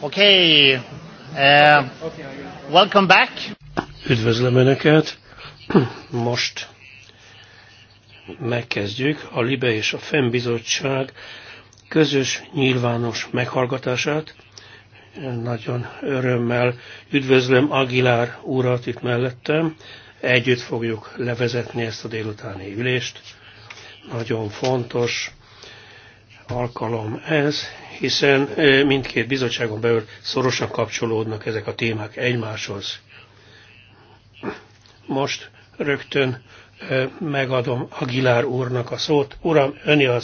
Okay. Uh, welcome back. Üdvözlöm Önöket. Most megkezdjük a LIBE és a FEM bizottság közös nyilvános meghallgatását. Nagyon örömmel üdvözlöm Aguilar urat itt mellettem. Együtt fogjuk levezetni ezt a délutáni ülést. Nagyon fontos alkalom ez, hiszen mindkét bizottságon belül szorosan kapcsolódnak ezek a témák egymáshoz. Most rögtön megadom Agilár úrnak a szót. Uram, öni a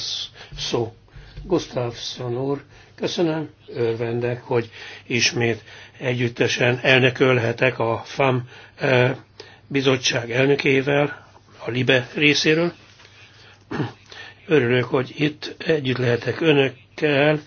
szó. Gustafsson úr, köszönöm, örvendek, hogy ismét együttesen elnökölhetek a FAM bizottság elnökével, a LIBE részéről. Örülök, hogy itt együtt lehetek önök, kell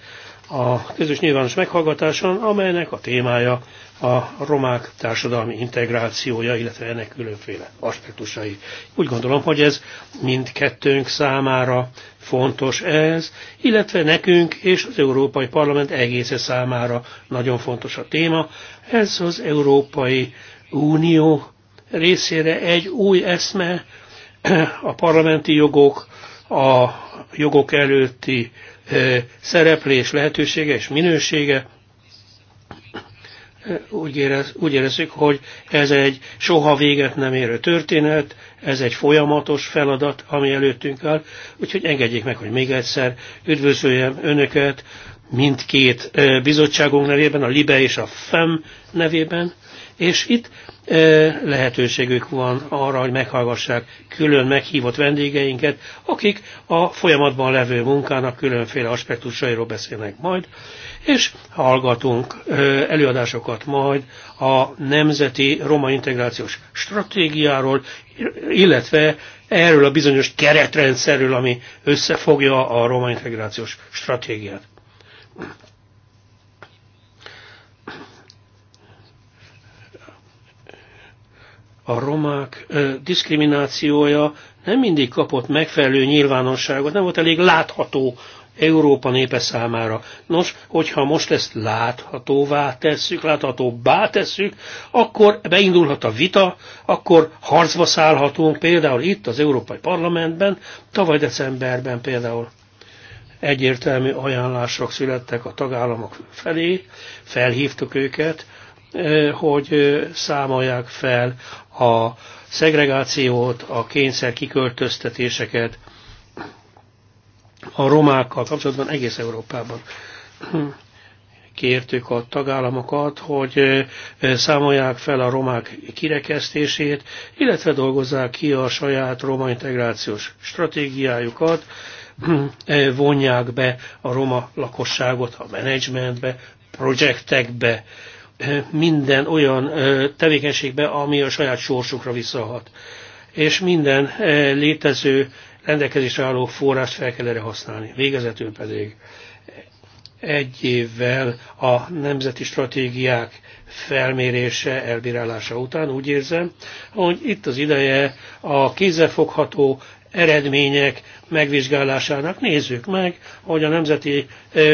a közös nyilvános meghallgatáson, amelynek a témája a romák társadalmi integrációja, illetve ennek különféle aspektusai. Úgy gondolom, hogy ez mindkettőnk számára fontos ez, illetve nekünk és az Európai Parlament egésze számára nagyon fontos a téma. Ez az Európai Unió részére egy új eszme, a parlamenti jogok, a jogok előtti szereplés lehetősége és minősége. Úgy, érez, úgy érezzük, hogy ez egy soha véget nem érő történet, ez egy folyamatos feladat, ami előttünk áll, úgyhogy engedjék meg, hogy még egyszer üdvözöljem Önöket mindkét bizottságunk nevében, a LIBE és a FEM nevében és itt lehetőségük van arra, hogy meghallgassák külön meghívott vendégeinket, akik a folyamatban levő munkának különféle aspektusairól beszélnek majd, és hallgatunk előadásokat majd a nemzeti roma integrációs stratégiáról, illetve erről a bizonyos keretrendszerről, ami összefogja a roma integrációs stratégiát. a romák ö, diszkriminációja nem mindig kapott megfelelő nyilvánosságot, nem volt elég látható Európa népe számára. Nos, hogyha most ezt láthatóvá tesszük, láthatóbbá tesszük, akkor beindulhat a vita, akkor harcba szállhatunk például itt az Európai Parlamentben, tavaly decemberben például egyértelmű ajánlások születtek a tagállamok felé, felhívtuk őket, hogy számolják fel a szegregációt, a kényszer kiköltöztetéseket a romákkal kapcsolatban egész Európában. Kértük a tagállamokat, hogy számolják fel a romák kirekesztését, illetve dolgozzák ki a saját roma integrációs stratégiájukat, vonják be a roma lakosságot a menedzsmentbe, projektekbe, minden olyan tevékenységbe, ami a saját sorsukra visszahat. És minden létező rendelkezésre álló forrást fel kell erre használni. Végezetül pedig egy évvel a nemzeti stratégiák felmérése, elbírálása után úgy érzem, hogy itt az ideje a kézzelfogható eredmények megvizsgálásának. Nézzük meg, hogy a nemzeti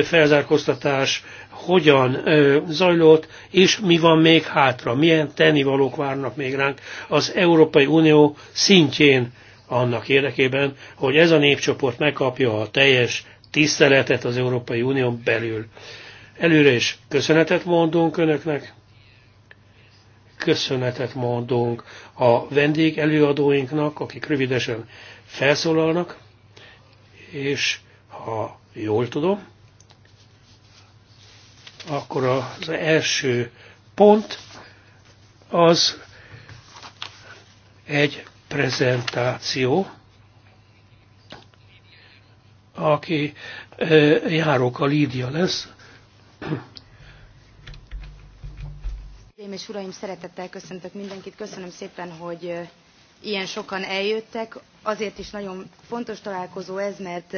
felzárkóztatás hogyan zajlott, és mi van még hátra, milyen tennivalók várnak még ránk az Európai Unió szintjén annak érdekében, hogy ez a népcsoport megkapja a teljes tiszteletet az Európai Unió belül. Előre is köszönetet mondunk Önöknek, köszönetet mondunk a vendég előadóinknak, akik rövidesen felszólalnak, és ha jól tudom, akkor az első pont az egy prezentáció, aki járók a Lídia lesz. Én és uraim, szeretettel köszöntök mindenkit. Köszönöm szépen, hogy ilyen sokan eljöttek. Azért is nagyon fontos találkozó ez, mert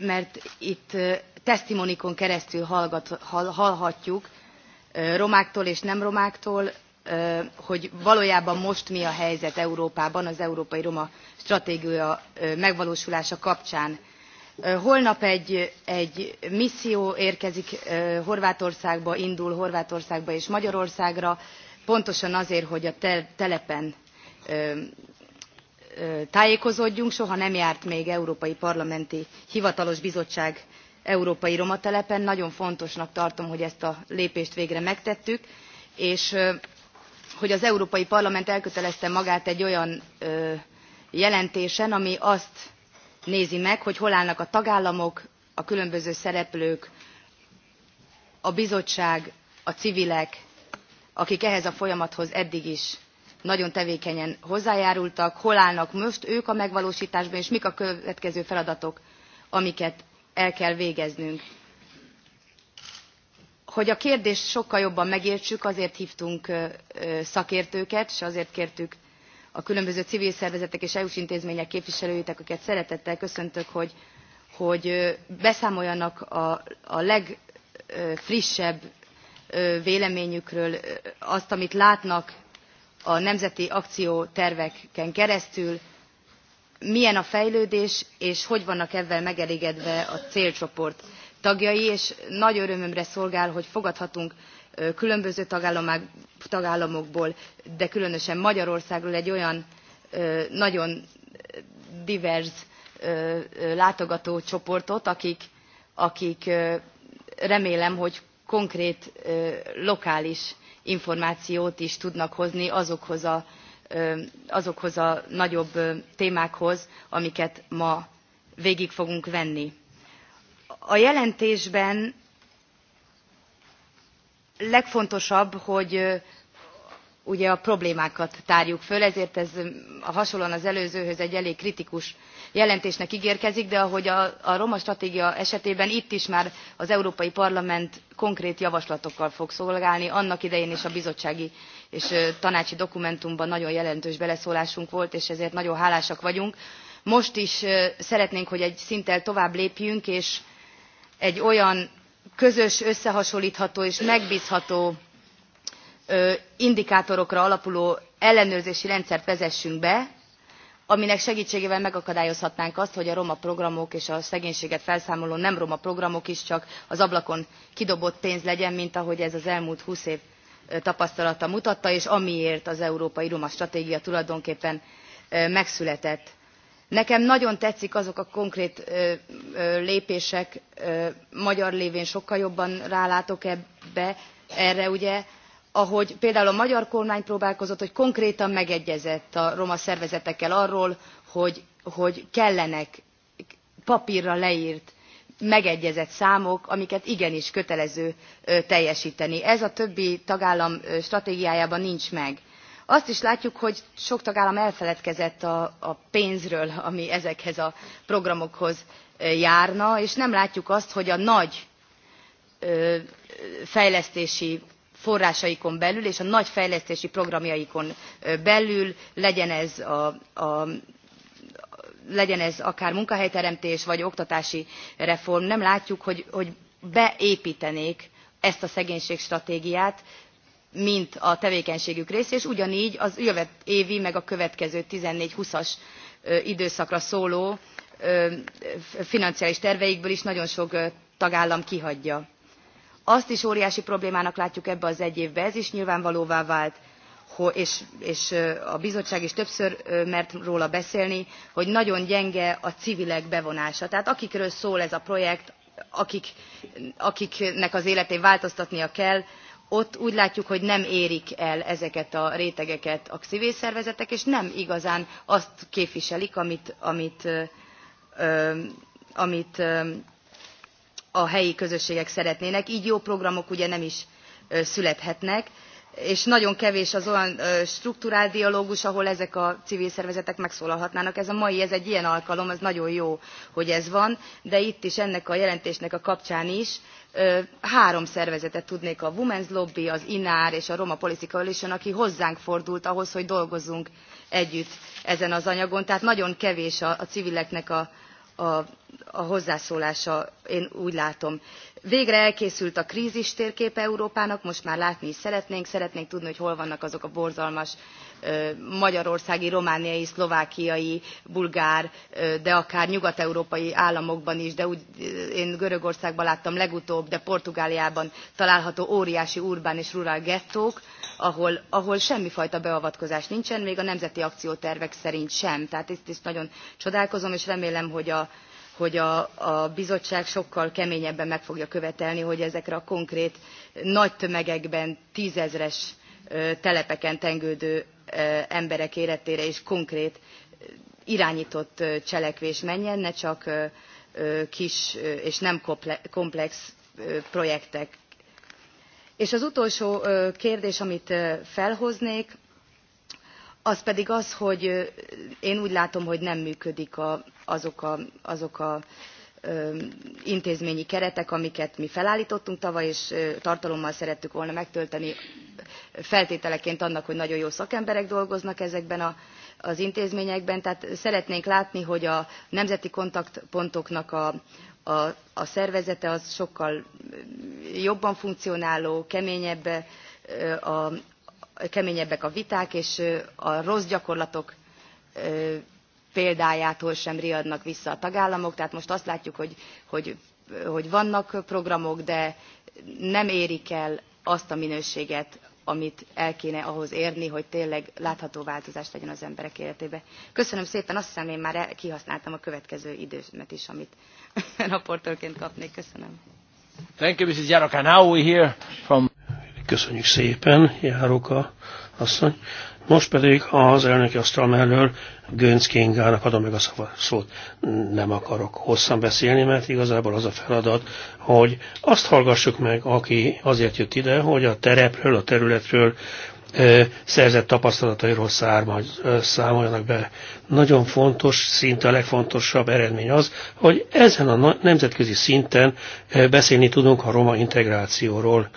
mert itt tesztimonikon keresztül hallgat, hallhatjuk romáktól és nem romáktól, hogy valójában most mi a helyzet Európában az Európai Roma Stratégia megvalósulása kapcsán. Holnap egy, egy misszió érkezik Horvátországba, indul Horvátországba és Magyarországra, pontosan azért, hogy a telepen tájékozódjunk soha nem járt még európai parlamenti hivatalos bizottság európai telepen nagyon fontosnak tartom hogy ezt a lépést végre megtettük és hogy az európai parlament elkötelezte magát egy olyan jelentésen ami azt nézi meg hogy hol állnak a tagállamok a különböző szereplők a bizottság a civilek akik ehhez a folyamathoz eddig is nagyon tevékenyen hozzájárultak, hol állnak most ők a megvalósításban, és mik a következő feladatok, amiket el kell végeznünk. Hogy a kérdést sokkal jobban megértsük, azért hívtunk szakértőket, és azért kértük a különböző civil szervezetek és EU-s intézmények képviselőit, akiket szeretettel köszöntök, hogy, hogy beszámoljanak a, a legfrissebb véleményükről, azt, amit látnak a nemzeti akcióterveken keresztül milyen a fejlődés és hogy vannak ezzel megelégedve a célcsoport tagjai és nagy örömömre szolgál hogy fogadhatunk különböző tagállamokból de különösen magyarországról egy olyan nagyon divers látogatócsoportot akik, akik remélem hogy konkrét lokális információt is tudnak hozni azokhoz a, azokhoz a nagyobb témákhoz, amiket ma végig fogunk venni. A jelentésben legfontosabb, hogy ugye a problémákat tárjuk föl, ezért ez mm, hasonlóan az előzőhöz egy elég kritikus jelentésnek ígérkezik, de ahogy a, a roma stratégia esetében itt is már az Európai Parlament konkrét javaslatokkal fog szolgálni, annak idején is a bizottsági és tanácsi dokumentumban nagyon jelentős beleszólásunk volt, és ezért nagyon hálásak vagyunk. Most is szeretnénk, hogy egy szinttel tovább lépjünk, és egy olyan közös, összehasonlítható és megbízható indikátorokra alapuló ellenőrzési rendszert vezessünk be aminek segtségével megakadályozhatnánk azt hogy a roma programok és a szegénységet felszámoló nem roma programok is csak az ablakon kidobott pénz legyen mint ahogy ez az elmúlt húsz év tapasztalata mutatta és amiért az európai roma stratégia tulajdonképpen megszületett. nekem nagyon tetszik azok a konkrét lépések magyar lévén sokkal jobban rálátok ebbe erre ugye ahogy például a magyar kormány próbálkozott hogy konkrétan megegyezett a roma szervezetekkel arról hogy, hogy kellenek papírra leírt megegyezett számok amiket igenis kötelező teljesteni. ez a többi tagállam stratégiájában nincs meg. azt is látjuk hogy sok tagállam elfeledkezett a, a pénzről ami ezekhez a programokhoz járna és nem látjuk azt hogy a nagy fejlesztési forrásaikon belül és a nagy fejlesztési programjaikon belül legyen ez a, a legyen ez akár munkahelyteremtés vagy oktatási reform nem látjuk hogy, hogy beépítenék ezt a szegénységstratégiát mint a tevékenységük részé és ugyanígy az jövet évi meg a következő 14 20 as időszakra szóló financiális terveikből is nagyon sok tagállam kihagyja azt is óriási problémának látjuk ebbe az egy évbe ez is nyilvánvalóvá vált és, és a bizottság is többször mert róla beszélni hogy nagyon gyenge a civilek bevonása tehát akikről szól ez a projekt akik, akiknek az életén változtatnia kell ott úgy látjuk, hogy nem érik el ezeket a rétegeket a civil szervezetek, és nem igazán azt képviselik, amit, amit, ö, amit ö, a helyi közösségek szeretnének így jó programok ugye nem is születhetnek és nagyon kevés az olyan struktúrál dialógus ahol ezek a civil szervezetek megszólalhatnának. ez a mai ez egy ilyen alkalom ez nagyon jó hogy ez van de itt is ennek a jelentésnek a kapcsán is három szervezetet tudnék a women's lobby az inár és a roma policy coalition aki hozzánk fordult ahhoz hogy dolgozzunk együtt ezen az anyagon tehát nagyon kevés a civileknek a a, hozzászólása én úgy látom végre elkészült a krízis térképe európának most már látni is szeretnénk szeretnénk tudni hogy hol vannak azok a borzalmas magyarországi romániai szlovákiai bulgár de akár nyugat európai államokban is de úgy én görögországban láttam legutóbb de portugáliában található óriási urbán és rural gettók ahol, ahol semmifajta beavatkozás nincsen még a nemzeti akciótervek szerint sem. tehát itt is nagyon csodálkozom és remélem hogy a hogy a, a bizottság sokkal keményebben meg fogja követelni, hogy ezekre a konkrét nagy tömegekben tízezres telepeken tengődő emberek életére is konkrét irányított cselekvés menjen, ne csak kis és nem komplex projektek. És az utolsó kérdés, amit felhoznék, az pedig az, hogy én úgy látom, hogy nem működik a, azok a, azok a intézményi keretek, amiket mi felállítottunk tavaly, és tartalommal szerettük volna megtölteni feltételeként annak, hogy nagyon jó szakemberek dolgoznak ezekben a, az intézményekben. Tehát szeretnénk látni, hogy a nemzeti kontaktpontoknak a, a, a szervezete az sokkal jobban funkcionáló, keményebb a, keményebbek a viták, és a rossz gyakorlatok példájától sem riadnak vissza a tagállamok. Tehát most azt látjuk, hogy, hogy, hogy vannak programok, de nem érik el azt a minőséget, amit el kéne ahhoz érni, hogy tényleg látható változást legyen az emberek életébe. Köszönöm szépen, azt hiszem én már kihasználtam a következő időmet is, amit raportőrként kapnék. Köszönöm. Thank you, Mrs. from Köszönjük szépen, Járóka asszony. Most pedig az elnöki asztal mellől Gönc Kingának adom meg a szót. Nem akarok hosszan beszélni, mert igazából az a feladat, hogy azt hallgassuk meg, aki azért jött ide, hogy a terepről, a területről ö, szerzett tapasztalatairól számoljanak be. Nagyon fontos, szinte a legfontosabb eredmény az, hogy ezen a nemzetközi szinten beszélni tudunk a roma integrációról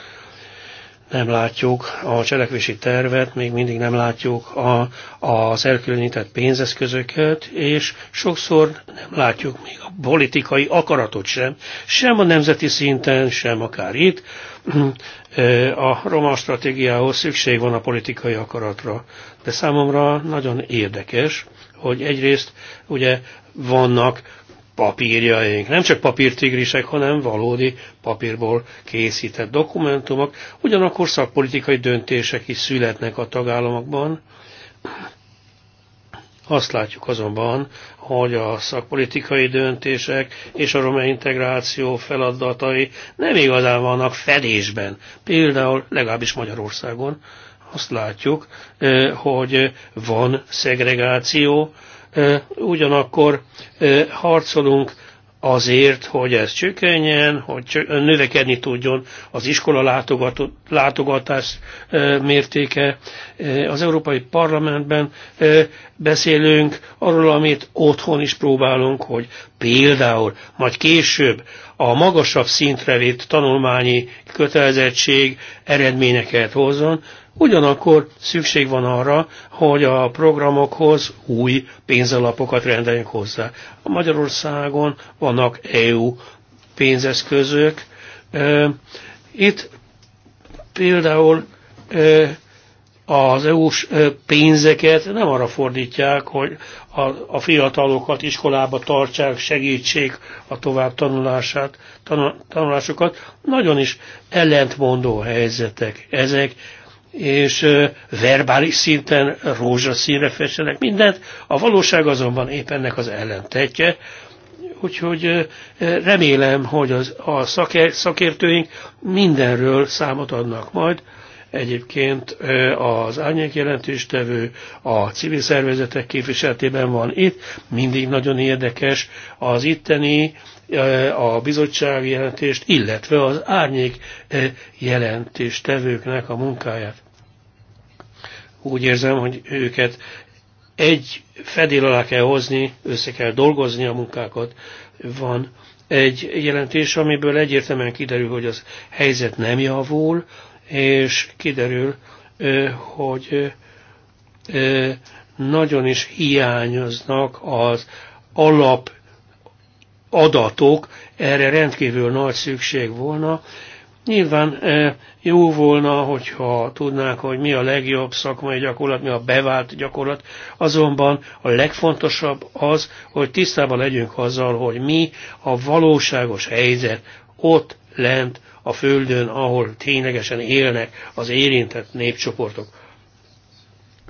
nem látjuk a cselekvési tervet, még mindig nem látjuk a, az elkülönített pénzeszközöket, és sokszor nem látjuk még a politikai akaratot sem, sem a nemzeti szinten, sem akár itt. Eh, a roma stratégiához szükség van a politikai akaratra, de számomra nagyon érdekes, hogy egyrészt ugye vannak papírjaink. Nem csak papírtigrisek, hanem valódi papírból készített dokumentumok. Ugyanakkor szakpolitikai döntések is születnek a tagállamokban. Azt látjuk azonban, hogy a szakpolitikai döntések és a roma integráció feladatai nem igazán vannak fedésben. Például legalábbis Magyarországon azt látjuk, eh, hogy van szegregáció, ugyanakkor harcolunk azért, hogy ez csökkenjen, hogy növekedni tudjon az iskola látogatás mértéke. Az Európai Parlamentben beszélünk arról, amit otthon is próbálunk, hogy például majd később a magasabb szintre vitt tanulmányi kötelezettség eredményeket hozzon, Ugyanakkor szükség van arra, hogy a programokhoz új pénzalapokat rendeljünk hozzá. A Magyarországon vannak EU pénzeszközök. Itt például az EU-s pénzeket nem arra fordítják, hogy a, fiatalokat iskolába tartsák, segítsék a tovább tanulását, tanulásokat. Nagyon is ellentmondó helyzetek ezek, és verbális szinten rózsaszínre fessenek mindent, a valóság azonban épp ennek az ellentetje, úgyhogy remélem, hogy az, a szakértőink mindenről számot adnak majd. Egyébként az árnyék jelentéstevő a civil szervezetek képviseletében van itt, mindig nagyon érdekes az itteni a bizottsági jelentést, illetve az árnyék eh, jelentéstevőknek a munkáját. Úgy érzem, hogy őket egy fedél alá kell hozni, össze kell dolgozni a munkákat. Van egy jelentés, amiből egyértelműen kiderül, hogy az helyzet nem javul, és kiderül, eh, hogy eh, nagyon is hiányoznak az alap adatok, erre rendkívül nagy szükség volna. Nyilván e, jó volna, hogyha tudnánk, hogy mi a legjobb szakmai gyakorlat, mi a bevált gyakorlat, azonban a legfontosabb az, hogy tisztában legyünk azzal, hogy mi a valóságos helyzet ott lent a földön, ahol ténylegesen élnek az érintett népcsoportok.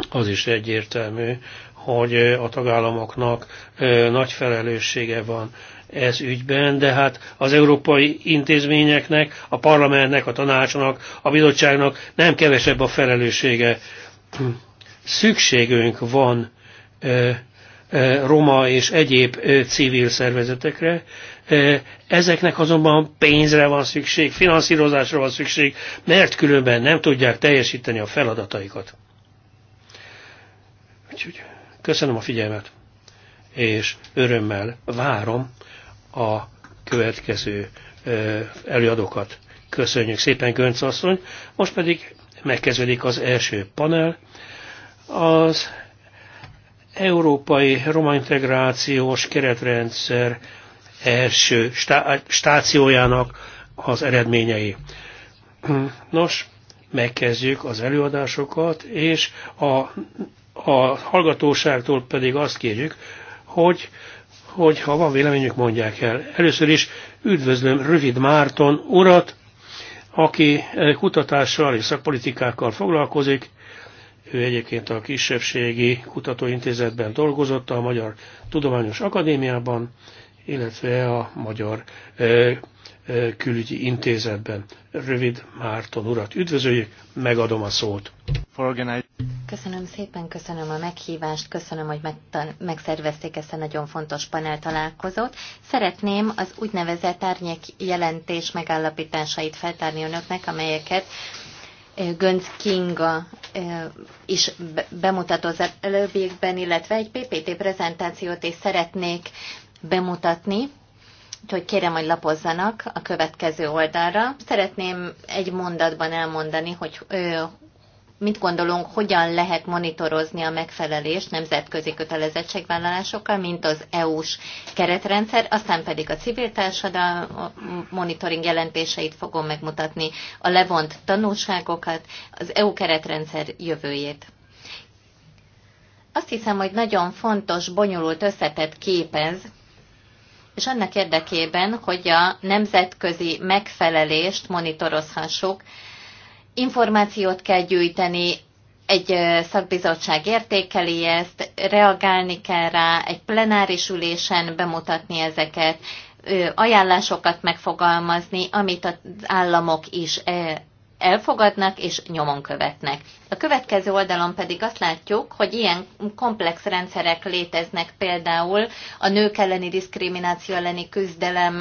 Az is egyértelmű, hogy e, a tagállamoknak e, nagy felelőssége van ez ügyben, de hát az európai intézményeknek, a parlamentnek, a tanácsnak, a bizottságnak nem kevesebb a felelőssége. Szükségünk van roma és egyéb civil szervezetekre. Ezeknek azonban pénzre van szükség, finanszírozásra van szükség, mert különben nem tudják teljesíteni a feladataikat. Úgyhogy köszönöm a figyelmet, és örömmel várom a következő előadókat. Köszönjük szépen, Gönc asszony. Most pedig megkezdődik az első panel. Az Európai Roma Integrációs Keretrendszer első stá- stációjának az eredményei. Nos, megkezdjük az előadásokat, és a, a hallgatóságtól pedig azt kérjük, hogy hogy ha van véleményük, mondják el. Először is üdvözlöm Rövid Márton urat, aki eh, kutatással és szakpolitikákkal foglalkozik. Ő egyébként a Kisebbségi Kutatóintézetben dolgozott, a Magyar Tudományos Akadémiában, illetve a Magyar eh, eh, Külügyi Intézetben. Rövid Márton urat üdvözöljük, megadom a szót. Köszönöm szépen, köszönöm a meghívást, köszönöm, hogy megszervezték ezt a nagyon fontos panel találkozót. Szeretném az úgynevezett árnyék jelentés megállapításait feltárni önöknek, amelyeket eh, Gönc Kinga eh, is bemutató az előbbiekben, illetve egy PPT prezentációt is szeretnék bemutatni, úgyhogy kérem, hogy lapozzanak a következő oldalra. Szeretném egy mondatban elmondani, hogy eh, mit gondolunk, hogyan lehet monitorozni a megfelelést nemzetközi kötelezettségvállalásokkal, mint az EU-s keretrendszer, aztán pedig a civil társadalom monitoring jelentéseit fogom megmutatni, a levont tanulságokat, az EU keretrendszer jövőjét. Azt hiszem, hogy nagyon fontos, bonyolult összetett képez, és annak érdekében, hogy a nemzetközi megfelelést monitorozhassuk, információt kell gyűjteni, egy szakbizottság értékeli ezt, reagálni kell rá, egy plenáris ülésen bemutatni ezeket, ajánlásokat megfogalmazni, amit az államok is elfogadnak és nyomon követnek. A következő oldalon pedig azt látjuk, hogy ilyen komplex rendszerek léteznek például a nők elleni diszkrimináció elleni küzdelem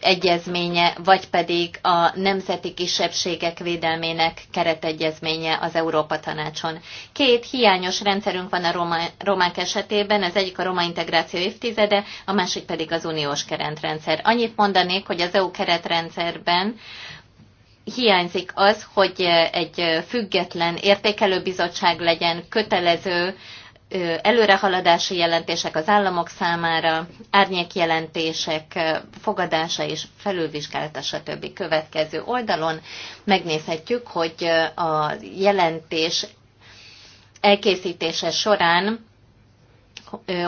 egyezménye, vagy pedig a nemzeti kisebbségek védelmének keretegyezménye az Európa Tanácson. Két hiányos rendszerünk van a roma, romák esetében, az egyik a roma integráció évtizede, a másik pedig az uniós keretrendszer. Annyit mondanék, hogy az EU keretrendszerben hiányzik az, hogy egy független értékelőbizottság legyen, kötelező előrehaladási jelentések az államok számára, árnyékjelentések fogadása és felülvizsgálata, stb. következő oldalon megnézhetjük, hogy a jelentés elkészítése során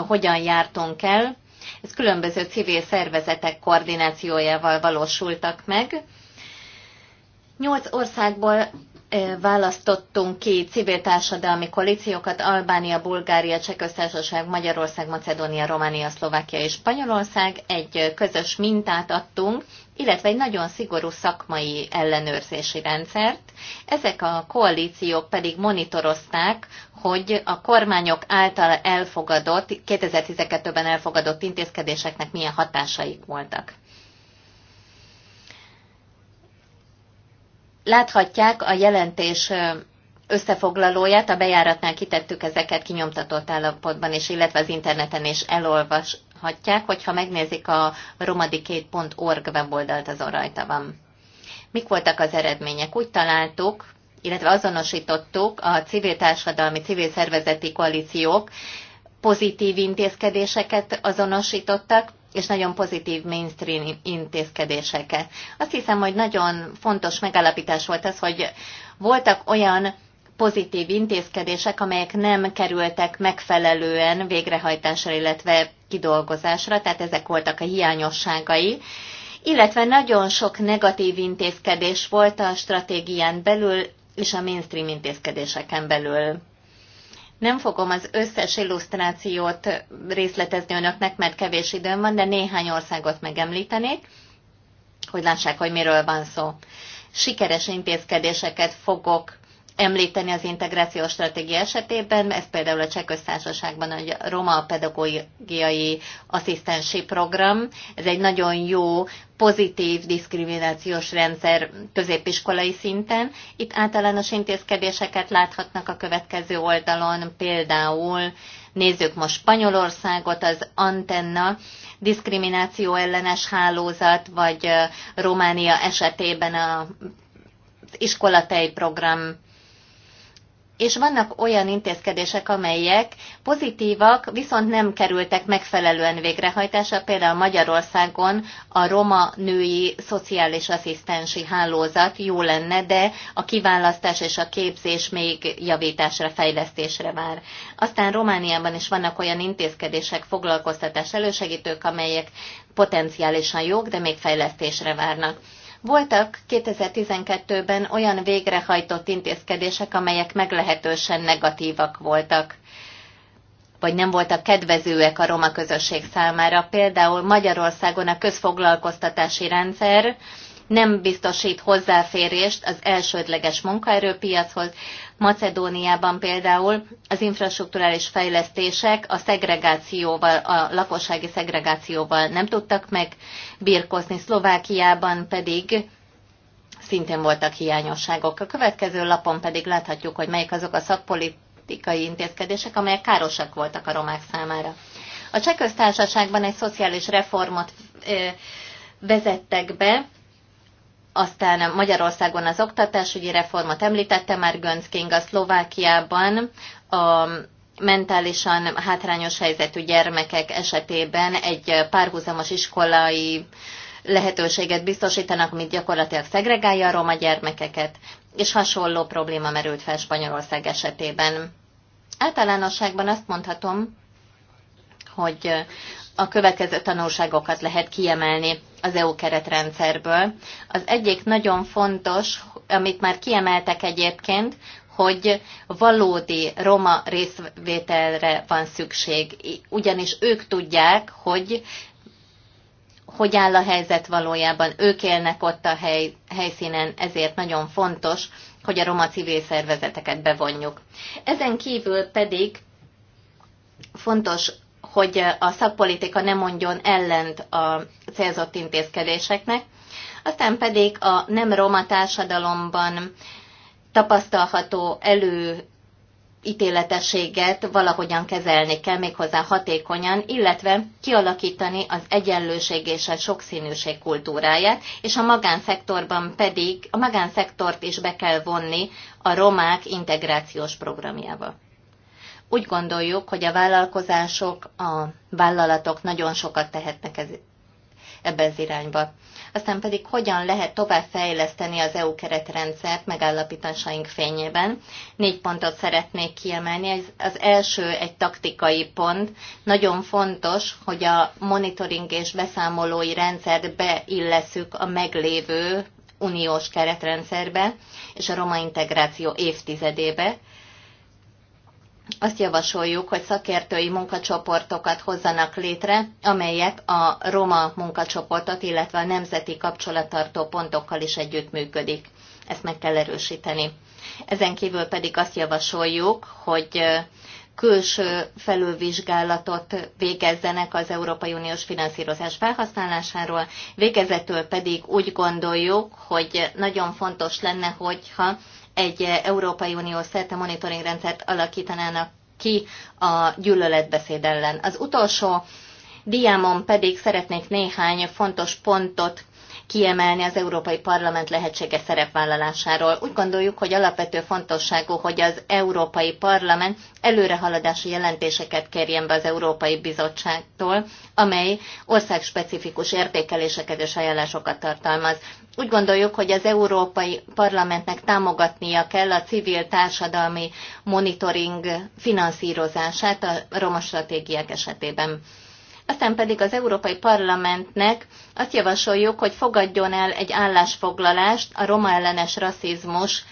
hogyan jártunk el. Ez különböző civil szervezetek koordinációjával valósultak meg. Nyolc országból választottunk ki civil társadalmi koalíciókat, Albánia, Bulgária, Csehköztársaság, Magyarország, Macedónia, Románia, Szlovákia és Spanyolország, egy közös mintát adtunk, illetve egy nagyon szigorú szakmai ellenőrzési rendszert. Ezek a koalíciók pedig monitorozták, hogy a kormányok által elfogadott, 2012-ben elfogadott intézkedéseknek milyen hatásaik voltak. Láthatják a jelentés összefoglalóját, a bejáratnál kitettük ezeket kinyomtatott állapotban, és illetve az interneten is elolvashatják, hogyha megnézik a romadikét.org weboldalt, azon rajta van. Mik voltak az eredmények? Úgy találtuk, illetve azonosítottuk a civil társadalmi, civil szervezeti koalíciók pozitív intézkedéseket azonosítottak, és nagyon pozitív mainstream intézkedéseket. Azt hiszem, hogy nagyon fontos megállapítás volt ez, hogy voltak olyan pozitív intézkedések, amelyek nem kerültek megfelelően végrehajtásra, illetve kidolgozásra, tehát ezek voltak a hiányosságai, illetve nagyon sok negatív intézkedés volt a stratégián belül és a mainstream intézkedéseken belül. Nem fogom az összes illusztrációt részletezni önöknek, mert kevés időm van, de néhány országot megemlítenék, hogy lássák, hogy miről van szó. Sikeres intézkedéseket fogok említeni az integrációs stratégia esetében, ez például a Köztársaságban a Roma Pedagógiai Asszisztensi Program, ez egy nagyon jó, pozitív diszkriminációs rendszer középiskolai szinten. Itt általános intézkedéseket láthatnak a következő oldalon, például nézzük most Spanyolországot, az Antenna, diszkrimináció ellenes hálózat, vagy Románia esetében a iskolatei program és vannak olyan intézkedések, amelyek pozitívak, viszont nem kerültek megfelelően végrehajtásra, például Magyarországon a roma női szociális asszisztensi hálózat jó lenne, de a kiválasztás és a képzés még javításra, fejlesztésre vár. Aztán Romániában is vannak olyan intézkedések, foglalkoztatás elősegítők, amelyek potenciálisan jók, de még fejlesztésre várnak. Voltak 2012-ben olyan végrehajtott intézkedések, amelyek meglehetősen negatívak voltak vagy nem voltak kedvezőek a roma közösség számára. Például Magyarországon a közfoglalkoztatási rendszer nem biztosít hozzáférést az elsődleges munkaerőpiachoz, Macedóniában például az infrastruktúrális fejlesztések a szegregációval, a lakossági szegregációval nem tudtak megbirkózni, Szlovákiában pedig szintén voltak hiányosságok. A következő lapon pedig láthatjuk, hogy melyik azok a szakpolitikai intézkedések, amelyek károsak voltak a romák számára. A cseh köztársaságban egy szociális reformot vezettek be, aztán Magyarországon az oktatásügyi reformot említette már Gönc a Szlovákiában a mentálisan hátrányos helyzetű gyermekek esetében egy párhuzamos iskolai lehetőséget biztosítanak, amit gyakorlatilag szegregálja a roma gyermekeket, és hasonló probléma merült fel Spanyolország esetében. Általánosságban azt mondhatom, hogy a következő tanulságokat lehet kiemelni az EU keretrendszerből. Az egyik nagyon fontos, amit már kiemeltek egyébként, hogy valódi roma részvételre van szükség, ugyanis ők tudják, hogy hogy áll a helyzet valójában, ők élnek ott a hely, helyszínen, ezért nagyon fontos, hogy a roma civil szervezeteket bevonjuk. Ezen kívül pedig fontos hogy a szakpolitika ne mondjon ellent a célzott intézkedéseknek, aztán pedig a nem roma társadalomban tapasztalható elő ítéletességet valahogyan kezelni kell méghozzá hatékonyan, illetve kialakítani az egyenlőség és a sokszínűség kultúráját, és a magánszektorban pedig a magánszektort is be kell vonni a romák integrációs programjába. Úgy gondoljuk, hogy a vállalkozások, a vállalatok nagyon sokat tehetnek ez, ebbe az irányba. Aztán pedig hogyan lehet tovább fejleszteni az EU keretrendszert megállapításaink fényében. Négy pontot szeretnék kiemelni. Az első egy taktikai pont. Nagyon fontos, hogy a monitoring és beszámolói rendszert beillesszük a meglévő uniós keretrendszerbe és a roma integráció évtizedébe, azt javasoljuk, hogy szakértői munkacsoportokat hozzanak létre, amelyek a roma munkacsoportot, illetve a nemzeti kapcsolattartó pontokkal is együttműködik. Ezt meg kell erősíteni. Ezen kívül pedig azt javasoljuk, hogy külső felülvizsgálatot végezzenek az Európai Uniós finanszírozás felhasználásáról, végezetül pedig úgy gondoljuk, hogy nagyon fontos lenne, hogyha egy Európai Unió szerte monitoring rendszert alakítanának ki a gyűlöletbeszéd ellen. Az utolsó diámon pedig szeretnék néhány fontos pontot kiemelni az Európai Parlament lehetséges szerepvállalásáról. Úgy gondoljuk, hogy alapvető fontosságú, hogy az Európai Parlament előrehaladási jelentéseket kérjen be az Európai Bizottságtól, amely országspecifikus értékeléseket és ajánlásokat tartalmaz. Úgy gondoljuk, hogy az Európai Parlamentnek támogatnia kell a civil társadalmi monitoring finanszírozását a roma stratégiák esetében. Aztán pedig az Európai Parlamentnek azt javasoljuk, hogy fogadjon el egy állásfoglalást a roma ellenes rasszizmus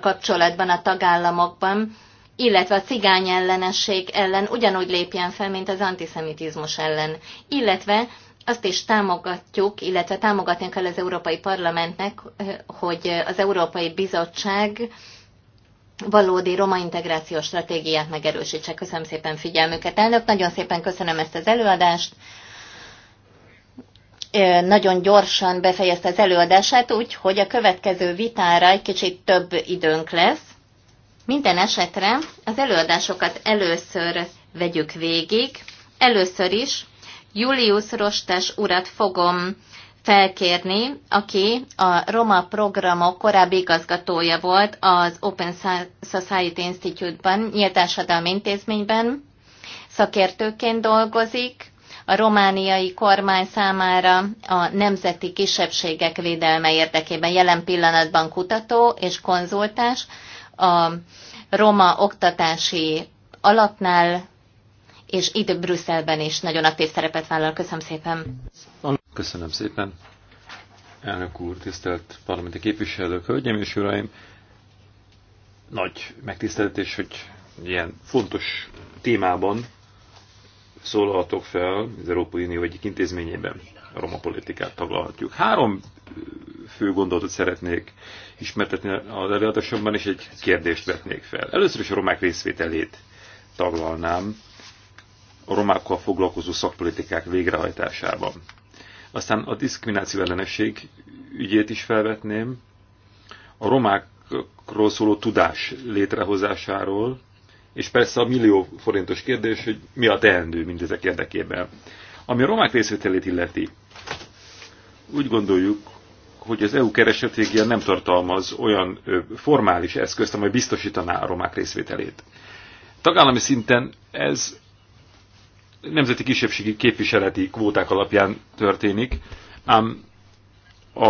kapcsolatban a tagállamokban, illetve a cigány ellenesség ellen ugyanúgy lépjen fel, mint az antiszemitizmus ellen. Illetve azt is támogatjuk, illetve támogatni kell az Európai Parlamentnek, eh, hogy az Európai Bizottság valódi roma integrációs stratégiát megerősítse. Köszönöm szépen figyelmüket, elnök. Nagyon szépen köszönöm ezt az előadást. Nagyon gyorsan befejezte az előadását, úgyhogy a következő vitára egy kicsit több időnk lesz. Minden esetre az előadásokat először vegyük végig. Először is Julius Rostes urat fogom felkérni, aki a Roma programok korábbi igazgatója volt az Open Society Institute-ban, nyílt társadalmi intézményben, szakértőként dolgozik, a romániai kormány számára a nemzeti kisebbségek védelme érdekében jelen pillanatban kutató és konzultás, a roma oktatási alapnál és itt Brüsszelben is nagyon aktív szerepet vállal. Köszönöm szépen. Köszönöm szépen. Elnök úr, tisztelt parlamenti képviselők, hölgyeim és uraim! Nagy megtiszteltetés, hogy ilyen fontos témában szólalhatok fel az Európai Unió egyik intézményében. A roma politikát taglalhatjuk. Három fő gondolatot szeretnék ismertetni az előadásomban, és egy kérdést vetnék fel. Először is a romák részvételét taglalnám a romákkal foglalkozó szakpolitikák végrehajtásában. Aztán a diszkrimináció ellenesség ügyét is felvetném, a romákról szóló tudás létrehozásáról, és persze a millió forintos kérdés, hogy mi a teendő mindezek érdekében. Ami a romák részvételét illeti, úgy gondoljuk, hogy az EU keresetégia nem tartalmaz olyan formális eszközt, amely biztosítaná a romák részvételét. Tagállami szinten ez nemzeti kisebbségi képviseleti kvóták alapján történik, ám a,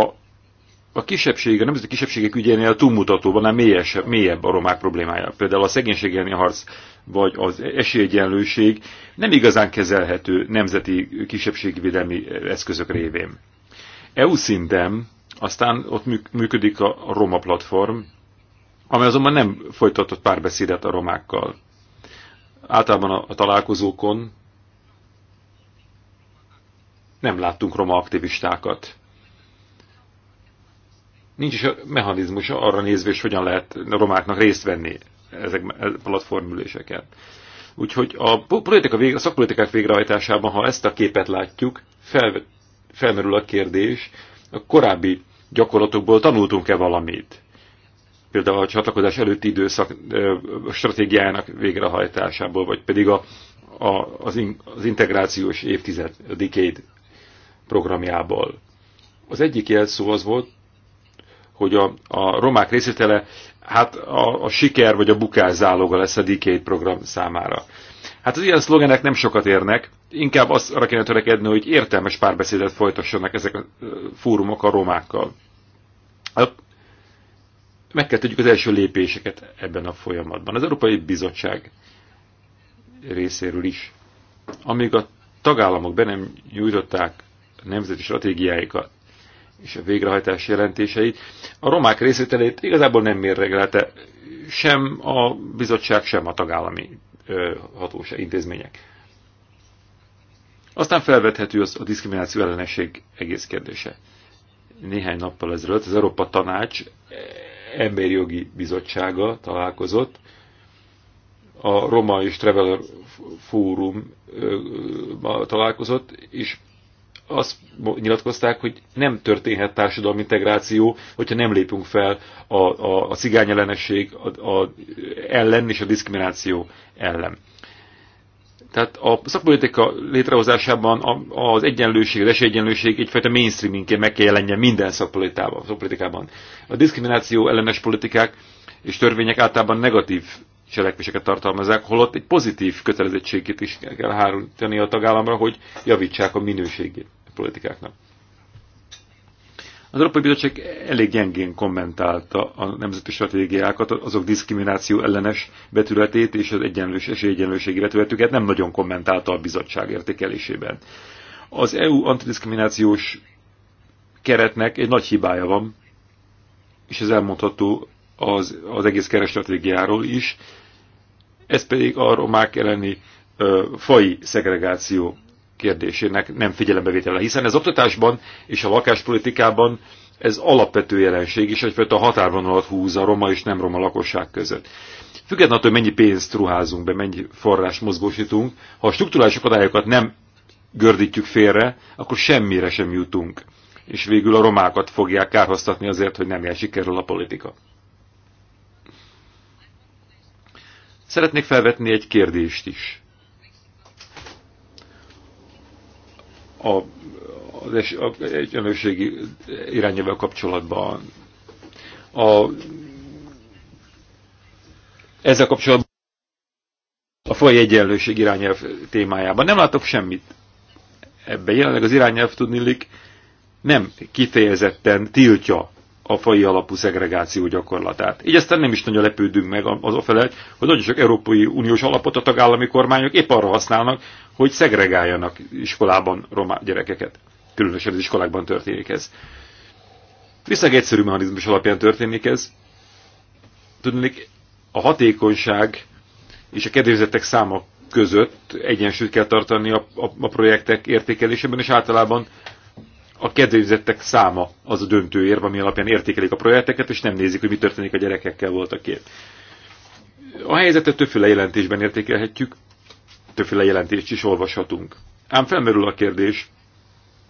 a kisebbség, a nemzeti kisebbségek ügyénél túlmutatóban a mélyesebb, mélyebb a romák problémája. Például a szegénység elleni harc, vagy az esélyegyenlőség nem igazán kezelhető nemzeti kisebbségi védelmi eszközök révén. EU szinten aztán ott működik a Roma platform, amely azonban nem folytatott párbeszédet a romákkal. Általában a találkozókon nem láttunk roma aktivistákat. Nincs is a mechanizmus arra nézve, hogy hogyan lehet romáknak részt venni ezek platformüléseken. Úgyhogy a, politika vég, a szakpolitikák végrehajtásában, ha ezt a képet látjuk, fel, felmerül a kérdés, a korábbi gyakorlatokból tanultunk-e valamit? Például a csatlakozás előtti időszak stratégiájának végrehajtásából, vagy pedig a, a, az, in, az integrációs évtized, a decade programjából. Az egyik jelszó az volt, hogy a, a romák részvétele hát a, a siker vagy a bukás záloga lesz a Decade program számára. Hát az ilyen szlogenek nem sokat érnek, inkább azt arra kéne törekedni, hogy értelmes párbeszédet folytassanak ezek a fórumok a romákkal. Hát, meg kell tegyük az első lépéseket ebben a folyamatban. Az Európai Bizottság részéről is. Amíg a tagállamok be nem nyújtották nemzeti stratégiáikat és a végrehajtás jelentéseit, a romák részvételét igazából nem mérreglelte sem a bizottság, sem a tagállami hatóság intézmények. Aztán felvethető az a diszkrimináció ellenesség egész kérdése. Néhány nappal ezelőtt az Európa Tanács eh, emberi jogi bizottsága találkozott, a Roma és Traveler Fórum találkozott, és azt nyilatkozták, hogy nem történhet társadalmi integráció, hogyha nem lépünk fel a, a, a ellenesség a, a, ellen és a diszkrimináció ellen. Tehát a szakpolitika létrehozásában az egyenlőség, az esélyegyenlőség egyfajta mainstreaminként meg kell jelenjen minden szakpolitikában. szakpolitikában. A diszkrimináció ellenes politikák és törvények általában negatív cselekvéseket tartalmazzák, holott egy pozitív kötelezettségét is kell hárítani a tagállamra, hogy javítsák a minőségét a politikáknak. Az Európai Bizottság elég gyengén kommentálta a nemzeti stratégiákat, azok diszkrimináció ellenes betületét és az egyenlős esélyegyenlőségi betületüket nem nagyon kommentálta a bizottság értékelésében. Az EU antidiszkriminációs keretnek egy nagy hibája van, és ez elmondható az, az egész stratégiáról is, ez pedig a romák elleni ö, fai szegregáció kérdésének nem figyelembevétele, hiszen ez oktatásban és a lakáspolitikában ez alapvető jelenség is, egyfajta határvonalat húz a roma és nem roma lakosság között. Függetlenül attól, hogy mennyi pénzt ruházunk be, mennyi forrás mozgósítunk, ha a struktúrális akadályokat nem gördítjük félre, akkor semmire sem jutunk. És végül a romákat fogják kárhoztatni azért, hogy nem jel sikerül a politika. Szeretnék felvetni egy kérdést is. A, az es, a, egy önösségi irányával kapcsolatban. A, ezzel kapcsolatban a faj egyenlőség irányelv témájában. Nem látok semmit ebben. Jelenleg az irányelv tudnilik nem kifejezetten tiltja a fai alapú szegregáció gyakorlatát. Így aztán nem is nagyon lepődünk meg az a felett, hogy nagyon sok Európai Uniós alapot a tagállami kormányok épp arra használnak, hogy szegregáljanak iskolában romá gyerekeket. Különösen az iskolákban történik ez. Viszont egyszerű mechanizmus alapján történik ez. Tudnék, a hatékonyság és a kedvezetek száma között egyensúlyt kell tartani a, a, a projektek értékelésében, és általában a kedvezettek száma az a döntő érv, ami alapján értékelik a projekteket, és nem nézik, hogy mi történik a gyerekekkel voltakért. A helyzetet többféle jelentésben értékelhetjük, többféle jelentést is olvashatunk. Ám felmerül a kérdés,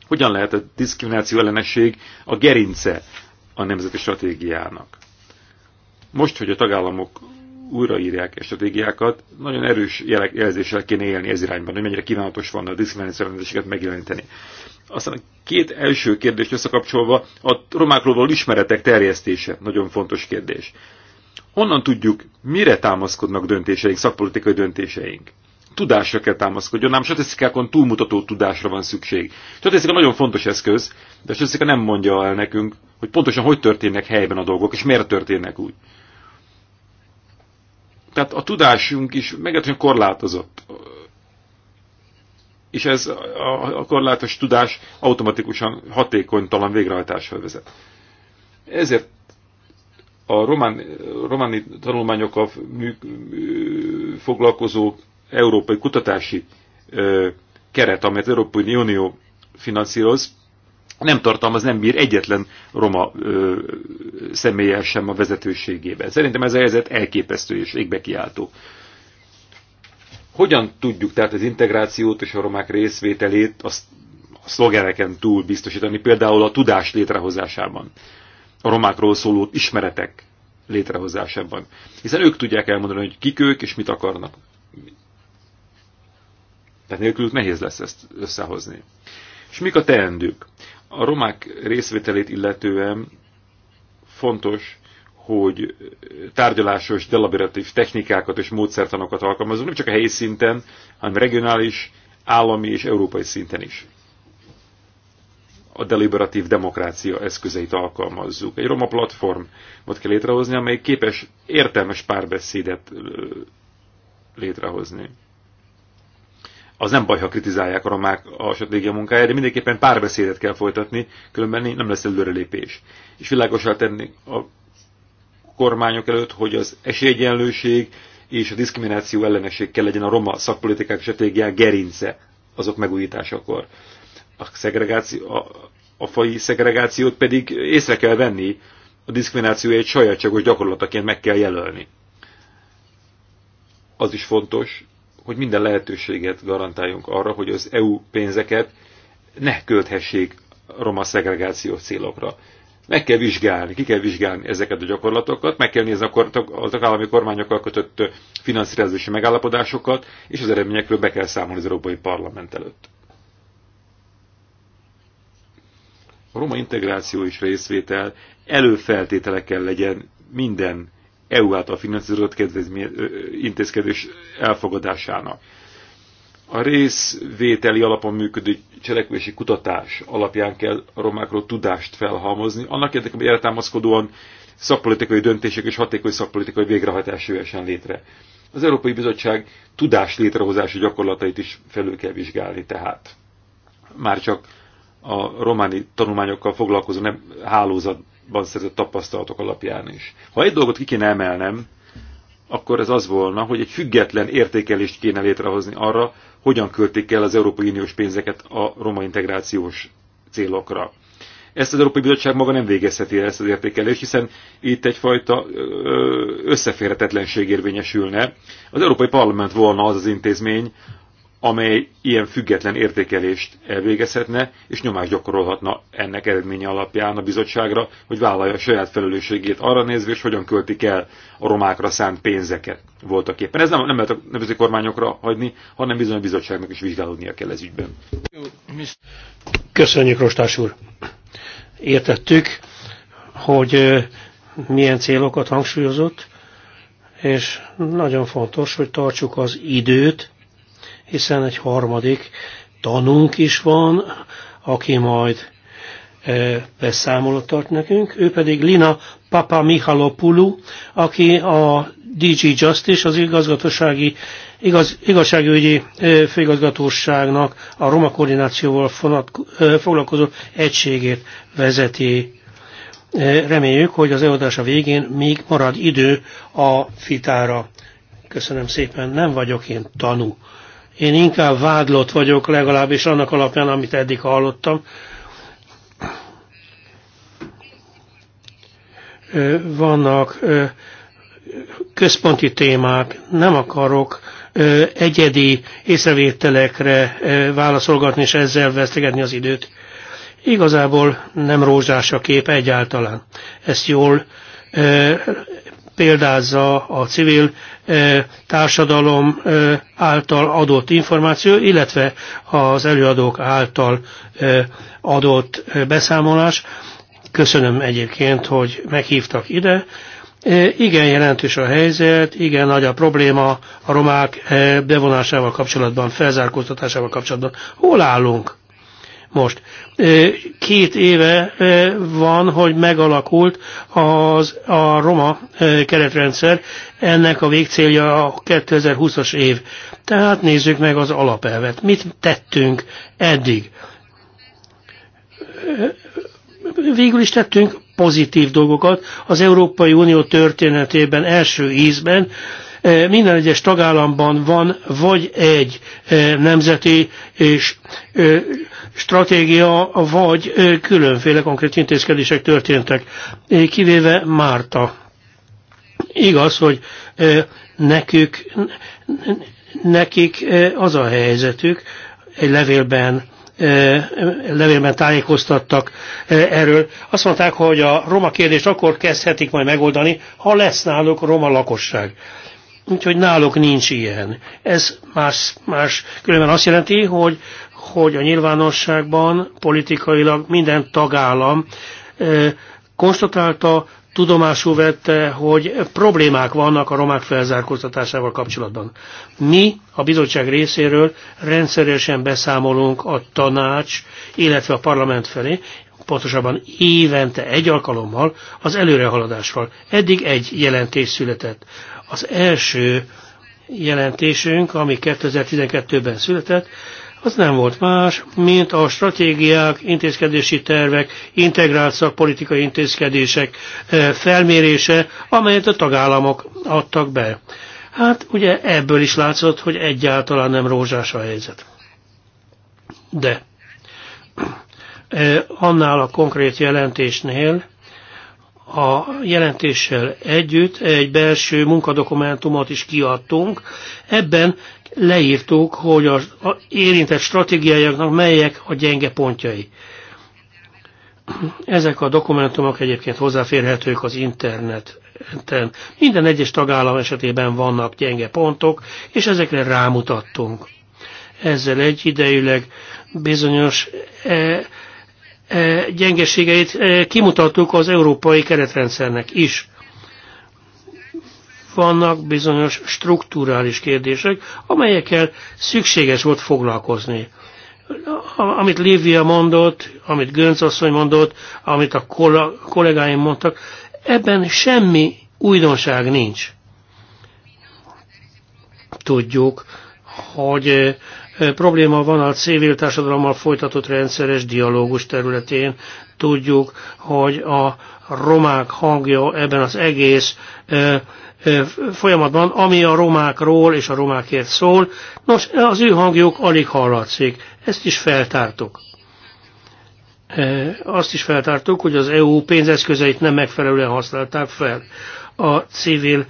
hogyan lehet a diszkrimináció ellenesség a gerince a nemzeti stratégiának. Most, hogy a tagállamok újraírják a stratégiákat, nagyon erős jelzéssel kéne élni ez irányban, hogy mennyire kívánatos van a diszkriminációmentességet megjeleníteni. Aztán a két első kérdést összekapcsolva, a romákról való ismeretek terjesztése nagyon fontos kérdés. Honnan tudjuk, mire támaszkodnak döntéseink, szakpolitikai döntéseink? Tudásra kell támaszkodjon, nem statisztikákon túlmutató tudásra van szükség. Statisztika nagyon fontos eszköz, de a statisztika nem mondja el nekünk, hogy pontosan hogy történnek helyben a dolgok, és miért történnek úgy. Tehát a tudásunk is meglehetősen korlátozott. És ez a korlátos tudás automatikusan hatékonytalan végrehajtáshoz vezet. Ezért a román, románi tanulmányokkal foglalkozó európai kutatási ö, keret, amelyet Európai Unió finanszíroz, nem tartalmaz, nem bír egyetlen roma ö, személlyel sem a vezetőségében. Szerintem ez a helyzet elképesztő és kiáltó. Hogyan tudjuk tehát az integrációt és a romák részvételét a szlogeneken túl biztosítani, például a tudás létrehozásában, a romákról szóló ismeretek létrehozásában. Hiszen ők tudják elmondani, hogy kik ők és mit akarnak. Tehát nélkülük nehéz lesz ezt összehozni. És mik a teendők? A romák részvételét illetően fontos, hogy tárgyalásos, delaboratív technikákat és módszertanokat alkalmazunk, nem csak a helyi szinten, hanem regionális, állami és európai szinten is. A deliberatív demokrácia eszközeit alkalmazzuk. Egy roma platformot kell létrehozni, amely képes értelmes párbeszédet létrehozni az nem baj, ha kritizálják a romák a stratégia munkáját, de mindenképpen párbeszédet kell folytatni, különben nem lesz előrelépés. És világosá tenni a kormányok előtt, hogy az esélyegyenlőség és a diszkrimináció ellenesség kell legyen a roma szakpolitikák stratégián gerince azok megújításakor. A, szegregáció, a, a fai szegregációt pedig észre kell venni, a diszkrimináció egy sajátságos gyakorlataként meg kell jelölni. Az is fontos, hogy minden lehetőséget garantáljunk arra, hogy az EU pénzeket ne költhessék roma szegregáció célokra. Meg kell vizsgálni, ki kell vizsgálni ezeket a gyakorlatokat, meg kell nézni a tagállami kormányokkal kötött finanszírozási megállapodásokat, és az eredményekről be kell számolni az Európai Parlament előtt. A roma integráció és részvétel előfeltételekkel legyen minden EU által finanszírozott intézkedés elfogadásának. A részvételi alapon működő cselekvési kutatás alapján kell a romákról tudást felhalmozni, annak érdekében, eltámaszkodóan szakpolitikai döntések és hatékony szakpolitikai végrehajtás jöjjön létre. Az Európai Bizottság tudás létrehozási gyakorlatait is felül kell vizsgálni tehát. Már csak a románi tanulmányokkal foglalkozó nem, hálózat szerzett tapasztalatok alapján is. Ha egy dolgot ki kéne emelnem, akkor ez az volna, hogy egy független értékelést kéne létrehozni arra, hogyan költik el az Európai Uniós pénzeket a roma integrációs célokra. Ezt az Európai Bizottság maga nem végezheti el ezt az értékelést, hiszen itt egyfajta összeférhetetlenség érvényesülne. Az Európai Parlament volna az az intézmény, amely ilyen független értékelést elvégezhetne, és nyomást gyakorolhatna ennek eredménye alapján a bizottságra, hogy vállalja a saját felelősségét arra nézve, és hogyan költik el a romákra szánt pénzeket voltak éppen. Ez nem, nem lehet a nemzeti kormányokra hagyni, hanem bizony a bizottságnak is vizsgálódnia kell ez ügyben. Köszönjük, Rostás úr! Értettük, hogy milyen célokat hangsúlyozott, és nagyon fontos, hogy tartsuk az időt, hiszen egy harmadik tanunk is van, aki majd e, beszámolott tart nekünk, ő pedig Lina Papa Mihalopulu, aki a DG Justice, az igazgatósági, igaz, igazságügyi e, főigazgatóságnak a roma koordinációval e, foglalkozó egységét vezeti. Reméljük, hogy az előadása végén még marad idő a fitára. Köszönöm szépen, nem vagyok én tanú. Én inkább vádlott vagyok, legalábbis annak alapján, amit eddig hallottam. Vannak központi témák, nem akarok egyedi észrevételekre válaszolgatni és ezzel vesztegetni az időt. Igazából nem rózsás a kép egyáltalán. Ezt jól példázza a civil eh, társadalom eh, által adott információ, illetve az előadók által eh, adott beszámolás. Köszönöm egyébként, hogy meghívtak ide. Igen jelentős a helyzet, igen nagy a probléma a romák bevonásával kapcsolatban, felzárkóztatásával kapcsolatban. Hol állunk? Most két éve van, hogy megalakult az, a roma keretrendszer, ennek a végcélja a 2020-as év. Tehát nézzük meg az alapelvet. Mit tettünk eddig? Végül is tettünk pozitív dolgokat az Európai Unió történetében első ízben, minden egyes tagállamban van vagy egy nemzeti és stratégia, vagy különféle konkrét intézkedések történtek, kivéve Márta. Igaz, hogy nekük, nekik az a helyzetük, egy levélben levélben tájékoztattak erről. Azt mondták, hogy a roma kérdést akkor kezdhetik majd megoldani, ha lesz náluk roma lakosság. Úgyhogy náluk nincs ilyen. Ez más, más különben azt jelenti, hogy, hogy a nyilvánosságban politikailag minden tagállam ö, konstatálta, tudomásul vette, hogy problémák vannak a romák felzárkóztatásával kapcsolatban. Mi a bizottság részéről rendszeresen beszámolunk a tanács, illetve a parlament felé, pontosabban évente egy alkalommal az előrehaladásról. Eddig egy jelentés született. Az első jelentésünk, ami 2012-ben született, az nem volt más, mint a stratégiák, intézkedési tervek, integrált szakpolitikai intézkedések eh, felmérése, amelyet a tagállamok adtak be. Hát ugye ebből is látszott, hogy egyáltalán nem rózsás a helyzet. De eh, annál a konkrét jelentésnél, a jelentéssel együtt egy belső munkadokumentumot is kiadtunk. Ebben leírtuk, hogy az érintett stratégiájaknak melyek a gyenge pontjai. Ezek a dokumentumok egyébként hozzáférhetők az interneten. Minden egyes tagállam esetében vannak gyenge pontok, és ezekre rámutattunk. Ezzel egyidejűleg bizonyos e, gyengeségeit kimutattuk az európai keretrendszernek is. Vannak bizonyos strukturális kérdések, amelyekkel szükséges volt foglalkozni. Amit Lívia mondott, amit Gönc asszony mondott, amit a kollégáim mondtak, ebben semmi újdonság nincs. Tudjuk, hogy probléma van a civil társadalommal folytatott rendszeres dialógus területén. Tudjuk, hogy a romák hangja ebben az egész folyamatban, ami a romákról és a romákért szól. Nos, az ő hangjuk alig hallatszik. Ezt is feltártuk. Azt is feltártuk, hogy az EU pénzeszközeit nem megfelelően használták fel. A civil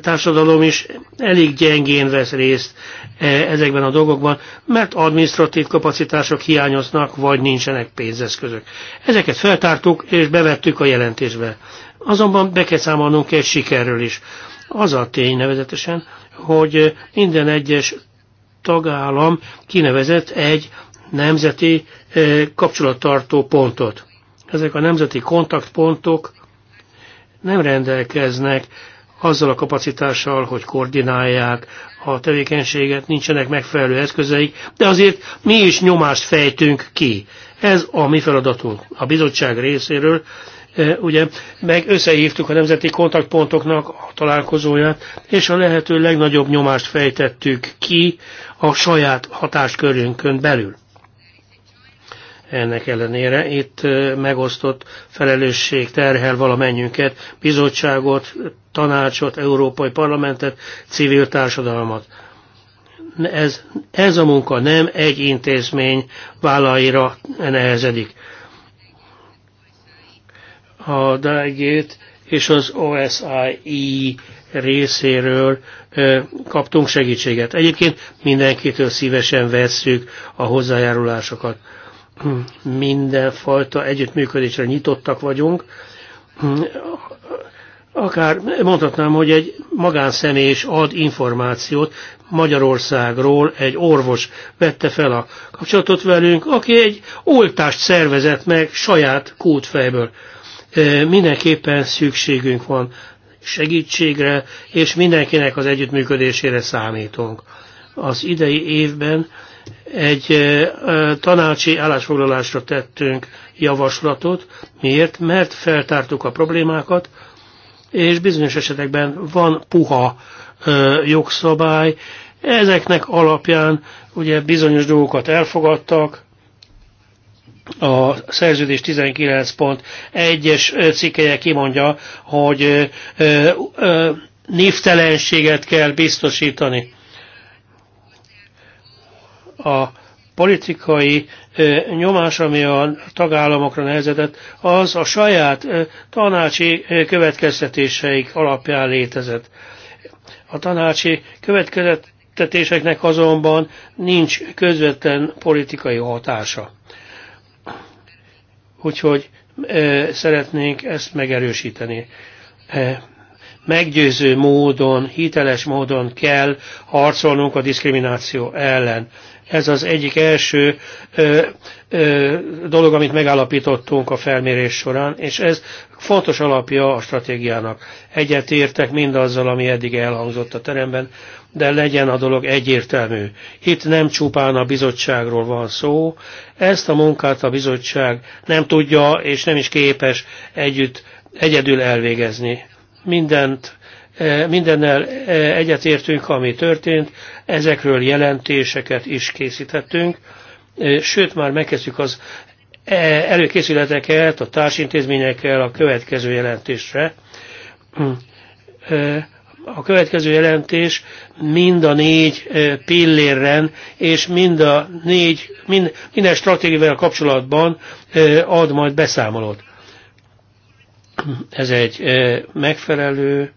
társadalom is elég gyengén vesz részt e, ezekben a dolgokban, mert administratív kapacitások hiányoznak, vagy nincsenek pénzeszközök. Ezeket feltártuk és bevettük a jelentésbe. Azonban be kell számolnunk egy sikerről is. Az a tény nevezetesen, hogy minden egyes tagállam kinevezett egy nemzeti e, kapcsolattartó pontot. Ezek a nemzeti kontaktpontok nem rendelkeznek azzal a kapacitással, hogy koordinálják a tevékenységet, nincsenek megfelelő eszközeik, de azért mi is nyomást fejtünk ki. Ez a mi feladatunk a bizottság részéről, e, ugye meg összehívtuk a nemzeti kontaktpontoknak a találkozóját, és a lehető legnagyobb nyomást fejtettük ki a saját hatáskörünkön belül ennek ellenére. Itt megosztott felelősség terhel valamennyünket, bizottságot, tanácsot, Európai Parlamentet, civil társadalmat. Ez, ez a munka nem egy intézmény vállaira nehezedik. A DAG-t és az OSI részéről ö, kaptunk segítséget. Egyébként mindenkitől szívesen vesszük a hozzájárulásokat mindenfajta együttműködésre nyitottak vagyunk. Akár mondhatnám, hogy egy magánszemély is ad információt Magyarországról, egy orvos vette fel a kapcsolatot velünk, aki egy oltást szervezett meg saját kódfejből. E, mindenképpen szükségünk van segítségre, és mindenkinek az együttműködésére számítunk. Az idei évben egy tanácsi állásfoglalásra tettünk javaslatot. Miért? Mert feltártuk a problémákat, és bizonyos esetekben van puha jogszabály. Ezeknek alapján ugye bizonyos dolgokat elfogadtak, a szerződés 19.1-es cikkeje kimondja, hogy névtelenséget kell biztosítani a politikai nyomás, ami a tagállamokra nehezedett, az a saját tanácsi következtetéseik alapján létezett. A tanácsi következtetéseknek azonban nincs közvetlen politikai hatása. Úgyhogy szeretnénk ezt megerősíteni. Meggyőző módon, hiteles módon kell harcolnunk a diszkrimináció ellen ez az egyik első ö, ö, dolog, amit megállapítottunk a felmérés során, és ez fontos alapja a stratégiának. Egyetértek mindazzal, ami eddig elhangzott a teremben, de legyen a dolog egyértelmű. Itt nem csupán a bizottságról van szó, ezt a munkát a bizottság nem tudja és nem is képes együtt egyedül elvégezni. Mindent E, mindennel e, egyetértünk, ami történt, ezekről jelentéseket is készítettünk, e, sőt már megkezdjük az előkészületeket a társintézményekkel a következő jelentésre. A következő jelentés mind a négy pilléren és mind a négy, mind, minden stratégiával kapcsolatban ad majd beszámolót. Ez egy megfelelő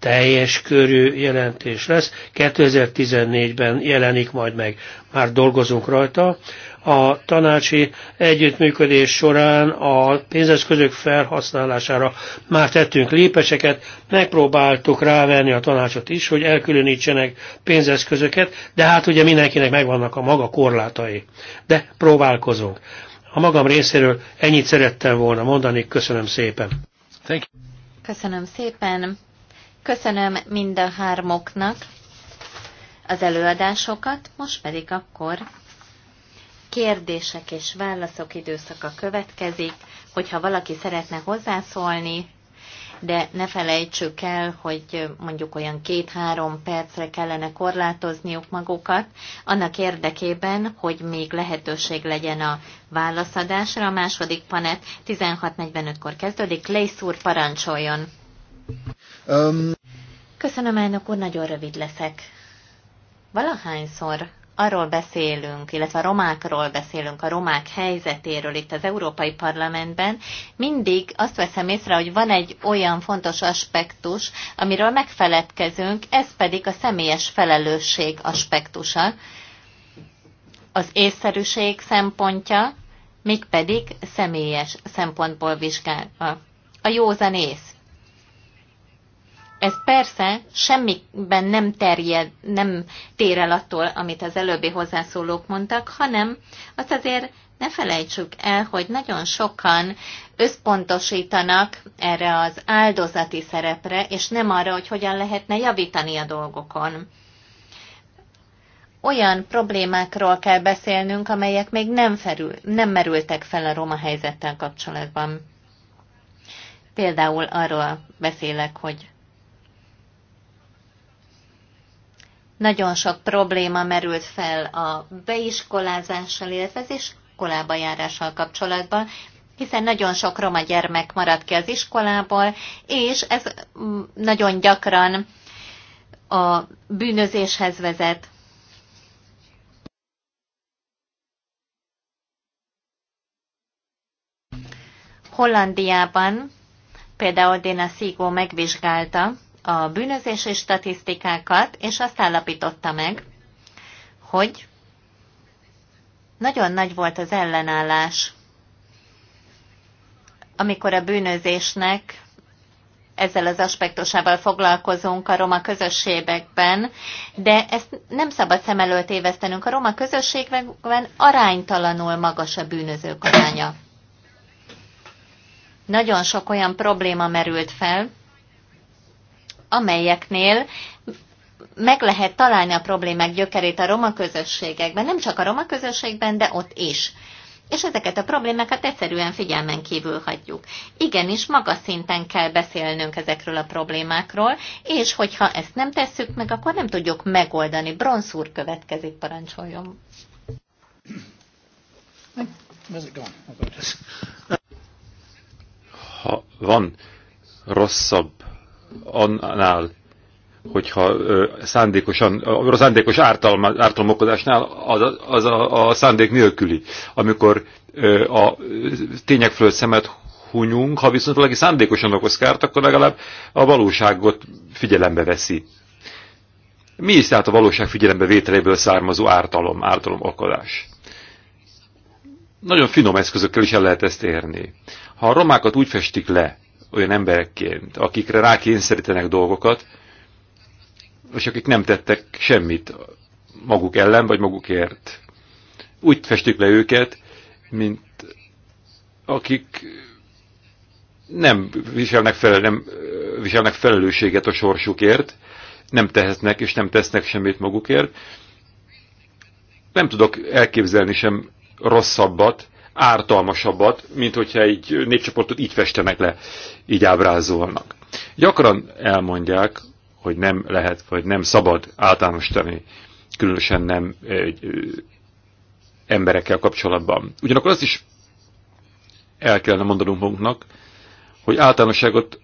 teljes körű jelentés lesz. 2014-ben jelenik majd meg. Már dolgozunk rajta. A tanácsi együttműködés során a pénzeszközök felhasználására már tettünk lépeseket, megpróbáltuk rávenni a tanácsot is, hogy elkülönítsenek pénzeszközöket, de hát ugye mindenkinek megvannak a maga korlátai. De próbálkozunk. A magam részéről ennyit szerettem volna mondani, köszönöm szépen. Thank you. Köszönöm szépen. Köszönöm mind a hármoknak az előadásokat, most pedig akkor kérdések és válaszok időszaka következik, hogyha valaki szeretne hozzászólni, de ne felejtsük el, hogy mondjuk olyan két-három percre kellene korlátozniuk magukat, annak érdekében, hogy még lehetőség legyen a válaszadásra. A második panet 16.45-kor kezdődik. Lész úr, parancsoljon! Um... Köszönöm, elnök úr, nagyon rövid leszek. Valahányszor arról beszélünk, illetve a romákról beszélünk, a romák helyzetéről itt az Európai Parlamentben, mindig azt veszem észre, hogy van egy olyan fontos aspektus, amiről megfeledkezünk, ez pedig a személyes felelősség aspektusa, az észszerűség szempontja, mégpedig személyes szempontból vizsgálva. A józan ész. Ez persze semmiben nem terjed, nem tér el attól, amit az előbbi hozzászólók mondtak, hanem azt azért ne felejtsük el, hogy nagyon sokan összpontosítanak erre az áldozati szerepre, és nem arra, hogy hogyan lehetne javítani a dolgokon. Olyan problémákról kell beszélnünk, amelyek még nem, felül, nem merültek fel a roma helyzettel kapcsolatban. Például arról beszélek, hogy Nagyon sok probléma merült fel a beiskolázással, illetve az iskolába járással kapcsolatban, hiszen nagyon sok roma gyermek marad ki az iskolából, és ez mm, nagyon gyakran a bűnözéshez vezet. Hollandiában például Dina Szigó megvizsgálta, a bűnözési statisztikákat, és azt állapította meg, hogy nagyon nagy volt az ellenállás, amikor a bűnözésnek ezzel az aspektusával foglalkozunk a roma közösségekben, de ezt nem szabad szem előtt évesztenünk. A roma közösségekben aránytalanul magas a bűnözők aránya. Nagyon sok olyan probléma merült fel, amelyeknél meg lehet találni a problémák gyökerét a roma közösségekben, nem csak a roma közösségben, de ott is. És ezeket a problémákat egyszerűen figyelmen kívül hagyjuk. Igenis, magas szinten kell beszélnünk ezekről a problémákról, és hogyha ezt nem tesszük meg, akkor nem tudjuk megoldani. Bronz következik, parancsoljon. Ha van rosszabb annál, hogyha szándékosan, a szándékos ártalmokozásnál ártalmakozásnál az, az a, a szándék nélküli, amikor a tények fölött szemet hunyunk, ha viszont valaki szándékosan okoz kárt, akkor legalább a valóságot figyelembe veszi. Mi is tehát a valóság figyelembe vételéből származó ártalom, ártalom okozás? Nagyon finom eszközökkel is el lehet ezt érni. Ha a romákat úgy festik le, olyan emberekként, akikre rákényszerítenek dolgokat, és akik nem tettek semmit maguk ellen, vagy magukért. Úgy festik le őket, mint akik nem viselnek, felel, nem viselnek felelősséget a sorsukért, nem tehetnek és nem tesznek semmit magukért. Nem tudok elképzelni sem rosszabbat, ártalmasabbat, mint hogyha egy népcsoportot így festenek le, így ábrázolnak. Gyakran elmondják, hogy nem lehet, vagy nem szabad általánosítani, különösen nem egy, emberekkel kapcsolatban. Ugyanakkor azt is el kellene mondanunk magunknak, hogy általánosságot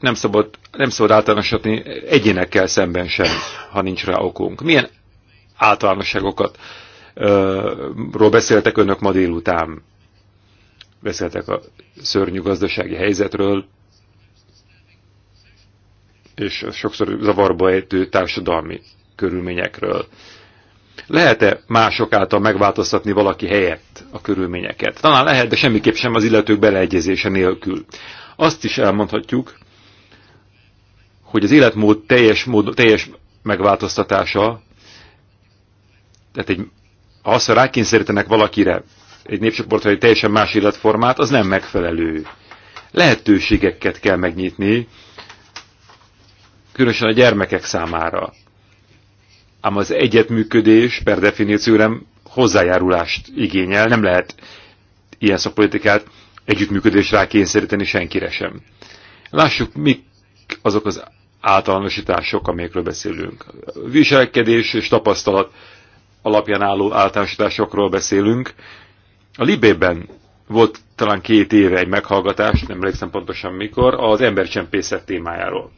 nem szabad, nem szabad általánosítani egyénekkel szemben sem, ha nincs rá okunk. Milyen általánosságokat ról beszéltek önök ma délután. Beszéltek a szörnyű gazdasági helyzetről, és sokszor zavarba ejtő társadalmi körülményekről. Lehet-e mások által megváltoztatni valaki helyett a körülményeket? Talán lehet, de semmiképp sem az illetők beleegyezése nélkül. Azt is elmondhatjuk, hogy az életmód teljes, mód, teljes megváltoztatása, tehát egy az, ha rákényszerítenek valakire egy népcsoportra egy teljesen más életformát, az nem megfelelő. Lehetőségeket kell megnyitni, különösen a gyermekek számára. Ám az egyetműködés per definíció nem hozzájárulást igényel, nem lehet ilyen szakpolitikát együttműködés rákényszeríteni senkire sem. Lássuk, mik azok az általánosítások, amelyekről beszélünk. Viselkedés és tapasztalat alapján álló általánosításokról beszélünk. A Libében volt talán két éve egy meghallgatás, nem emlékszem pontosan mikor, az embercsempészet témájáról.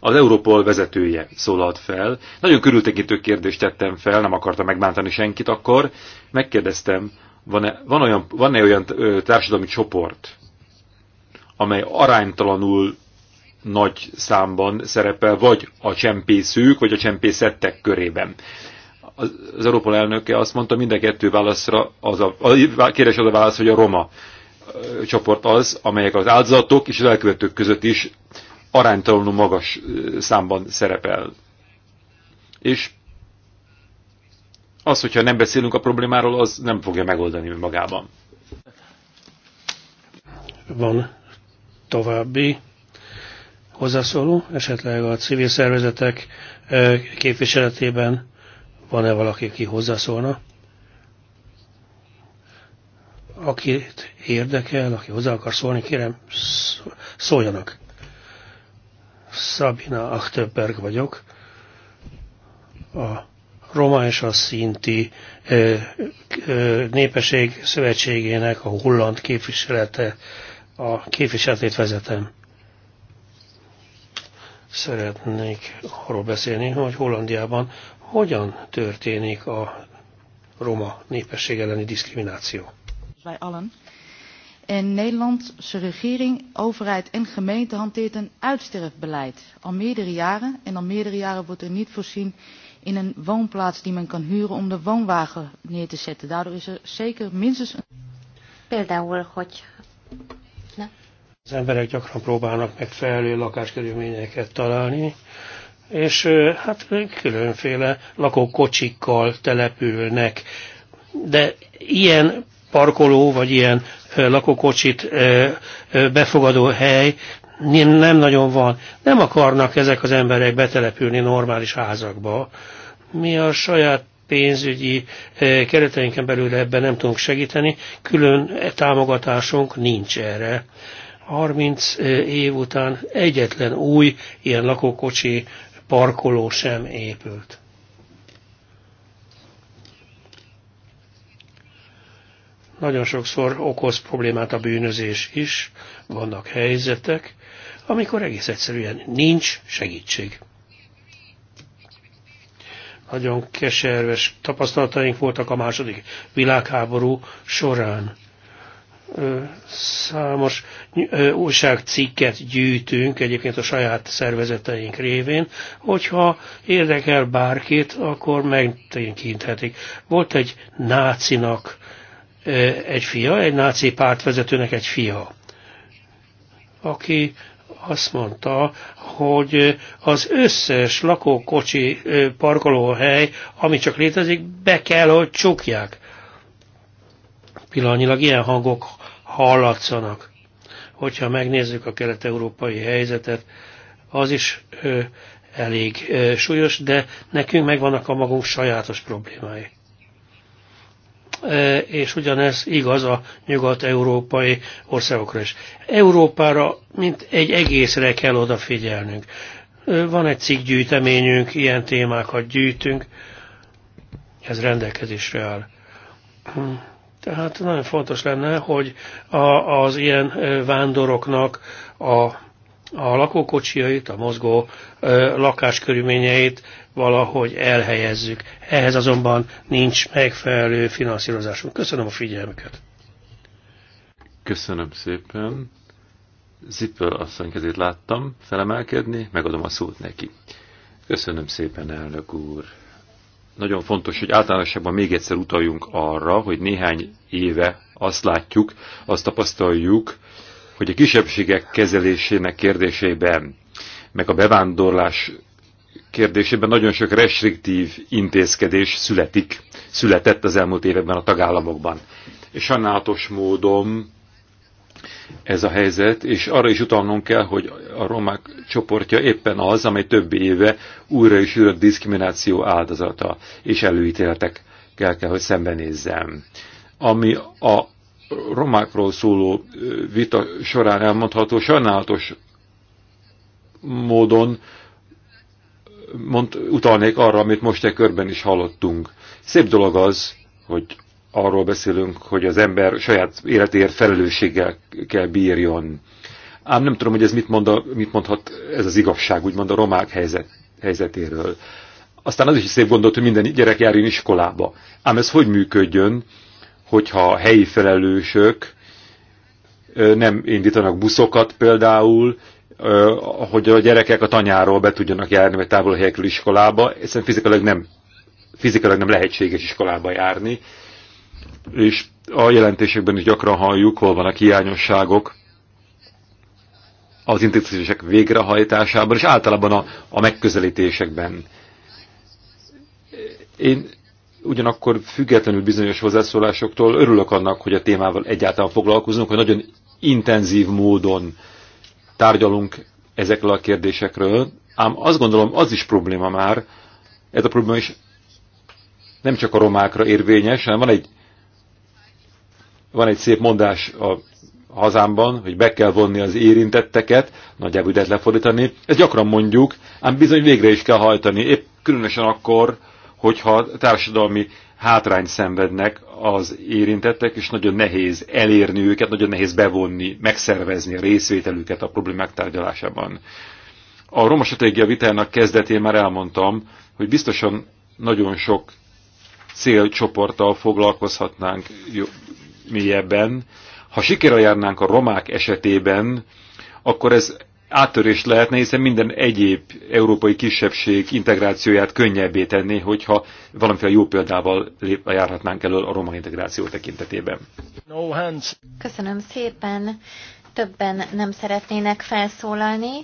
Az Európol vezetője szólalt fel. Nagyon körültekintő kérdést tettem fel, nem akarta megbántani senkit akkor. Megkérdeztem, van-e van olyan, van -e olyan társadalmi csoport, amely aránytalanul nagy számban szerepel, vagy a csempészők, vagy a csempészettek körében az Európol elnöke azt mondta, mind a kettő válaszra az a, a kérdés az a válasz, hogy a roma csoport az, amelyek az áldozatok és az elkövetők között is aránytalanul magas számban szerepel. És az, hogyha nem beszélünk a problémáról, az nem fogja megoldani magában. Van további hozzászóló, esetleg a civil szervezetek képviseletében van-e valaki, aki hozzászólna? Akit érdekel, aki hozzá akar szólni, kérem, szóljanak. Szabina Achterberg vagyok. A Roma és a Szinti Népesség Szövetségének a holland képviselete, a képviseletét vezetem szeretnék arról beszélni, hogy Hollandiában hogyan történik a roma népesség elleni diszkrimináció. In Nederland, In Nederlandse regering, overheid en gemeente hanteert een uitsterfbeleid al meerdere jaren. En al meerdere jaren wordt er niet voorzien in een woonplaats die men kan huren om de woonwagen neer te zetten. Daardoor is er zeker minstens een... Például, hogy... Ne? Az emberek gyakran próbálnak meg felelő lakáskörülményeket találni, és hát különféle lakókocsikkal települnek. De ilyen parkoló, vagy ilyen lakókocsit befogadó hely nem, nagyon van. Nem akarnak ezek az emberek betelepülni normális házakba. Mi a saját pénzügyi kereteinken belül ebben nem tudunk segíteni, külön támogatásunk nincs erre. 30 év után egyetlen új ilyen lakókocsi parkoló sem épült. Nagyon sokszor okoz problémát a bűnözés is, vannak helyzetek, amikor egész egyszerűen nincs segítség. Nagyon keserves tapasztalataink voltak a második világháború során számos újságcikket gyűjtünk egyébként a saját szervezeteink révén, hogyha érdekel bárkit, akkor megtekinthetik. Volt egy nácinak egy fia, egy náci pártvezetőnek egy fia, aki azt mondta, hogy az összes lakókocsi parkolóhely, ami csak létezik, be kell, hogy csukják pillanatnyilag ilyen hangok hallatszanak. Hogyha megnézzük a kelet-európai helyzetet, az is ö, elég ö, súlyos, de nekünk megvannak a magunk sajátos problémái. E, és ugyanez igaz a nyugat-európai országokra is. Európára, mint egy egészre kell odafigyelnünk. Van egy cikkgyűjteményünk, ilyen témákat gyűjtünk, ez rendelkezésre áll tehát nagyon fontos lenne, hogy a, az ilyen vándoroknak a, a lakókocsiait, a mozgó ö, lakáskörülményeit valahogy elhelyezzük. Ehhez azonban nincs megfelelő finanszírozásunk. Köszönöm a figyelmüket. Köszönöm szépen. Zippel asszony kezét láttam felemelkedni, megadom a szót neki. Köszönöm szépen, elnök úr nagyon fontos, hogy általánosabban még egyszer utaljunk arra, hogy néhány éve azt látjuk, azt tapasztaljuk, hogy a kisebbségek kezelésének kérdésében, meg a bevándorlás kérdésében nagyon sok restriktív intézkedés születik, született az elmúlt években a tagállamokban. És sajnálatos módon ez a helyzet, és arra is utalnunk kell, hogy a romák csoportja éppen az, amely több éve újra és újra diszkrimináció áldozata és előítéletekkel kell, hogy szembenézzem. Ami a romákról szóló vita során elmondható, sajnálatos módon mond, utalnék arra, amit most e körben is hallottunk. Szép dolog az, hogy arról beszélünk, hogy az ember saját életéért felelősséggel kell bírjon. Ám nem tudom, hogy ez mit, mond a, mit mondhat ez az igazság, úgymond a romák helyzet, helyzetéről. Aztán az is szép gondolt, hogy minden gyerek járjon iskolába. Ám ez hogy működjön, hogyha a helyi felelősök nem indítanak buszokat például, hogy a gyerekek a tanyáról be tudjanak járni, vagy távol helyekről iskolába, hiszen fizikailag nem, fizikailag nem lehetséges iskolába járni, és a jelentésekben is gyakran halljuk, hol vannak hiányosságok az intézkedések végrehajtásában, és általában a, a megközelítésekben. Én ugyanakkor függetlenül bizonyos hozzászólásoktól örülök annak, hogy a témával egyáltalán foglalkozunk, hogy nagyon intenzív módon tárgyalunk ezekről a kérdésekről, ám azt gondolom az is probléma már, ez a probléma is nem csak a romákra érvényes, hanem van egy van egy szép mondás a hazámban, hogy be kell vonni az érintetteket, nagyjából ügyet lefordítani. Ezt gyakran mondjuk, ám bizony végre is kell hajtani, épp különösen akkor, hogyha társadalmi hátrány szenvednek az érintettek, és nagyon nehéz elérni őket, nagyon nehéz bevonni, megszervezni a részvételüket a problémák tárgyalásában. A roma stratégia vitának kezdetén már elmondtam, hogy biztosan nagyon sok célcsoporttal foglalkozhatnánk mélyebben. Ha sikerrel járnánk a romák esetében, akkor ez áttörés lehetne, hiszen minden egyéb európai kisebbség integrációját könnyebbé tenni, hogyha valamiféle jó példával járhatnánk elől a roma integráció tekintetében. No hands. Köszönöm szépen. Többen nem szeretnének felszólalni.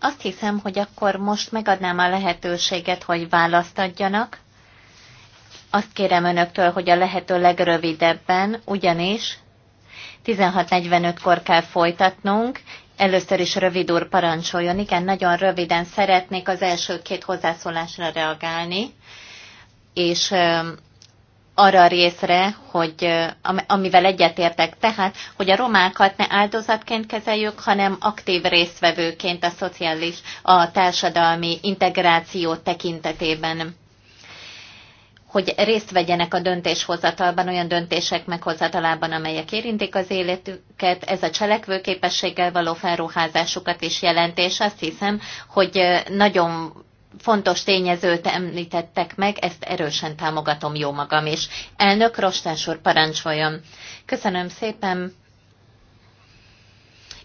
Azt hiszem, hogy akkor most megadnám a lehetőséget, hogy választ adjanak. Azt kérem önöktől, hogy a lehető legrövidebben, ugyanis 16.45-kor kell folytatnunk. Először is rövid úr parancsoljon. Igen, nagyon röviden szeretnék az első két hozzászólásra reagálni, és arra a részre, hogy amivel egyetértek, tehát, hogy a romákat ne áldozatként kezeljük, hanem aktív résztvevőként a szociális, a társadalmi integráció tekintetében hogy részt vegyenek a döntéshozatalban, olyan döntések meghozatalában, amelyek érintik az életüket. Ez a cselekvőképességgel való felruházásukat is jelent, és azt hiszem, hogy nagyon fontos tényezőt említettek meg, ezt erősen támogatom jó magam is. Elnök Rostás úr, parancsoljon. Köszönöm szépen.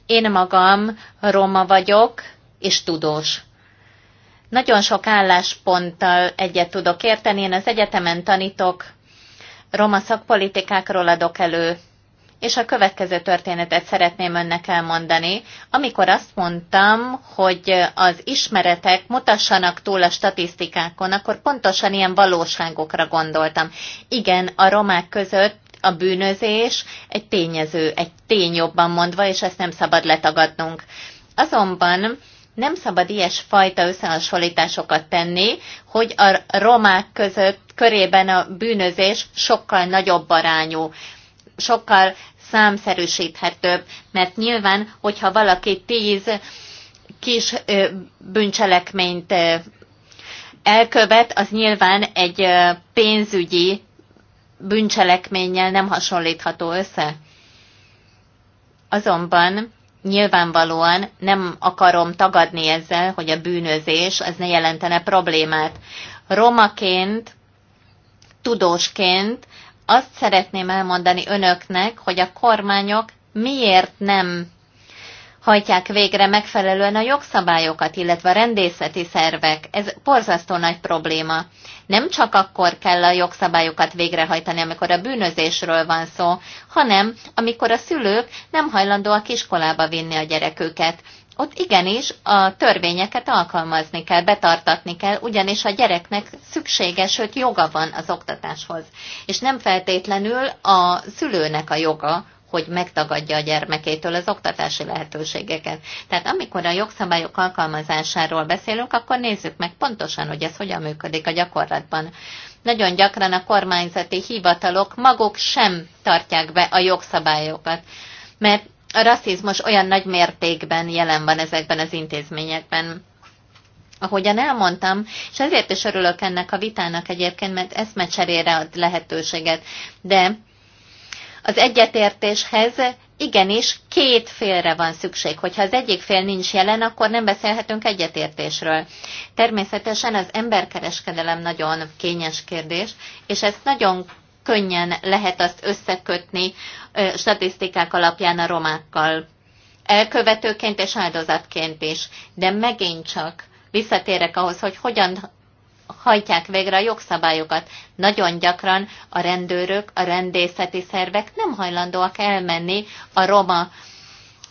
Én magam Roma vagyok, és tudós. Nagyon sok állásponttal egyet tudok érteni, én az egyetemen tanítok, roma szakpolitikákról adok elő, és a következő történetet szeretném önnek elmondani. Amikor azt mondtam, hogy az ismeretek mutassanak túl a statisztikákon, akkor pontosan ilyen valóságokra gondoltam. Igen, a romák között a bűnözés egy tényező, egy tény jobban mondva, és ezt nem szabad letagadnunk. Azonban nem szabad ilyesfajta összehasonlításokat tenni, hogy a romák között körében a bűnözés sokkal nagyobb arányú, sokkal számszerűsíthetőbb, mert nyilván, hogyha valaki tíz kis bűncselekményt elkövet, az nyilván egy pénzügyi bűncselekménnyel nem hasonlítható össze. Azonban nyilvánvalóan nem akarom tagadni ezzel, hogy a bűnözés ez ne jelentene problémát. Romaként, tudósként azt szeretném elmondani önöknek, hogy a kormányok miért nem hajtják végre megfelelően a jogszabályokat, illetve a rendészeti szervek. Ez porzasztó nagy probléma. Nem csak akkor kell a jogszabályokat végrehajtani, amikor a bűnözésről van szó, hanem amikor a szülők nem hajlandóak iskolába vinni a gyereküket. Ott igenis a törvényeket alkalmazni kell, betartatni kell, ugyanis a gyereknek szükséges, sőt joga van az oktatáshoz. És nem feltétlenül a szülőnek a joga, hogy megtagadja a gyermekétől az oktatási lehetőségeket. Tehát amikor a jogszabályok alkalmazásáról beszélünk, akkor nézzük meg pontosan, hogy ez hogyan működik a gyakorlatban. Nagyon gyakran a kormányzati hivatalok maguk sem tartják be a jogszabályokat, mert a rasszizmus olyan nagy mértékben jelen van ezekben az intézményekben. Ahogyan elmondtam, és ezért is örülök ennek a vitának egyébként, mert eszmecserére ad lehetőséget, de az egyetértéshez igenis két félre van szükség. Hogyha az egyik fél nincs jelen, akkor nem beszélhetünk egyetértésről. Természetesen az emberkereskedelem nagyon kényes kérdés, és ezt nagyon könnyen lehet azt összekötni statisztikák alapján a romákkal. Elkövetőként és áldozatként is. De megint csak visszatérek ahhoz, hogy hogyan hajtják végre a jogszabályokat. Nagyon gyakran a rendőrök, a rendészeti szervek nem hajlandóak elmenni a roma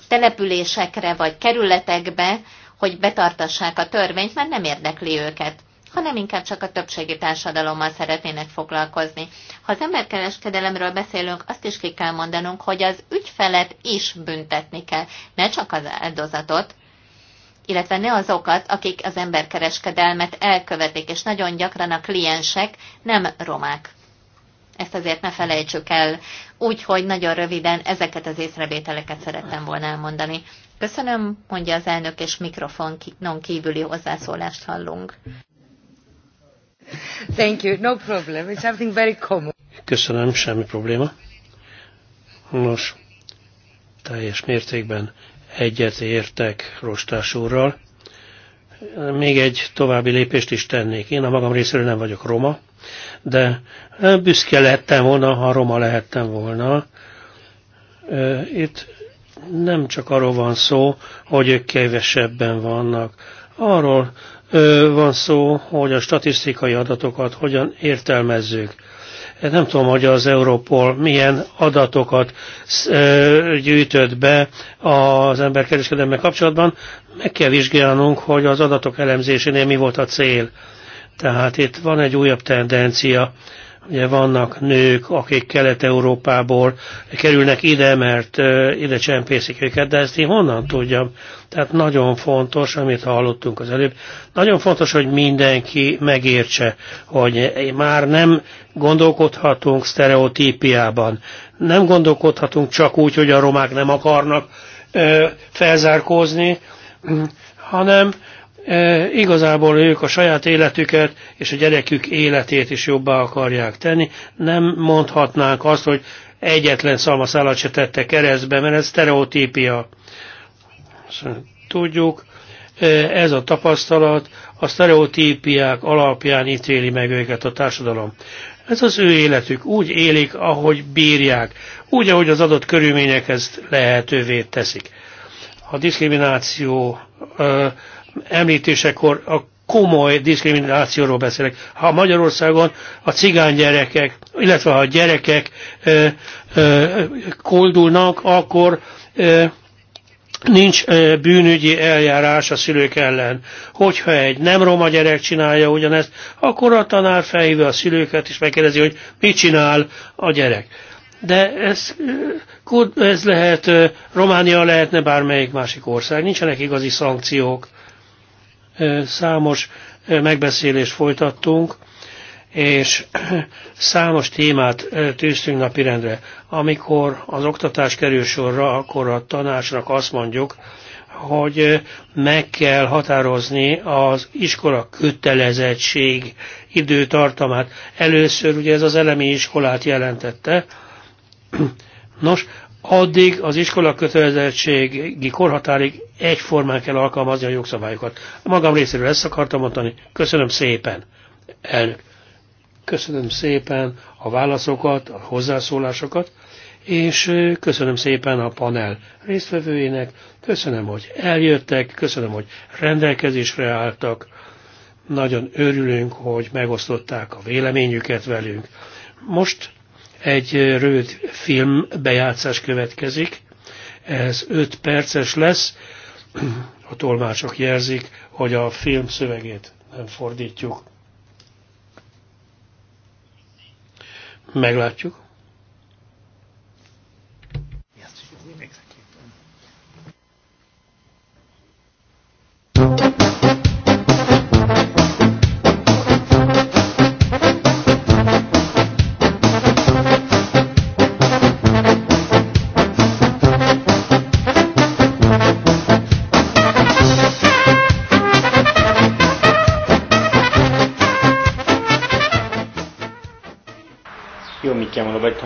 településekre vagy kerületekbe, hogy betartassák a törvényt, mert nem érdekli őket hanem inkább csak a többségi társadalommal szeretnének foglalkozni. Ha az emberkereskedelemről beszélünk, azt is ki kell mondanunk, hogy az ügyfelet is büntetni kell, ne csak az áldozatot, illetve ne azokat, akik az emberkereskedelmet elkövetik, és nagyon gyakran a kliensek nem romák. Ezt azért ne felejtsük el. Úgyhogy nagyon röviden ezeket az észrevételeket szerettem volna elmondani. Köszönöm, mondja az elnök, és mikrofonon kívüli hozzászólást hallunk. Thank you, no problem. It's something very common. Köszönöm, semmi probléma. Nos, teljes mértékben Egyet értek Rostás úrral. Még egy további lépést is tennék. Én a magam részéről nem vagyok roma, de büszke lehettem volna, ha roma lehettem volna. Itt nem csak arról van szó, hogy ők kevesebben vannak. Arról van szó, hogy a statisztikai adatokat hogyan értelmezzük nem tudom, hogy az Europol milyen adatokat gyűjtött be az emberkereskedelemmel kapcsolatban. Meg kell vizsgálnunk, hogy az adatok elemzésénél mi volt a cél. Tehát itt van egy újabb tendencia Ugye vannak nők, akik Kelet-Európából kerülnek ide, mert ide csempészik őket, de ezt én honnan tudjam? Tehát nagyon fontos, amit hallottunk az előbb, nagyon fontos, hogy mindenki megértse, hogy már nem gondolkodhatunk sztereotípiában. Nem gondolkodhatunk csak úgy, hogy a romák nem akarnak felzárkózni, hanem E, igazából ők a saját életüket és a gyerekük életét is jobbá akarják tenni. Nem mondhatnánk azt, hogy egyetlen szalmaszállat se tette keresztbe, mert ez stereotípia. Tudjuk, e, ez a tapasztalat a stereotípiák alapján ítéli meg őket a társadalom. Ez az ő életük, úgy élik, ahogy bírják, úgy, ahogy az adott körülmények ezt lehetővé teszik. A diszkrimináció e, említésekor a komoly diszkriminációról beszélek. Ha Magyarországon a cigány gyerekek, illetve ha a gyerekek ö, ö, koldulnak, akkor ö, nincs bűnügyi eljárás a szülők ellen. Hogyha egy nem roma gyerek csinálja ugyanezt, akkor a tanár felhívja a szülőket, és megkérdezi, hogy mit csinál a gyerek. De ez, ez lehet, Románia lehetne bármelyik másik ország, nincsenek igazi szankciók számos megbeszélést folytattunk, és számos témát tűztünk napirendre. Amikor az oktatás kerül sorra, akkor a tanácsnak azt mondjuk, hogy meg kell határozni az iskola kötelezettség időtartamát. Először ugye ez az elemi iskolát jelentette. Nos, addig az iskola kötelezettségi korhatárig egyformán kell alkalmazni a jogszabályokat. A Magam részéről ezt akartam mondani. Köszönöm szépen, elnök. Köszönöm szépen a válaszokat, a hozzászólásokat, és köszönöm szépen a panel résztvevőjének, köszönöm, hogy eljöttek, köszönöm, hogy rendelkezésre álltak. Nagyon örülünk, hogy megosztották a véleményüket velünk. Most egy rövid film bejátszás következik. Ez 5 perces lesz. A tolmácsok jelzik, hogy a film szövegét nem fordítjuk. Meglátjuk.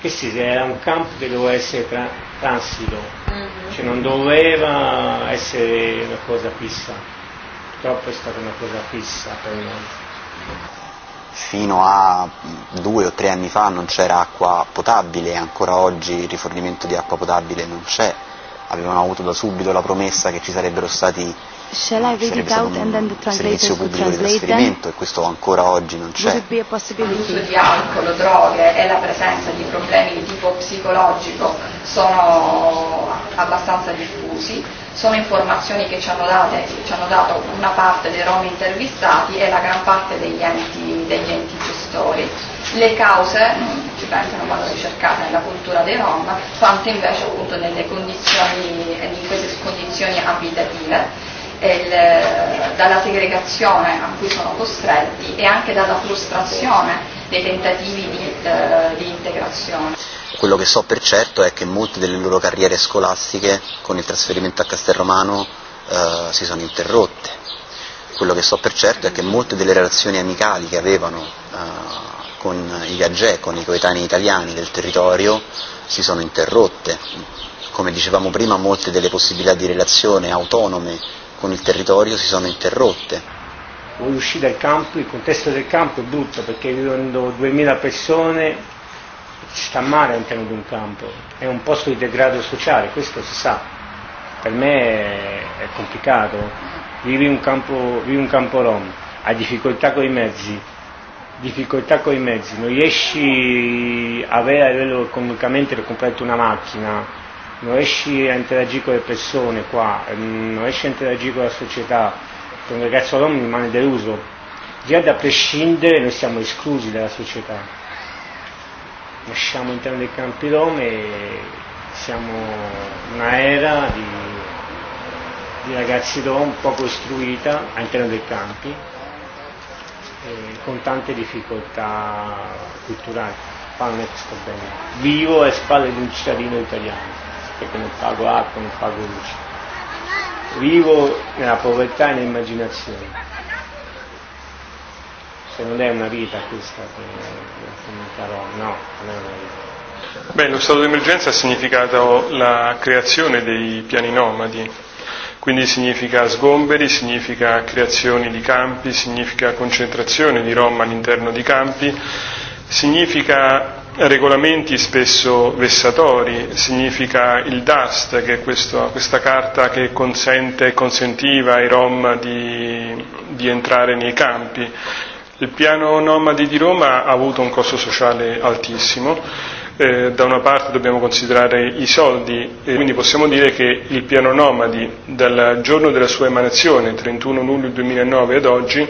che si, era un campo che doveva essere tra- transito, mm-hmm. cioè non doveva essere una cosa fissa, purtroppo è stata una cosa fissa per noi. Fino a due o tre anni fa non c'era acqua potabile, ancora oggi il rifornimento di acqua potabile non c'è, avevano avuto da subito la promessa che ci sarebbero stati Shall I read it out and then the translators will translate them? e questo ancora oggi non c'è. L'uso di alcol, droghe e la presenza di problemi di tipo psicologico sono abbastanza diffusi. Sono informazioni che ci hanno, date, ci hanno dato una parte dei rom intervistati e la gran parte degli enti, degli enti gestori. Le cause, ci pensano, vanno ricercate nella cultura dei rom, quanto invece appunto nelle condizioni, in queste condizioni abitative il, dalla segregazione a cui sono costretti e anche dalla frustrazione dei tentativi di, eh, di integrazione. Quello che so per certo è che molte delle loro carriere scolastiche con il trasferimento a Castelromano eh, si sono interrotte. Quello che so per certo è che molte delle relazioni amicali che avevano eh, con i gaggè, con i coetanei italiani del territorio, si sono interrotte. Come dicevamo prima, molte delle possibilità di relazione autonome con il territorio si sono interrotte. Poi uscì dal campo, il contesto del campo è brutto perché vivendo 2000 persone si sta male all'interno di un campo, è un posto di degrado sociale, questo si sa, per me è complicato, vivi un campo, vivi un campo rom, hai difficoltà con i mezzi, difficoltà con i mezzi, non riesci a avere a livello economicamente per comprare una macchina, non riesci a interagire con le persone qua, mm, non riesci a interagire con la società, con un ragazzo all'uomo rimane deluso. Già da prescindere noi siamo esclusi dalla società. Nasciamo all'interno dei campi rom e siamo una era di, di ragazzi rom poco istruita all'interno dei campi, eh, con tante difficoltà culturali. Parlo sto bene. Vivo alle spalle di un cittadino italiano se conectado a conectado a luz. Vivo nella povertà e nell'immaginazione. Se non è una vita questa che farò? no, non è una vita. Beh, lo stato d'emergenza ha significato la creazione dei piani nomadi, quindi significa sgomberi, significa creazioni di campi, significa concentrazione di Roma all'interno di campi, significa regolamenti spesso vessatori, significa il DAST, che è questo, questa carta che consente e consentiva ai Rom di, di entrare nei campi. Il piano nomadi di Roma ha avuto un costo sociale altissimo, eh, da una parte dobbiamo considerare i soldi, e quindi possiamo dire che il piano nomadi dal giorno della sua emanazione, 31 luglio 2009 ad oggi,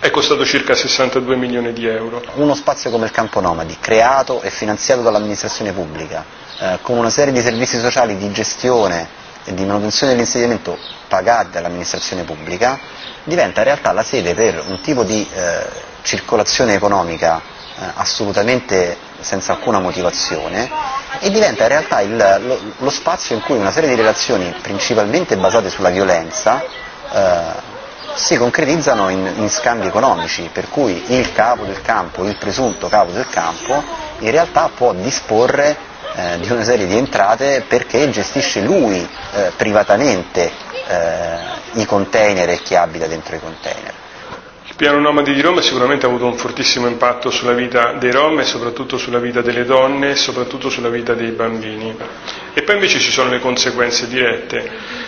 Ecco stato circa 62 milioni di euro. Uno spazio come il Campo Nomadi, creato e finanziato dall'amministrazione pubblica, eh, con una serie di servizi sociali di gestione e di manutenzione dell'insediamento pagati dall'amministrazione pubblica, diventa in realtà la sede per un tipo di eh, circolazione economica eh, assolutamente senza alcuna motivazione e diventa in realtà il, lo, lo, spazio in cui una serie di relazioni principalmente basate sulla violenza eh, si concretizzano in, in scambi economici, per cui il capo del campo, il presunto capo del campo, in realtà può disporre eh, di una serie di entrate perché gestisce lui eh, privatamente eh, i container e chi abita dentro i container. Il piano nomadi di Roma sicuramente ha avuto un fortissimo impatto sulla vita dei Rom e soprattutto sulla vita delle donne e soprattutto sulla vita dei bambini. E poi invece ci sono le conseguenze dirette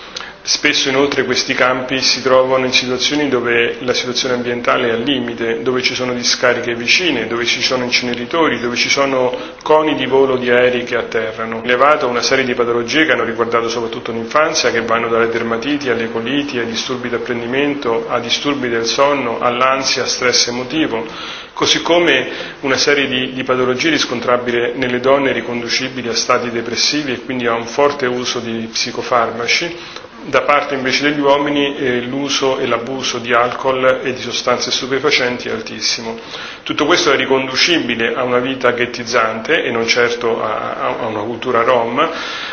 Spesso inoltre questi campi si trovano in situazioni dove la situazione ambientale è al limite, dove ci sono discariche vicine, dove ci sono inceneritori, dove ci sono coni di volo di aerei che atterrano. Elevata una serie di patologie che hanno riguardato soprattutto l'infanzia, che vanno dalle dermatiti alle coliti, ai disturbi d'apprendimento, a disturbi del sonno, all'ansia, a stress emotivo, così come una serie di, di patologie riscontrabili nelle donne riconducibili a stati depressivi e quindi a un forte uso di psicofarmaci, da parte invece degli uomini eh, l'uso e l'abuso di alcol e di sostanze stupefacenti è altissimo. Tutto questo è riconducibile a una vita ghettizzante e non certo a, a a una cultura rom.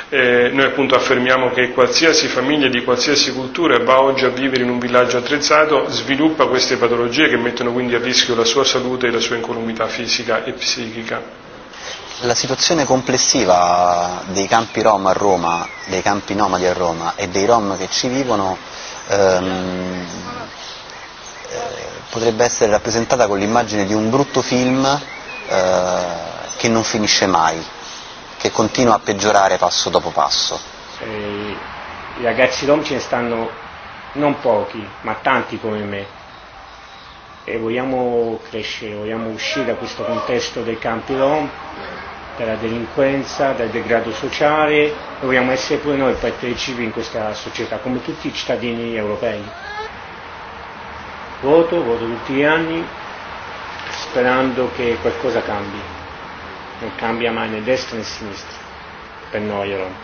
Eh, noi appunto affermiamo che qualsiasi famiglia di qualsiasi cultura va oggi a vivere in un villaggio attrezzato, sviluppa queste patologie che mettono quindi a rischio la sua salute salute e la sua incolumità fisica e psichica. La situazione complessiva dei campi Rom a Roma, dei campi nomadi a Roma e dei Rom che ci vivono ehm, eh, potrebbe essere rappresentata con l'immagine di un brutto film eh, che non finisce mai, che continua a peggiorare passo dopo passo. Eh, I ragazzi Rom ce ne stanno non pochi, ma tanti come me, e vogliamo crescere, vogliamo uscire da questo contesto dei campi rom, dalla delinquenza, dal degrado sociale e vogliamo essere pure noi partecipi in questa società, come tutti i cittadini europei. Voto, voto tutti gli anni, sperando che qualcosa cambi. Non cambia mai né destra né sinistra, per noi rom.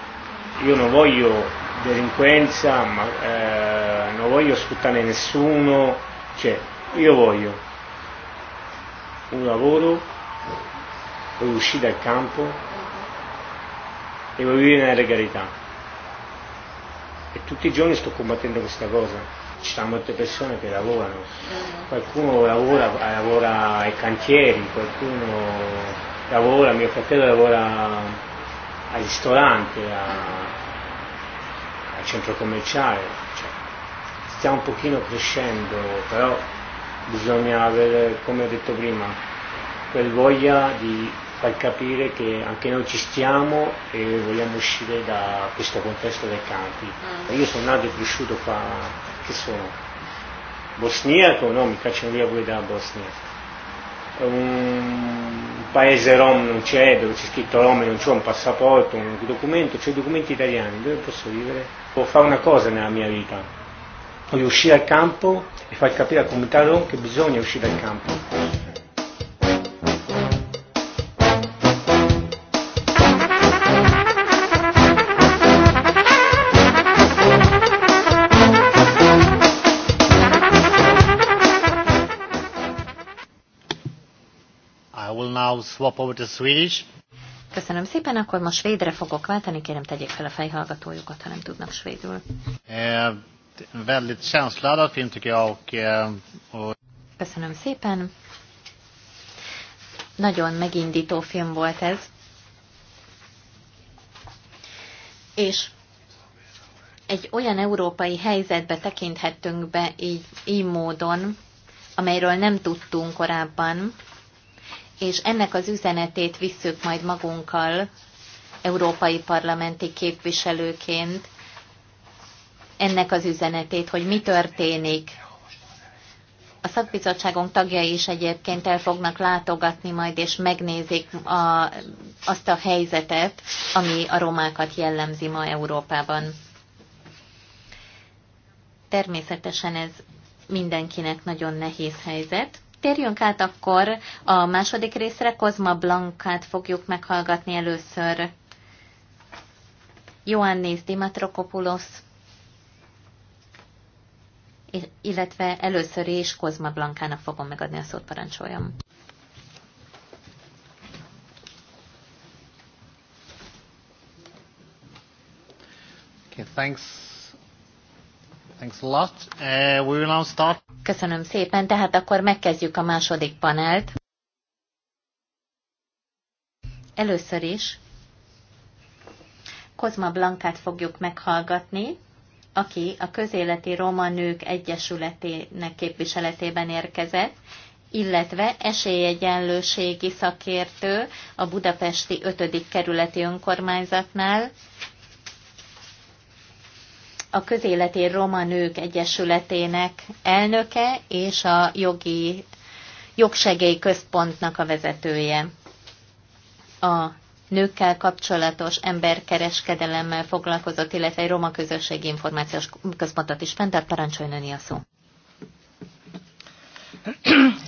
Io non voglio delinquenza, ma eh, non voglio sfruttare nessuno, cioè Io voglio un lavoro, voglio uscire dal campo e voglio vivere nella legalità. E tutti i giorni sto combattendo questa cosa. Ci sono molte persone che lavorano, qualcuno lavora, lavora ai cantieri, qualcuno lavora, mio fratello lavora al ristorante, a, al centro commerciale, cioè, stiamo un pochino crescendo, però bisogna avere come ho detto prima quel voglia di far capire che anche noi ci stiamo e vogliamo uscire da questo contesto dei campi. Mm. Io sono nato e cresciuto qua, che sono? Bosniaco? No, mi cacciano via voi da Bosnia. Un paese rom non c'è, dove c'è scritto rom non c'è un passaporto, un documento, c'è documenti italiani, dove posso vivere? Può fare una cosa nella mia vita, voglio uscire al campo e fai capire al comunitario che bisogna uscire dal campo. Köszönöm szépen, akkor most svédre fogok váltani, kérem tegyék fel a fejhallgatójukat, ha nem tudnak svédül. Uh, väldigt känsloladdad film tycker jag. Och, eh, och... Köszönöm szépen. Nagyon megindító film volt ez. És egy olyan európai helyzetbe tekinthettünk be így, így módon, amelyről nem tudtunk korábban, és ennek az üzenetét visszük majd magunkkal európai parlamenti képviselőként, ennek az üzenetét, hogy mi történik. A szakbizottságunk tagjai is egyébként el fognak látogatni majd, és megnézik a, azt a helyzetet, ami a romákat jellemzi ma Európában. Természetesen ez mindenkinek nagyon nehéz helyzet. Térjünk át akkor a második részre, Kozma Blankát fogjuk meghallgatni először. Ioannis Dimatrokopoulos illetve először is Kozma Blankának fogom megadni a szót, parancsoljam. Okay, thanks. Thanks a lot. Uh, we will now start. Köszönöm szépen, tehát akkor megkezdjük a második panelt. Először is Kozma Blankát fogjuk meghallgatni, aki a Közéleti Roma Nők Egyesületének képviseletében érkezett, illetve esélyegyenlőségi szakértő a budapesti 5. kerületi önkormányzatnál, a Közéleti Roma Nők Egyesületének elnöke és a jogi jogsegélyközpontnak a vezetője. A nőkkel kapcsolatos emberkereskedelemmel foglalkozott, illetve egy roma közösségi információs központot is fenntart. Parancsoljon a szó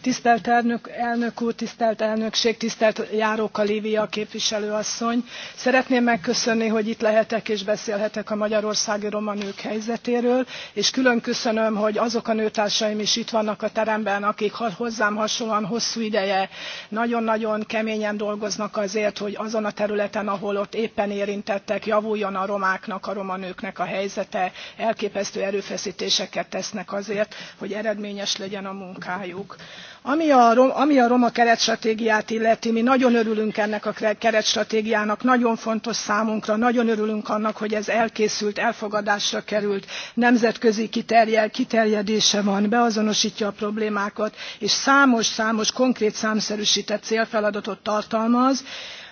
tisztelt elnök, elnök úr tisztelt elnökség tisztelt járóka Lívia képviselő asszony szeretném megköszönni hogy itt lehetek és beszélhetek a magyarországi roma nők helyzetéről és külön köszönöm hogy azok a nőtársaim is itt vannak a teremben akik hozzám hasonlóan hosszú ideje nagyon nagyon keményen dolgoznak azért hogy azon a területen ahol ott éppen érintettek javuljon a romáknak a roma nőknek a helyzete elképesztő erőfeszítéseket tesznek azért hogy eredményes legyen a munkája témájuk. Ami a, ami a roma keretstratégiát illeti, mi nagyon örülünk ennek a keretstratégiának, nagyon fontos számunkra, nagyon örülünk annak, hogy ez elkészült, elfogadásra került, nemzetközi kiterjel, kiterjedése van, beazonosítja a problémákat, és számos-számos konkrét számszerűsített célfeladatot tartalmaz,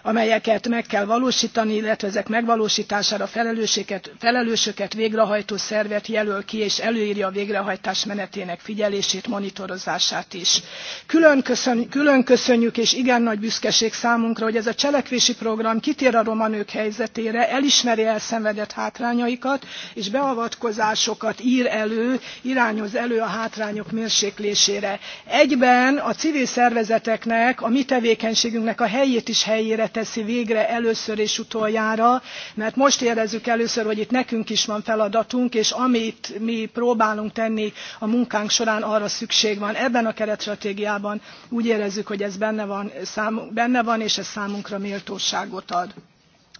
amelyeket meg kell valóstani illetve ezek megvalóstására felelősöket végrehajtó szervet jelöl ki és előrja a végrehajtás menetének figyelését monitorozását is. külön, köszönjük és igen nagy büszkeség számunkra hogy ez a cselekvési program kitér a roma nők helyzetére elismeri elszenvedett hátrányaikat és beavatkozásokat r elő irányoz elő a hátrányok mérséklésére. egyben a civil szervezeteknek a mi tevékenységünknek a helyét is helyére teszi végre először és utoljára mert most érezzük először hogy itt nekünk is van feladatunk és amit mi próbálunk tenni a munkánk során arra szükség van. ebben a keretstratégiában úgy érezzük hogy ez benne van, szám, benne van és ez számunkra méltóságot ad.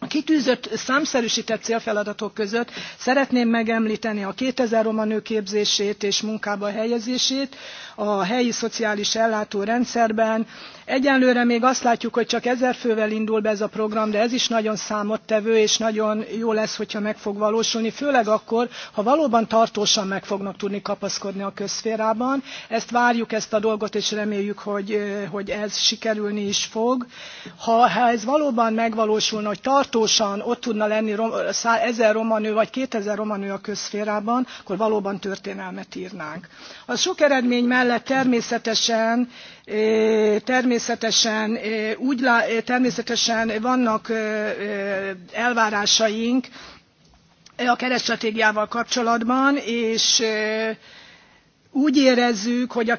A kitűzött számszerűsített célfeladatok között szeretném megemlíteni a 2000 roma nő képzését és munkába helyezését, a helyi szociális ellátórendszerben, egyelőre még azt látjuk hogy csak ezer fővel indul be ez a program de ez is nagyon számottevő és nagyon jó lesz hogyha meg fog valósulni főleg akkor ha valóban tartósan meg fognak tudni kapaszkodni a közszférában. ezt várjuk ezt a dolgot és reméljük hogy, hogy ez sikerülni is fog. ha, ha ez valóban megvalósulna hogy tartósan ott tudna lenni rom, ezer romanő vagy kétezer romanő a közszférában akkor valóban történelmet írnánk. a sok eredmény mellett természetesen természetesen, úgy, természetesen vannak elvárásaink a keretstratégiával kapcsolatban és úgy érezzük hogy a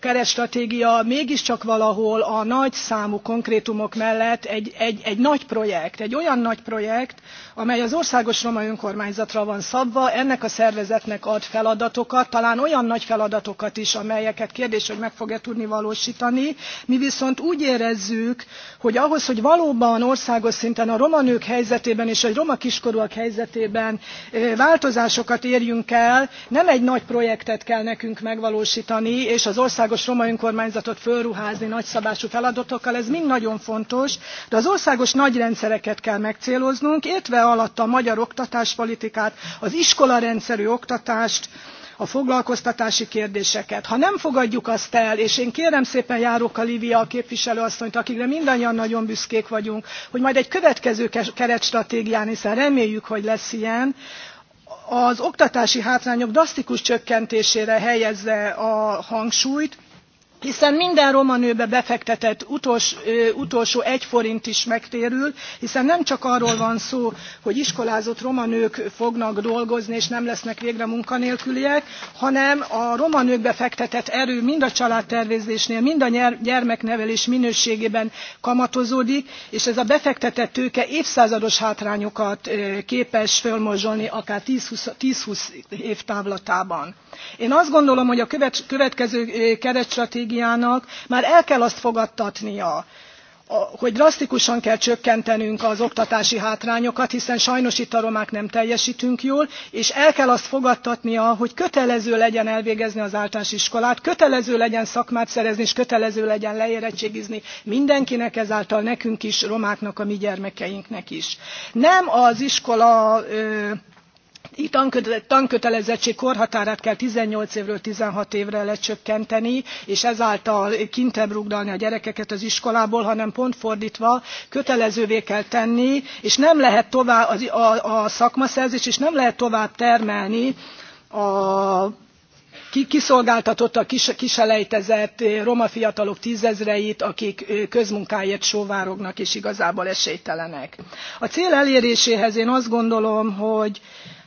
keretstratégia mégiscsak valahol a nagy számú konkrétumok mellett egy, egy, egy nagy projekt egy olyan nagy projekt amely az országos roma önkormányzatra van szabva ennek a szervezetnek ad feladatokat talán olyan nagy feladatokat is amelyeket kérdés hogy meg fog e tudni valóstani mi viszont úgy érezzük hogy ahhoz hogy valóban országos szinten a roma nők helyzetében és a roma kiskorúak helyzetében eh, változásokat érjünk el nem egy nagy projektet kell nekünk nekünk megvalóstani és az országos roma önkormányzatot fölruházni nagyszabású feladatokkal ez mind nagyon fontos de az országos nagy rendszereket kell megcéloznunk értve alatta a magyar oktatáspolitikát az iskolarendszerű oktatást a foglalkoztatási kérdéseket. ha nem fogadjuk azt el és én kérem szépen járóka a lvia képviselő akikre mindannyian nagyon büszkék vagyunk hogy majd egy következő keretstratégián hiszen reméljük hogy lesz ilyen az oktatási hátrányok drasztikus csökkentésére helyezze a hangsúlyt hiszen minden roma nőbe befektetett ö, utolsó egy forint is megtérül hiszen nem csak arról van szó hogy iskolázott roma nők fognak dolgozni és nem lesznek végre munkanélküliek hanem a roma nőkbe fektetett erő mind a családtervezésnél mind a gyermeknevelés minőségében kamatozódik és ez a befektetett tőke évszázados hátrányokat képes fölmozsolni akár ten twenty év távlatában én azt gondolom hogy a következő keretstratégiának már el kell azt fogadtatnia hogy drasztikusan kell csökkentenünk az oktatási hátrányokat hiszen sajnos itt a romák nem teljestünk jól és el kell azt fogadtatnia hogy kötelező legyen elvégezni az általános iskolát kötelező legyen szakmát szerezni és kötelező legyen leérettségizni mindenkinek ezáltal nekünk is romáknak a mi gyermekeinknek is. nem az iskola ö, a tankötelezettség korhatárát kell eighteen évről sixteen évre lecsökkenteni és ezáltal kintebb rúgdalni a gyerekeket az iskolából hanem pont fordtva kötelezővé kell tenni és nem lehet tovább a szakmaszerzés, és nem lehet tovább termelni a kiszolgáltatottak kiselejtezett eh, roma fiatalok tzezreit akik eh, közmunkáért sóvárognak és igazából esélytelenek. a cél eléréséhez én azt gondolom hogy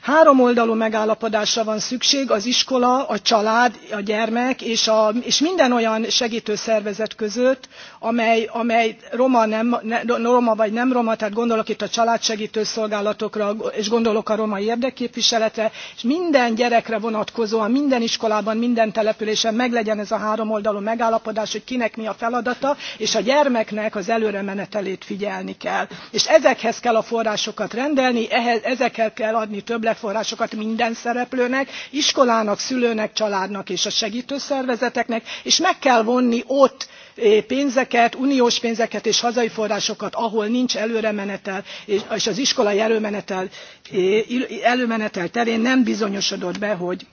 háromoldalú megállapodásra van szükség az iskola a család a gyermek és, a, és minden olyan segtő szervezet között amely, amely roma, nem, ne, roma vagy nem roma tehát gondolok itt a családsegtő szolgálatokra és gondolok a roma érdekképviseletre és minden gyerekre vonatkozóan minden iskolában minden településen meglegyen ez a háromoldalú megállapodás hogy kinek mi a feladata és a gyermeknek az előre menetelét figyelni kell és ezekhez kell a forrásokat rendelni ehhez, ezekkel kell adni többet erőforrásokat minden szereplőnek iskolának szülőnek családnak és a segtő szervezeteknek és meg kell vonni ott eh, pénzeket uniós pénzeket és hazai forrásokat ahol nincs előremenetel és az iskolai eh, előmenetel, terén nem bizonyosodott be hogy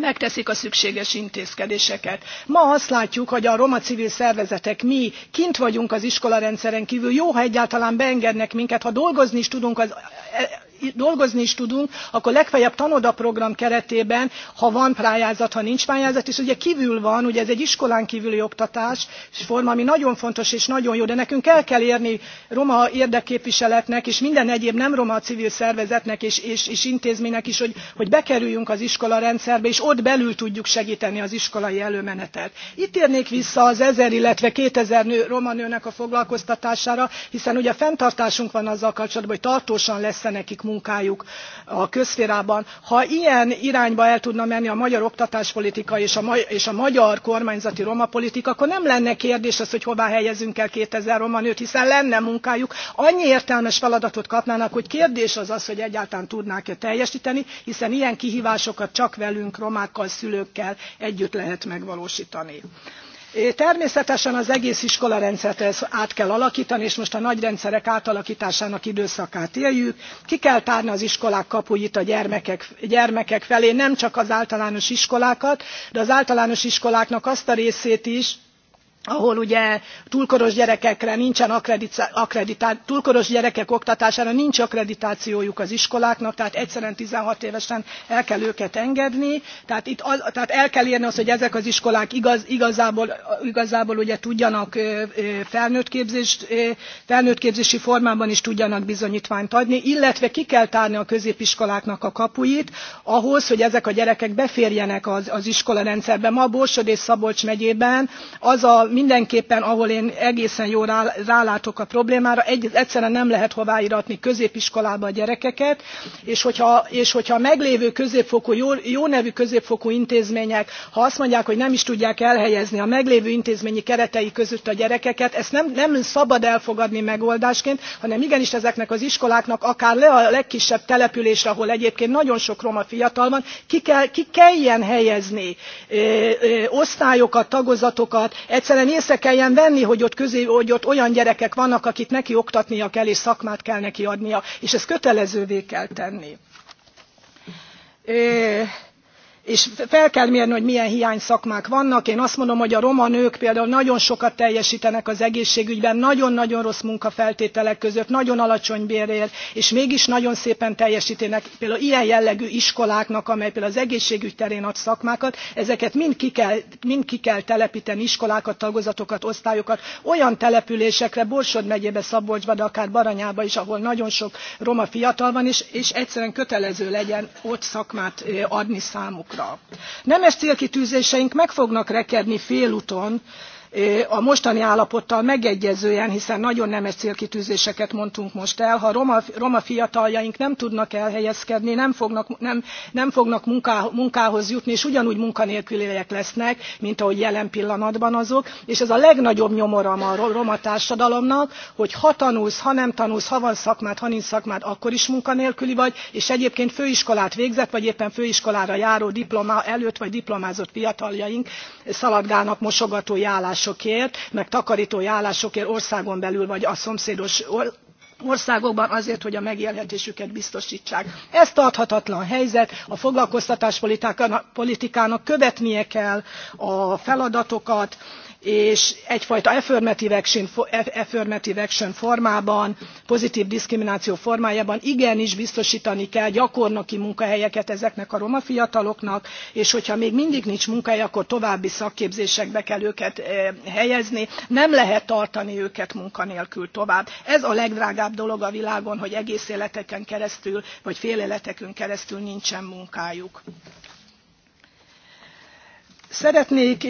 megteszik a szükséges intézkedéseket. ma azt látjuk hogy a roma civil szervezetek mi kint vagyunk az iskolarendszeren kvül jó ha egyáltalán beengednek minket ha dolgozni is tudunk az e, dolgozni is tudunk, akkor legfeljebb tanoda program keretében, ha van pályázat, ha nincs pályázat, és ugye kívül van, ugye ez egy iskolán kívüli oktatás forma, ami nagyon fontos és nagyon jó, de nekünk el kell érni roma érdekképviseletnek és minden egyéb nem roma civil szervezetnek és, és, és intézménynek is, hogy, hogy bekerüljünk az iskola rendszerbe, és ott belül tudjuk segíteni az iskolai előmenetet. Itt érnék vissza az ezer, illetve 2000 nő, roma nőnek a foglalkoztatására, hiszen ugye fenntartásunk van azzal kapcsolatban, hogy tartósan lesz-e nekik munka munkájuk a közszférában ha ilyen irányba el tudna menni a magyar oktatáspolitika és a, ma és a magyar kormányzati roma politika, akkor nem lenne kérdés az hogy hová helyezünk el 2000 roma nőt hiszen lenne munkájuk annyi értelmes feladatot kapnának hogy kérdés az az hogy egyáltalán tudnák e teljesíteni, hiszen ilyen kihívásokat csak velünk romákkal szülőkkel együtt lehet megvalósítani természetesen az egész iskolarendszert át kell alaktani és most a nagy rendszerek átalaktásának időszakát éljük ki kell tárni az iskolák kapuit a gyermekek, gyermekek felé nem csak az általános iskolákat de az általános iskoláknak azt a részét is ahol ugye túlkoros gyerekekre nincsen akkreditáció túlkoros gyerekek oktatására nincs akkreditációjuk az iskoláknak, tehát egyszerűen 16 évesen el kell őket engedni, tehát, itt az, tehát el kell érni azt, hogy ezek az iskolák igaz, igazából, igazából ugye tudjanak felnőttképzési formában is tudjanak bizonyítványt adni, illetve ki kell tárni a középiskoláknak a kapuit ahhoz, hogy ezek a gyerekek beférjenek az, az iskolarendszerbe. Ma Borsod és Szabolcs megyében az a mindenképpen ahol én egészen jól rálátok a problémára egy, egyszerűen nem lehet hová iratni középiskolába a gyerekeket és hogyha, és hogyha a meglévő középfokú jó, jó nevű középfokú intézmények ha azt mondják hogy nem is tudják elhelyezni a meglévő intézményi keretei között a gyerekeket ezt nem, nem szabad elfogadni megoldásként hanem igenis ezeknek az iskoláknak akár le a legkisebb településre ahol egyébként nagyon sok roma fiatal van ki, kell, ki kell ilyen helyezni ö, ö, osztályokat tagozatokat egyszerűen egyszerűen észre kelljen venni hogy ott, közé, hogy ott olyan gyerekek vannak akit neki oktatnia kell és szakmát kell neki adnia és ezt kötelezővé kell tenni és fel kell mérni hogy milyen hiányszakmák vannak én azt mondom hogy a roma nők például nagyon sokat teljestenek az egészségügyben nagyon nagyon rossz munkafeltételek között nagyon alacsony bérért és mégis nagyon szépen teljestenek például ilyen jellegű iskoláknak amely például az egészségügy terén ad szakmákat ezeket mind ki kell, mind ki kell telepíteni iskolákat tagozatokat osztályokat olyan településekre borsod megyébe szabolcsba de akár baranyába is ahol nagyon sok roma fiatal van és, és egyszerűen kötelező legyen ott szakmát adni számukra célokra. nemes célkitűzéseink meg fognak rekedni félúton a mostani állapottal megegyezően hiszen nagyon nemes célkitűzéseket mondtunk most el ha roma, roma fiataljaink nem tudnak elhelyezkedni nem fognak, nem, nem fognak munkához jutni és ugyanúgy munkanélküliek lesznek mint ahogy jelen pillanatban azok és ez a legnagyobb nyomora a roma társadalomnak hogy ha tanulsz ha nem tanulsz ha van szakmád ha nincs szakmád akkor is munkanélküli vagy és egyébként főiskolát végzett vagy éppen főiskolára járó diploma előtt vagy diplomázott fiataljaink szaladgálnak mosogatói állás állásokért meg takartói állásokért országon belül vagy a szomszédos országokban azért hogy a megélhetésüket biztostsák. ez tarthatatlan helyzet a foglalkoztatáspolitikának követnie kell a feladatokat és egyfajta affirmative action, e- formában pozitv diszkrimináció formájában igenis biztostani kell gyakornoki munkahelyeket ezeknek a roma fiataloknak és hogyha még mindig nincs munkájuk akkor további szakképzésekbe kell őket e, helyezni nem lehet tartani őket munkanélkül tovább. ez a legdrágább dolog a világon hogy egész életeken keresztül vagy fél keresztül nincsen munkájuk. Szeretnék,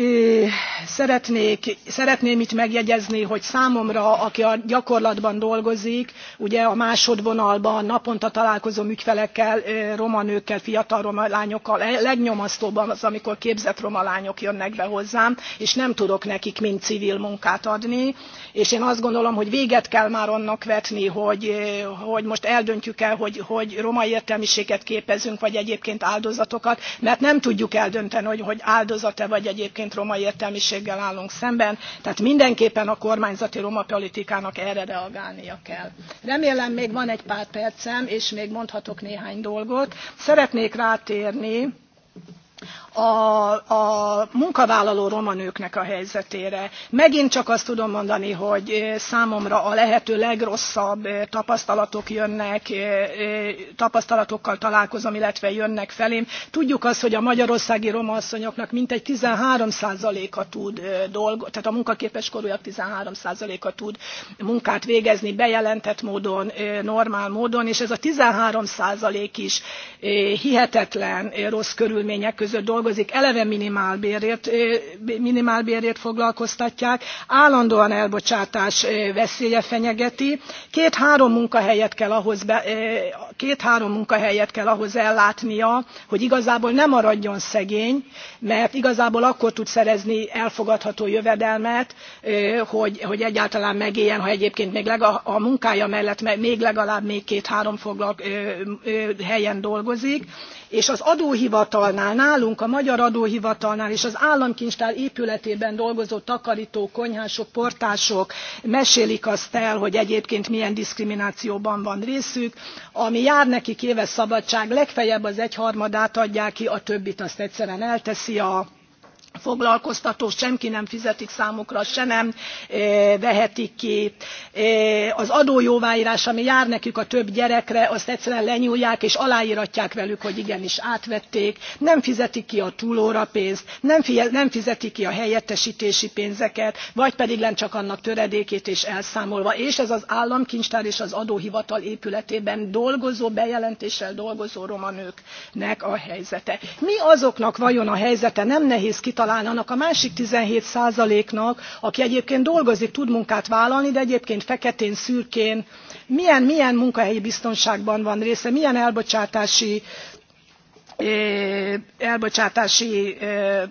szeretnék, szeretném itt megjegyezni hogy számomra aki a gyakorlatban dolgozik ugye a másodvonalban naponta találkozom ügyfelekkel roma nőkkel fiatal roma lányokkal legnyomasztóbb az amikor képzett roma lányok jönnek be hozzám és nem tudok nekik mind civil munkát adni és én azt gondolom hogy véget kell már annak vetni hogy, hogy most eldöntjük el hogy, hogy roma értelmiséget képezünk vagy egyébként áldozatokat mert nem tudjuk eldönteni hogy, hogy áldozat kapcsolata vagy egyébként roma értelmiséggel állunk szemben tehát mindenképpen a kormányzati roma politikának erre reagálnia kell. remélem még van egy pár percem és még mondhatok néhány dolgot. szeretnék rátérni a, a munkavállaló roma nőknek a helyzetére. Megint csak azt tudom mondani, hogy számomra a lehető legrosszabb tapasztalatok jönnek, tapasztalatokkal találkozom, illetve jönnek felém. Tudjuk azt, hogy a magyarországi roma asszonyoknak mintegy 13%-a tud dolgozni, tehát a munkaképes korúak 13%-a tud munkát végezni bejelentett módon, normál módon, és ez a 13% is hihetetlen rossz körülmények között dolgozik, dolgozik, eleve minimálbérért, minimálbérért foglalkoztatják, állandóan elbocsátás veszélye fenyegeti, két-három munkahelyet kell ahhoz, be, két-három munkahelyet kell ahhoz ellátnia, hogy igazából nem maradjon szegény, mert igazából akkor tud szerezni elfogadható jövedelmet, hogy, hogy egyáltalán megéljen, ha egyébként még lega, a munkája mellett még legalább még két-három foglalk, helyen dolgozik, és az adóhivatalnál nálunk a magyar adóhivatalnál és az államkincstár épületében dolgozó takarítók konyhások portások mesélik azt el hogy egyébként milyen diszkriminációban van részük ami jár nekik éves szabadság legfeljebb az egyharmadát adják ki a többit azt egyszerűen elteszi a foglalkoztató senki nem fizetik számukra se nem vehetik ki az adójóvárás ami jár nekik a több gyerekre azt egyszerűen lenyúlják és aláratják velük hogy igenis átvették nem fizetik ki a túlórapénzt nem fizetik ki a helyettestési pénzeket vagy pedig csak annak töredékét és elszámolva és ez az államkincstár és az adóhivatal épületében dolgozó bejelentéssel dolgozó roma nőknek a helyzete. mi azoknak vajon a helyzete nem nehéz kitalálni talán annak a másik seventeen nak aki egyébként dolgozik tud munkát vállalni de egyébként feketén szürkén milyen, milyen munkahelyi biztonságban van része milyen elbocsátási, eh, elbocsátási eh,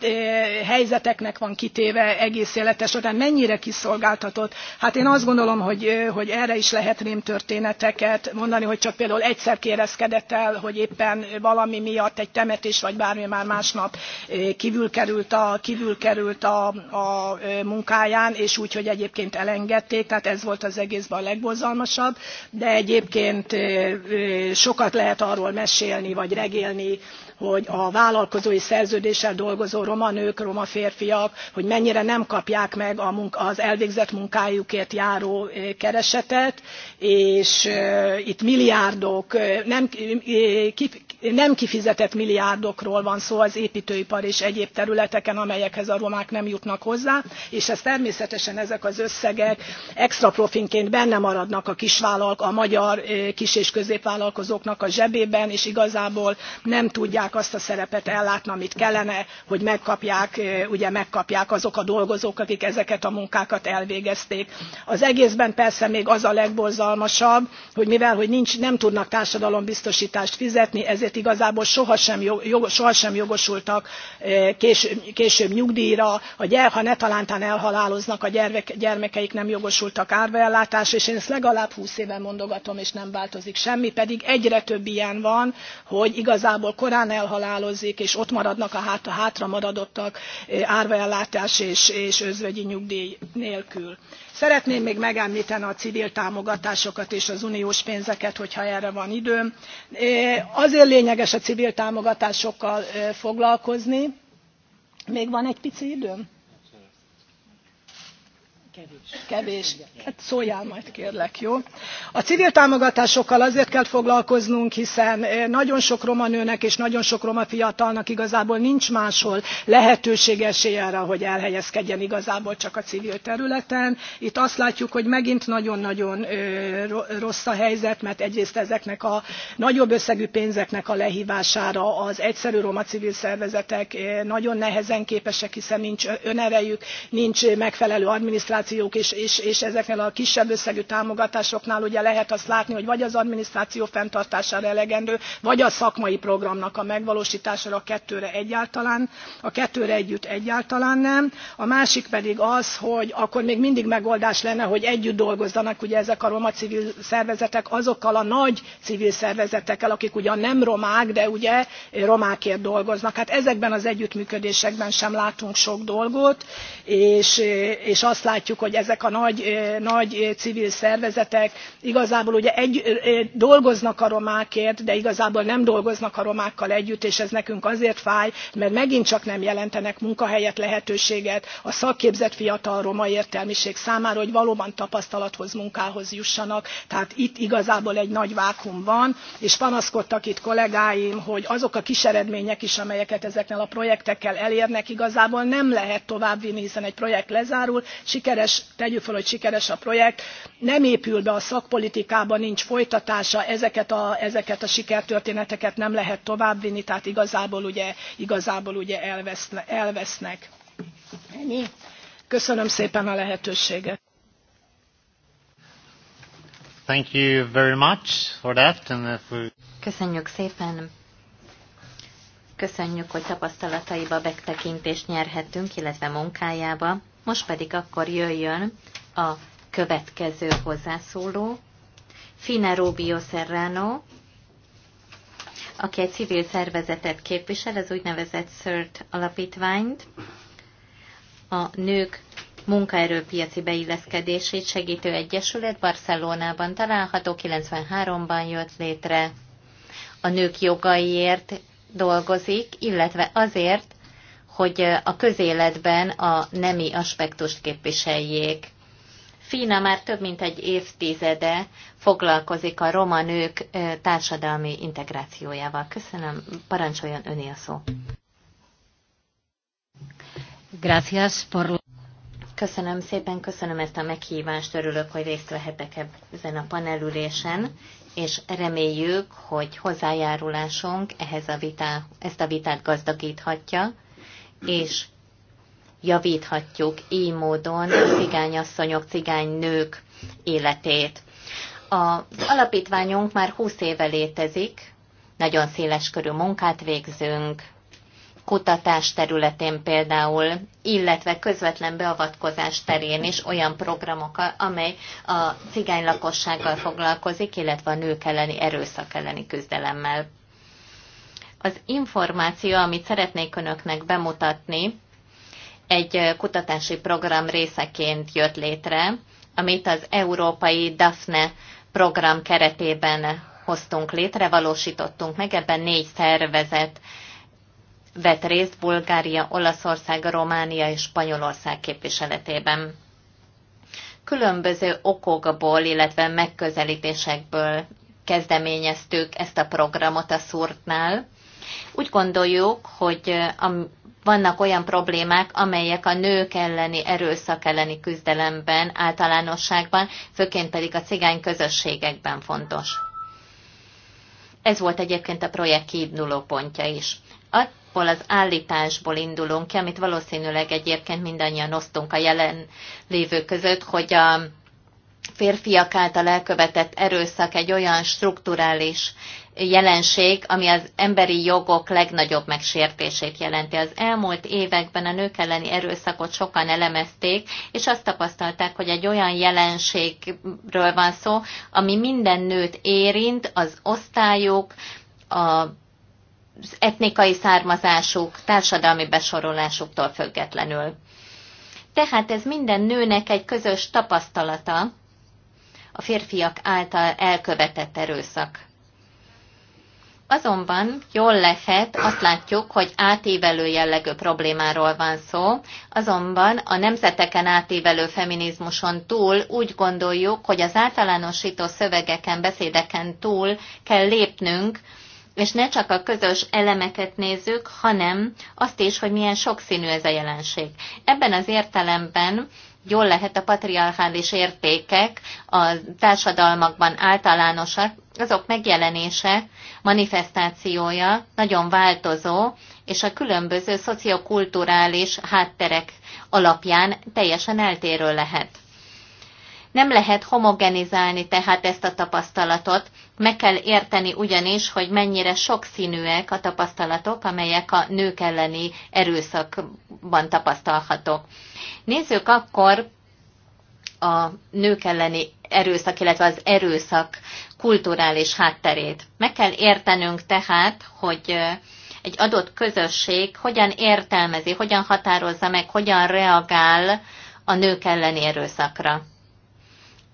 Eh, helyzeteknek van kitéve egész élete során, mennyire kiszolgáltatott. Hát én azt gondolom, hogy, eh, hogy erre is lehet rémtörténeteket mondani, hogy csak például egyszer kérezkedett el, hogy éppen valami miatt egy temetés vagy bármi már másnap eh, kívül került a, kívül került a, a munkáján, és úgy, hogy egyébként elengedték, tehát ez volt az egészben a legbozalmasabb, de egyébként sokat lehet arról mesélni, vagy regélni, hogy a vállalkozói szerződéssel dolgozó roma nők, roma férfiak, hogy mennyire nem kapják meg az elvégzett munkájukért járó keresetet, és itt milliárdok, nem nem kifizetett milliárdokról van szó az éptőipar és egyéb területeken amelyekhez a romák nem jutnak hozzá és ez természetesen ezek az összegek extra profinként benne maradnak a, a magyar eh, kis és középvállalkozóknak a zsebében és igazából nem tudják azt a szerepet ellátni amit kellene hogy megkapják eh, ugye megkapják azok a dolgozók akik ezeket a munkákat elvégezték. az egészben persze még az a legborzalmasabb hogy mivel hogy nincs, nem tudnak társadalombiztostást fizetni ezért ezért igazából sohasem, sohasem jogosultak eh, később, nyugdjra vagy ha netalántán elhaláloznak a gyermekeik nem jogosultak árvaellátásra és én ezt legalább húsz éve mondogatom és nem változik semmi pedig egyre több ilyen van hogy igazából korán elhalálozik és ott maradnak a, hát, hátramaradottak hátra eh, maradottak árvaellátás és, és özvegyi nyugdj nélkül szeretném még megemlteni a civil támogatásokat és az uniós pénzeket hogyha erre van időm. azért lényeges a civil támogatásokkal foglalkozni még van egy pici időm? kevés. Hát szóljál majd kérlek, jó? A civil támogatásokkal azért kell foglalkoznunk, hiszen eh, nagyon sok roma nőnek és nagyon sok roma fiatalnak igazából nincs máshol lehetőség esély arra, hogy elhelyezkedjen igazából csak a civil területen. Itt azt látjuk, hogy megint nagyon-nagyon eh, rossz a helyzet, mert egyrészt ezeknek a nagyobb összegű pénzeknek a lehívására az egyszerű roma civil szervezetek eh, nagyon nehezen képesek, hiszen nincs önerejük, nincs megfelelő adminisztráció, adminisztrációk és és, és ezeknél a kisebb összegű támogatásoknál ugye lehet azt látni, hogy vagy az adminisztráció fenntartására elegendő, vagy a szakmai programnak a megvalósítására a kettőre egyáltalán, a kettőre együtt egyáltalán nem. A másik pedig az, hogy akkor még mindig megoldás lenne, hogy együtt dolgozzanak ugye ezek a roma civil szervezetek azokkal a nagy civil szervezetekkel, akik ugyan nem romák, de ugye romákért dolgoznak. Hát ezekben az együttműködésekben sem látunk sok dolgot, és, és azt látjuk, látjuk hogy ezek a nagy, nagy civil szervezetek igazából ugye egy, dolgoznak a romákért de igazából nem dolgoznak a romákkal együtt és ez nekünk azért fáj mert megint csak nem jelentenek munkahelyet lehetőséget a szakképzett fiatal roma értelmiség számára hogy valóban tapasztalathoz munkához jussanak tehát itt igazából egy nagy vákum van és panaszkodtak itt kollégáim hogy azok a kis eredmények is amelyeket ezeknél a projektekkel elérnek igazából nem lehet továbbvinni hiszen egy projekt lezárul sikeres sikeres tegyük föl hogy sikeres a projekt nem épül be a szakpolitikában nincs folytatása ezeket a, ezeket a sikertörténeteket nem lehet továbbvinni tehát igazából ugye, igazából ugye elveszne, elvesznek. Ennyi. Köszönöm szépen a lehetőséget. Thank you very much for that. And Köszönjük szépen. Köszönjük, hogy tapasztalataiba betekintést nyerhettünk, illetve munkájába. Most pedig akkor jöjjön a következő hozzászóló, Fina Rubio Serrano, aki egy civil szervezetet képvisel, az úgynevezett CERT alapítványt, a nők munkaerőpiaci beilleszkedését segítő egyesület Barcelonában található, 93-ban jött létre. A nők jogaiért dolgozik, illetve azért, hogy a közéletben a nemi aspektust képviseljék. Fína már több mint egy évtizede foglalkozik a roma nők társadalmi integrációjával. Köszönöm, parancsoljon öné a szó. Gracias por... Köszönöm szépen, köszönöm ezt a meghívást, örülök, hogy részt vehetek ezen a panelülésen, és reméljük, hogy hozzájárulásunk ehhez a vitá, ezt a vitát gazdagíthatja, és javíthatjuk így módon a cigányasszonyok, nők életét. A alapítványunk már 20 éve létezik, nagyon széles körű munkát végzünk, kutatás területén például, illetve közvetlen beavatkozás terén is olyan programokkal, amely a cigány lakossággal foglalkozik, illetve a nők elleni erőszak elleni küzdelemmel. Az információ, amit szeretnék önöknek bemutatni, egy kutatási program részeként jött létre, amit az Európai DAFNE program keretében hoztunk létre, valósítottunk meg. Ebben négy szervezet vett részt Bulgária, Olaszország, Románia és Spanyolország képviseletében. Különböző okokból, illetve megközelítésekből kezdeményeztük ezt a programot a szúrtnál, úgy gondoljuk, hogy a, vannak olyan problémák, amelyek a nők elleni erőszak elleni küzdelemben általánosságban, főként pedig a cigány közösségekben fontos. Ez volt egyébként a projekt kiinduló pontja is. Abból az állításból indulunk ki, amit valószínűleg egyébként mindannyian osztunk a jelen lévő között, hogy a férfiak által elkövetett erőszak egy olyan strukturális jelenség, ami az emberi jogok legnagyobb megsértését jelenti. Az elmúlt években a nők elleni erőszakot sokan elemezték, és azt tapasztalták, hogy egy olyan jelenségről van szó, ami minden nőt érint, az osztályuk, a az etnikai származásuk, társadalmi besorolásuktól függetlenül. Tehát ez minden nőnek egy közös tapasztalata a férfiak által elkövetett erőszak Azonban jól lehet, azt látjuk, hogy átívelő jellegű problémáról van szó, azonban a nemzeteken átívelő feminizmuson túl úgy gondoljuk, hogy az általánosító szövegeken, beszédeken túl kell lépnünk, és ne csak a közös elemeket nézzük, hanem azt is, hogy milyen sokszínű ez a jelenség. Ebben az értelemben jól lehet a patriarchális értékek a társadalmakban általánosak, azok megjelenése, manifestációja nagyon változó, és a különböző szociokulturális hátterek alapján teljesen eltérő lehet. Nem lehet homogenizálni tehát ezt a tapasztalatot, meg kell érteni ugyanis, hogy mennyire sokszínűek a tapasztalatok, amelyek a nők elleni erőszakban tapasztalhatók. Nézzük akkor a nők elleni erőszak, illetve az erőszak kulturális hátterét. Meg kell értenünk tehát, hogy egy adott közösség hogyan értelmezi, hogyan határozza meg, hogyan reagál a nők elleni erőszakra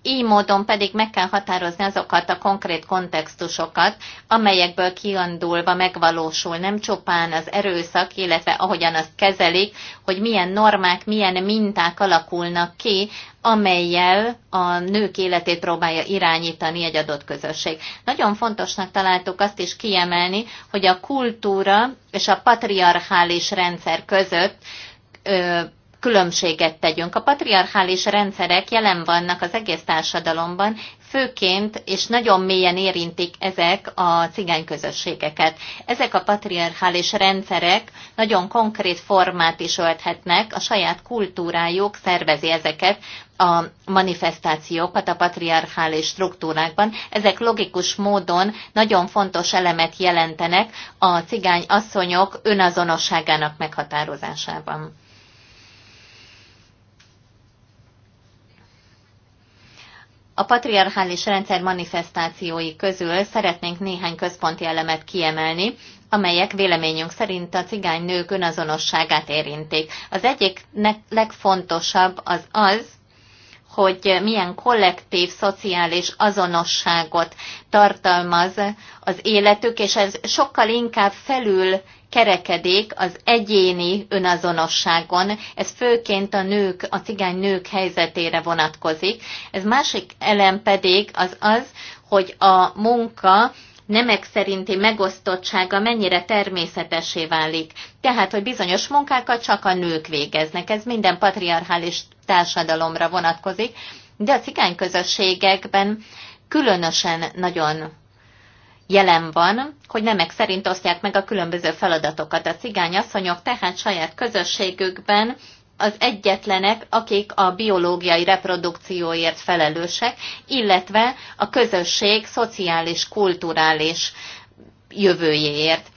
így módon pedig meg kell határozni azokat a konkrét kontextusokat, amelyekből kiindulva megvalósul nem csupán az erőszak, illetve ahogyan azt kezelik, hogy milyen normák, milyen minták alakulnak ki, amelyel a nők életét próbálja irányítani egy adott közösség. Nagyon fontosnak találtuk azt is kiemelni, hogy a kultúra és a patriarchális rendszer között különbséget tegyünk. A patriarchális rendszerek jelen vannak az egész társadalomban, főként és nagyon mélyen érintik ezek a cigány közösségeket. Ezek a patriarchális rendszerek nagyon konkrét formát is ölthetnek, a saját kultúrájuk szervezi ezeket a manifestációkat a patriarchális struktúrákban. Ezek logikus módon nagyon fontos elemet jelentenek a cigány asszonyok önazonosságának meghatározásában. A patriarchális rendszer manifestációi közül szeretnénk néhány központi elemet kiemelni, amelyek véleményünk szerint a cigány nők önazonosságát érintik. Az egyik legfontosabb az az, hogy milyen kollektív, szociális azonosságot tartalmaz az életük, és ez sokkal inkább felül kerekedik az egyéni önazonosságon. Ez főként a nők, a cigány nők helyzetére vonatkozik. Ez másik elem pedig az az, hogy a munka nemek szerinti megosztottsága mennyire természetesé válik. Tehát, hogy bizonyos munkákat csak a nők végeznek. Ez minden patriarchális társadalomra vonatkozik, de a cigány közösségekben különösen nagyon jelen van, hogy nemek szerint osztják meg a különböző feladatokat. A cigányasszonyok tehát saját közösségükben az egyetlenek, akik a biológiai reprodukcióért felelősek, illetve a közösség szociális, kulturális jövőjéért.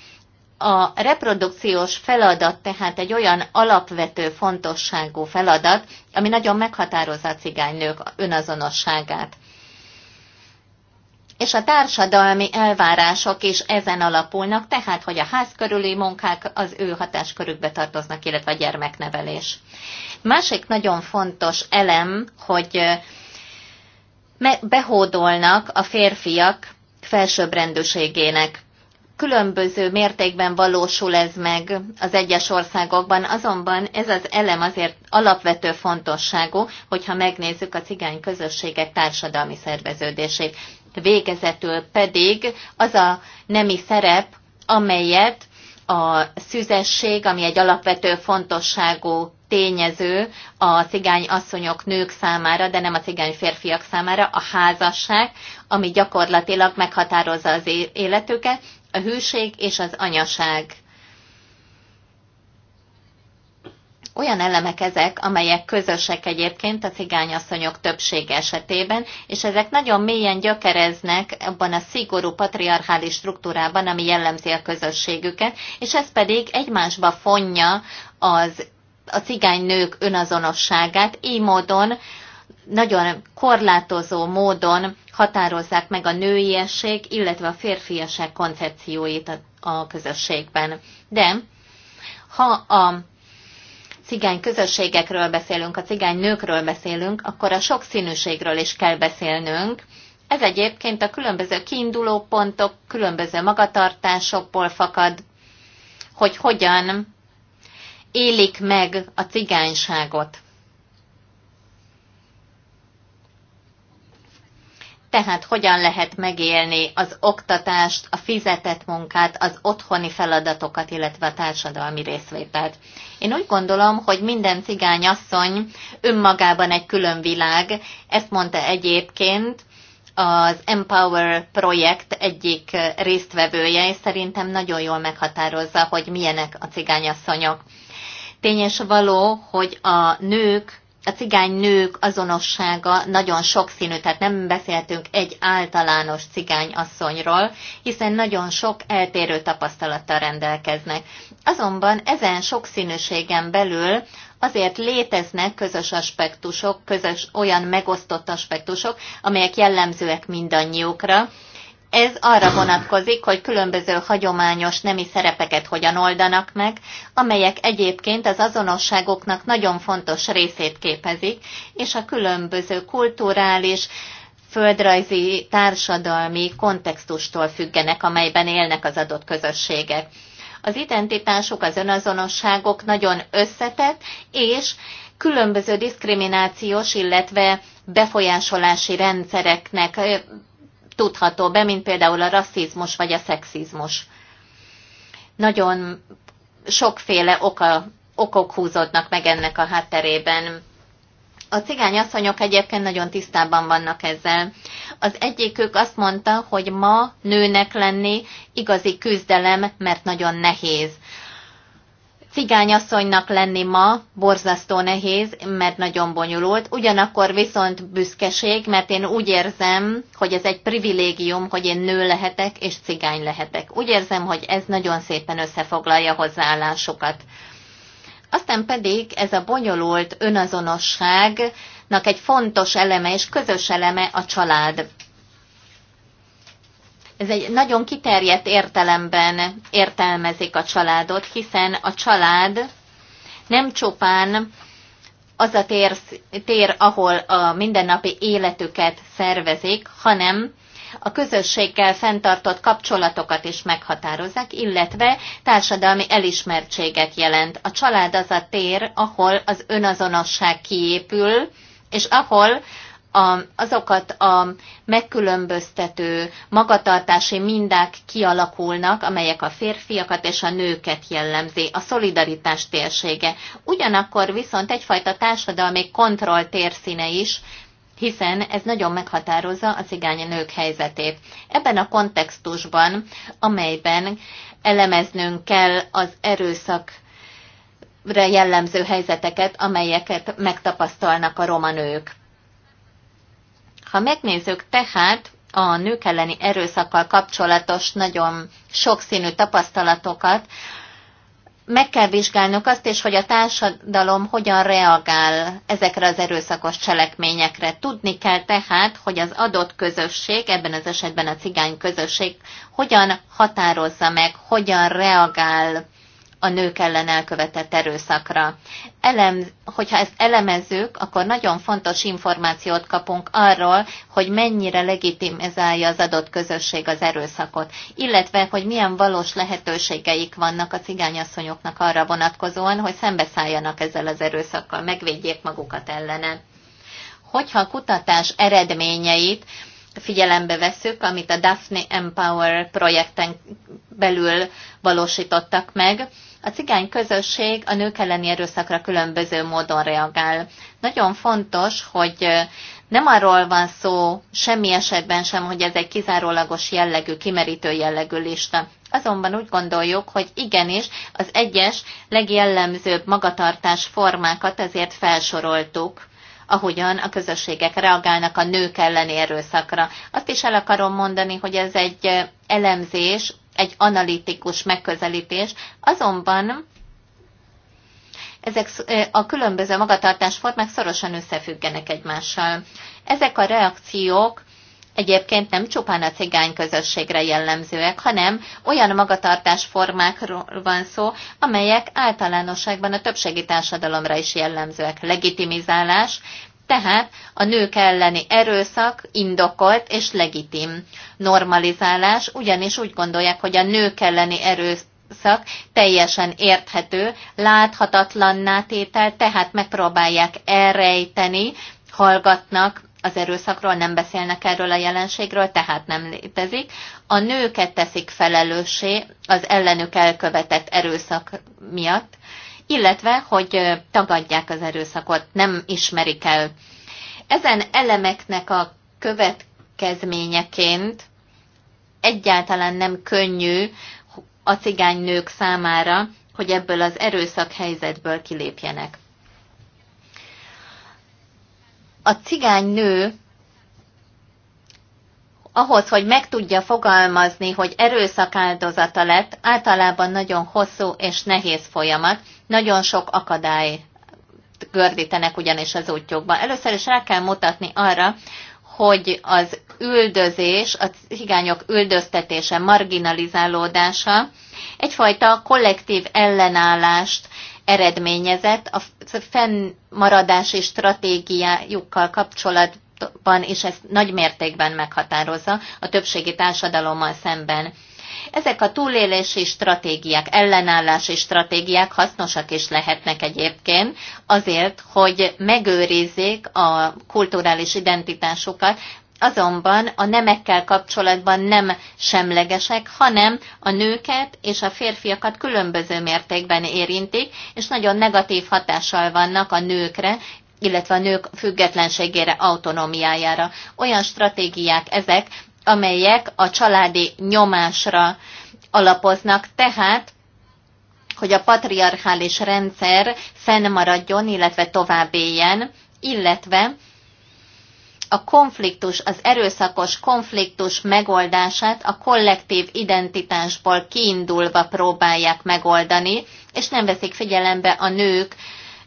A reprodukciós feladat tehát egy olyan alapvető fontosságú feladat, ami nagyon meghatározza a cigánynők önazonosságát és a társadalmi elvárások is ezen alapulnak, tehát hogy a ház körüli munkák az ő hatáskörükbe tartoznak, illetve a gyermeknevelés. Másik nagyon fontos elem, hogy behódolnak a férfiak felsőbbrendűségének. Különböző mértékben valósul ez meg az egyes országokban, azonban ez az elem azért alapvető fontosságú, hogyha megnézzük a cigány közösségek társadalmi szerveződését végezetül pedig az a nemi szerep, amelyet a szüzesség, ami egy alapvető fontosságú tényező a cigány asszonyok nők számára, de nem a cigány férfiak számára, a házasság, ami gyakorlatilag meghatározza az életüket, a hűség és az anyaság. olyan elemek ezek, amelyek közösek egyébként a cigányasszonyok többsége esetében, és ezek nagyon mélyen gyökereznek abban a szigorú patriarchális struktúrában, ami jellemzi a közösségüket, és ez pedig egymásba fonja az, a nők önazonosságát, így módon nagyon korlátozó módon határozzák meg a nőiesség, illetve a férfiasság koncepcióit a, a közösségben. De ha a cigány közösségekről beszélünk, a cigány nőkről beszélünk, akkor a sokszínűségről is kell beszélnünk. Ez egyébként a különböző kiinduló pontok, különböző magatartásokból fakad, hogy hogyan élik meg a cigányságot. Tehát hogyan lehet megélni az oktatást, a fizetett munkát, az otthoni feladatokat, illetve a társadalmi részvételt. Én úgy gondolom, hogy minden asszony önmagában egy külön világ, ezt mondta egyébként az Empower projekt egyik résztvevője, és szerintem nagyon jól meghatározza, hogy milyenek a cigányasszonyok. Tényes való, hogy a nők a cigány nők azonossága nagyon sokszínű, tehát nem beszéltünk egy általános cigány asszonyról, hiszen nagyon sok eltérő tapasztalattal rendelkeznek. Azonban ezen sokszínűségen belül azért léteznek közös aspektusok, közös olyan megosztott aspektusok, amelyek jellemzőek mindannyiukra, ez arra vonatkozik, hogy különböző hagyományos nemi szerepeket hogyan oldanak meg, amelyek egyébként az azonosságoknak nagyon fontos részét képezik, és a különböző kulturális, földrajzi, társadalmi kontextustól függenek, amelyben élnek az adott közösségek. Az identitások, az önazonosságok nagyon összetett, és különböző diszkriminációs, illetve befolyásolási rendszereknek tudható be, mint például a rasszizmus vagy a szexizmus. Nagyon sokféle oka, okok húzódnak meg ennek a hátterében. A cigány asszonyok egyébként nagyon tisztában vannak ezzel. Az egyikük azt mondta, hogy ma nőnek lenni igazi küzdelem, mert nagyon nehéz cigányasszonynak lenni ma borzasztó nehéz, mert nagyon bonyolult, ugyanakkor viszont büszkeség, mert én úgy érzem, hogy ez egy privilégium, hogy én nő lehetek és cigány lehetek. Úgy érzem, hogy ez nagyon szépen összefoglalja hozzáállásokat. Aztán pedig ez a bonyolult önazonosságnak egy fontos eleme és közös eleme a család ez egy nagyon kiterjedt értelemben értelmezik a családot, hiszen a család nem csupán az a tér, tér ahol a mindennapi életüket szervezik, hanem a közösséggel fenntartott kapcsolatokat is meghatározzák, illetve társadalmi elismertséget jelent. A család az a tér, ahol az önazonosság kiépül, és ahol a, azokat a megkülönböztető magatartási mindák kialakulnak, amelyek a férfiakat és a nőket jellemzi, a szolidaritás térsége. Ugyanakkor viszont egyfajta társadalmi kontroll térszíne is, hiszen ez nagyon meghatározza a cigány nők helyzetét. Ebben a kontextusban, amelyben elemeznünk kell az erőszak jellemző helyzeteket, amelyeket megtapasztalnak a roma nők. Ha megnézzük tehát a nők elleni erőszakkal kapcsolatos nagyon sokszínű tapasztalatokat, meg kell vizsgálnunk azt is, hogy a társadalom hogyan reagál ezekre az erőszakos cselekményekre. Tudni kell tehát, hogy az adott közösség, ebben az esetben a cigány közösség, hogyan határozza meg, hogyan reagál a nők ellen elkövetett erőszakra. Elem, hogyha ezt elemezzük, akkor nagyon fontos információt kapunk arról, hogy mennyire legitimizálja az adott közösség az erőszakot, illetve hogy milyen valós lehetőségeik vannak a cigányasszonyoknak arra vonatkozóan, hogy szembeszálljanak ezzel az erőszakkal, megvédjék magukat ellene. Hogyha a kutatás eredményeit figyelembe vesszük, amit a Daphne Empower projekten belül valósítottak meg. A cigány közösség a nők elleni erőszakra különböző módon reagál. Nagyon fontos, hogy nem arról van szó semmi esetben sem, hogy ez egy kizárólagos jellegű, kimerítő jellegű lista. Azonban úgy gondoljuk, hogy igenis az egyes legjellemzőbb magatartás formákat ezért felsoroltuk ahogyan a közösségek reagálnak a nők elleni erőszakra. Azt is el akarom mondani, hogy ez egy elemzés, egy analitikus megközelítés, azonban ezek a különböző magatartásformák szorosan összefüggenek egymással. Ezek a reakciók egyébként nem csupán a cigány közösségre jellemzőek, hanem olyan magatartásformákról van szó, amelyek általánosságban a többségi társadalomra is jellemzőek. Legitimizálás, tehát a nők elleni erőszak indokolt és legitim normalizálás, ugyanis úgy gondolják, hogy a nők elleni erőszak teljesen érthető, láthatatlanná tétel, tehát megpróbálják elrejteni, hallgatnak az erőszakról, nem beszélnek erről a jelenségről, tehát nem létezik. A nőket teszik felelőssé az ellenük elkövetett erőszak miatt, illetve hogy tagadják az erőszakot, nem ismerik el. Ezen elemeknek a következményeként egyáltalán nem könnyű a cigány nők számára, hogy ebből az erőszak helyzetből kilépjenek. A cigány nő, ahhoz, hogy meg tudja fogalmazni, hogy erőszak áldozata lett, általában nagyon hosszú és nehéz folyamat, nagyon sok akadály gördítenek ugyanis az útjukban. Először is rá kell mutatni arra, hogy az üldözés, a cigányok üldöztetése, marginalizálódása egyfajta kollektív ellenállást eredményezett a fennmaradási stratégiájukkal kapcsolatban, és ezt nagy mértékben meghatározza a többségi társadalommal szemben. Ezek a túlélési stratégiák, ellenállási stratégiák hasznosak is lehetnek egyébként azért, hogy megőrizzék a kulturális identitásukat, azonban a nemekkel kapcsolatban nem semlegesek, hanem a nőket és a férfiakat különböző mértékben érintik, és nagyon negatív hatással vannak a nőkre, illetve a nők függetlenségére, autonómiájára. Olyan stratégiák ezek, amelyek a családi nyomásra alapoznak, tehát hogy a patriarchális rendszer fennmaradjon, illetve tovább éljen, illetve a konfliktus, az erőszakos konfliktus megoldását a kollektív identitásból kiindulva próbálják megoldani, és nem veszik figyelembe a nők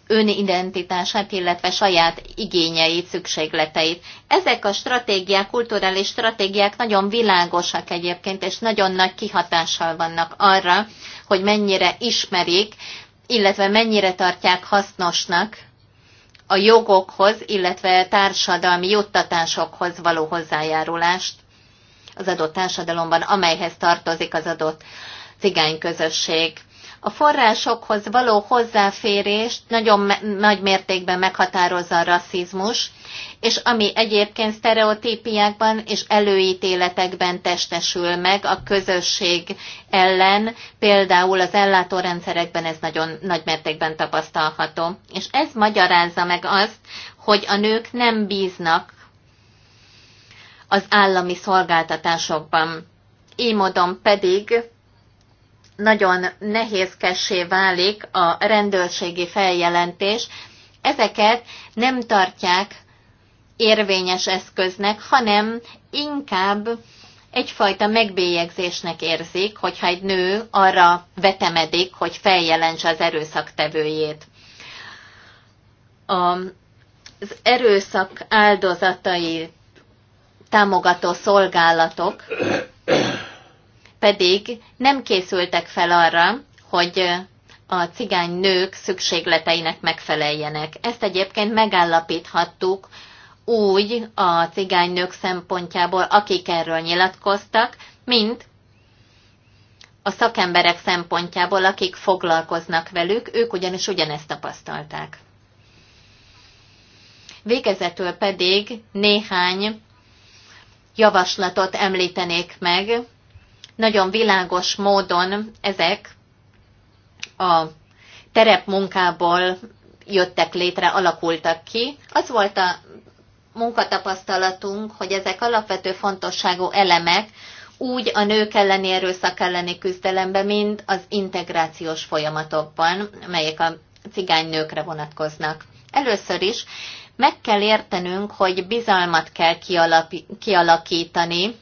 önidentitását, illetve saját igényeit, szükségleteit. Ezek a stratégiák, kulturális stratégiák nagyon világosak egyébként, és nagyon nagy kihatással vannak arra, hogy mennyire ismerik, illetve mennyire tartják hasznosnak a jogokhoz, illetve társadalmi juttatásokhoz való hozzájárulást az adott társadalomban, amelyhez tartozik az adott cigány közösség a forrásokhoz való hozzáférést nagyon me- nagy mértékben meghatározza a rasszizmus, és ami egyébként sztereotípiákban és előítéletekben testesül meg a közösség ellen, például az ellátórendszerekben ez nagyon nagy mértékben tapasztalható. És ez magyarázza meg azt, hogy a nők nem bíznak az állami szolgáltatásokban. Így módon pedig nagyon nehézkessé válik a rendőrségi feljelentés. Ezeket nem tartják érvényes eszköznek, hanem inkább egyfajta megbélyegzésnek érzik, hogyha egy nő arra vetemedik, hogy feljelentse az erőszaktevőjét. Az erőszak áldozatai támogató szolgálatok pedig nem készültek fel arra, hogy a cigány nők szükségleteinek megfeleljenek. Ezt egyébként megállapíthattuk úgy a cigány nők szempontjából, akik erről nyilatkoztak, mint a szakemberek szempontjából, akik foglalkoznak velük, ők ugyanis ugyanezt tapasztalták. Végezetül pedig néhány javaslatot említenék meg, nagyon világos módon ezek a terepmunkából jöttek létre, alakultak ki. Az volt a munkatapasztalatunk, hogy ezek alapvető fontosságú elemek úgy a nők elleni erőszak elleni küzdelemben, mint az integrációs folyamatokban, melyek a cigány nőkre vonatkoznak. Először is meg kell értenünk, hogy bizalmat kell kialakítani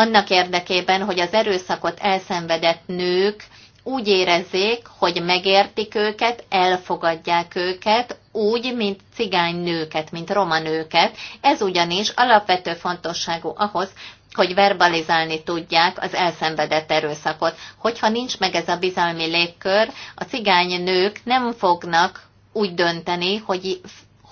annak érdekében, hogy az erőszakot elszenvedett nők úgy érezzék, hogy megértik őket, elfogadják őket, úgy, mint cigány nőket, mint roma nőket. Ez ugyanis alapvető fontosságú ahhoz, hogy verbalizálni tudják az elszenvedett erőszakot. Hogyha nincs meg ez a bizalmi légkör, a cigány nők nem fognak úgy dönteni, hogy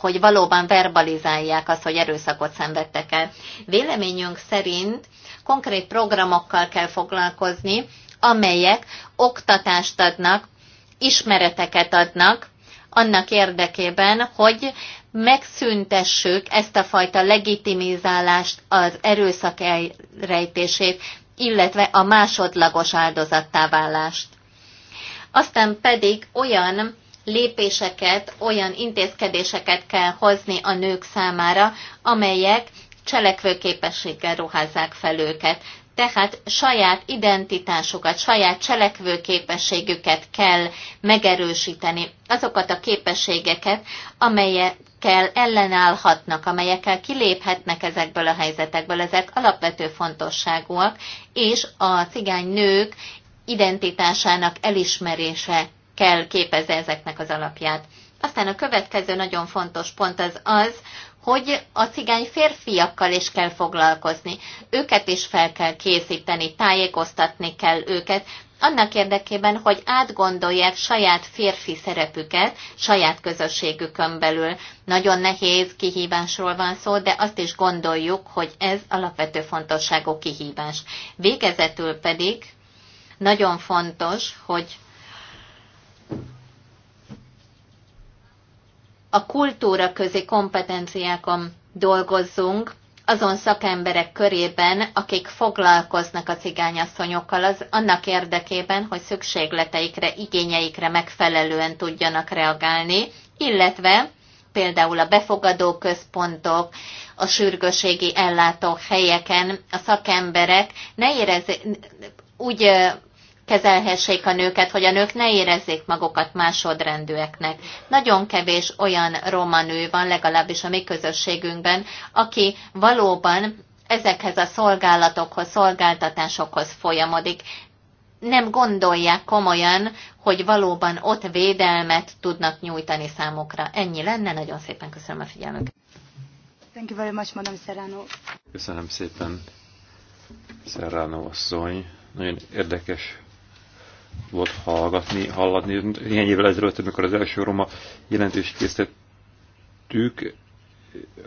hogy valóban verbalizálják azt, hogy erőszakot szenvedtek el. Véleményünk szerint konkrét programokkal kell foglalkozni, amelyek oktatást adnak, ismereteket adnak, annak érdekében, hogy megszüntessük ezt a fajta legitimizálást, az erőszak elrejtését, illetve a másodlagos áldozattá válást. Aztán pedig olyan lépéseket, olyan intézkedéseket kell hozni a nők számára, amelyek cselekvőképességgel ruházzák fel őket. Tehát saját identitásukat, saját cselekvőképességüket kell megerősíteni, azokat a képességeket, amelyekkel ellenállhatnak, amelyekkel kiléphetnek ezekből a helyzetekből, ezek alapvető fontosságúak, és a cigány nők identitásának elismerése kell képezze ezeknek az alapját. Aztán a következő nagyon fontos pont az az, hogy a cigány férfiakkal is kell foglalkozni. Őket is fel kell készíteni, tájékoztatni kell őket, annak érdekében, hogy átgondolják saját férfi szerepüket saját közösségükön belül. Nagyon nehéz kihívásról van szó, de azt is gondoljuk, hogy ez alapvető fontosságú kihívás. Végezetül pedig nagyon fontos, hogy a kultúra közi kompetenciákon dolgozzunk, azon szakemberek körében, akik foglalkoznak a cigányasszonyokkal, az annak érdekében, hogy szükségleteikre, igényeikre megfelelően tudjanak reagálni, illetve például a befogadó központok, a sürgőségi ellátó helyeken a szakemberek ne érezzék, úgy kezelhessék a nőket, hogy a nők ne érezzék magukat másodrendűeknek. Nagyon kevés olyan roma nő van, legalábbis a mi közösségünkben, aki valóban ezekhez a szolgálatokhoz, szolgáltatásokhoz folyamodik. Nem gondolják komolyan, hogy valóban ott védelmet tudnak nyújtani számukra. Ennyi lenne, nagyon szépen köszönöm a figyelmüket. Thank you very much, Madam Serrano. Köszönöm szépen, Serrano asszony. Nagyon érdekes volt hallgatni, hallatni. Néhány évvel ezelőtt, amikor az első roma jelentést készítettük,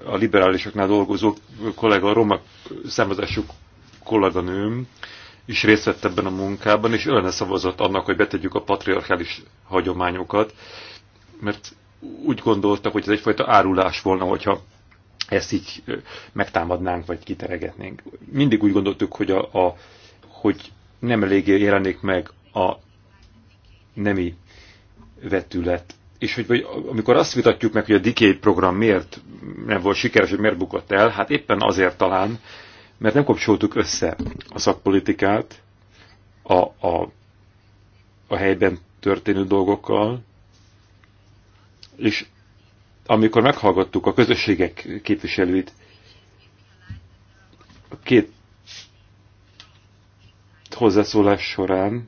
a liberálisoknál dolgozó kollega, a roma származású kolléganőm is részt vett ebben a munkában, és ellene szavazott annak, hogy betegyük a patriarchális hagyományokat, mert úgy gondoltak, hogy ez egyfajta árulás volna, hogyha ezt így megtámadnánk, vagy kiteregetnénk. Mindig úgy gondoltuk, hogy, a, a, hogy nem eléggé jelenik meg a nemi vetület. És hogy vagy, amikor azt vitatjuk meg, hogy a Decade program miért nem volt sikeres, hogy miért bukott el, hát éppen azért talán, mert nem kapcsoltuk össze a szakpolitikát a, a, a helyben történő dolgokkal, és amikor meghallgattuk a közösségek képviselőit, a két hozzászólás során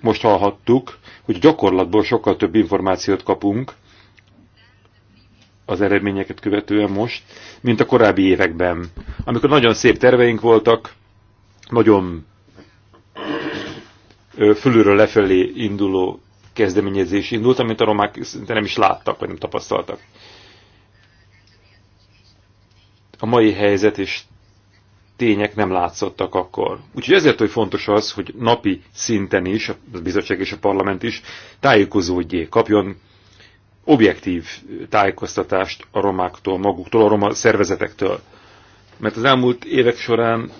most hallhattuk, hogy gyakorlatból sokkal több információt kapunk az eredményeket követően most, mint a korábbi években, amikor nagyon szép terveink voltak, nagyon fülülről lefelé induló kezdeményezés indult, amit a romák szinte nem is láttak, vagy nem tapasztaltak. A mai helyzet és tények nem látszottak akkor. Úgyhogy ezért, hogy fontos az, hogy napi szinten is, a bizottság és a parlament is tájékozódjék, kapjon objektív tájékoztatást a romáktól, maguktól, a roma szervezetektől. Mert az elmúlt évek során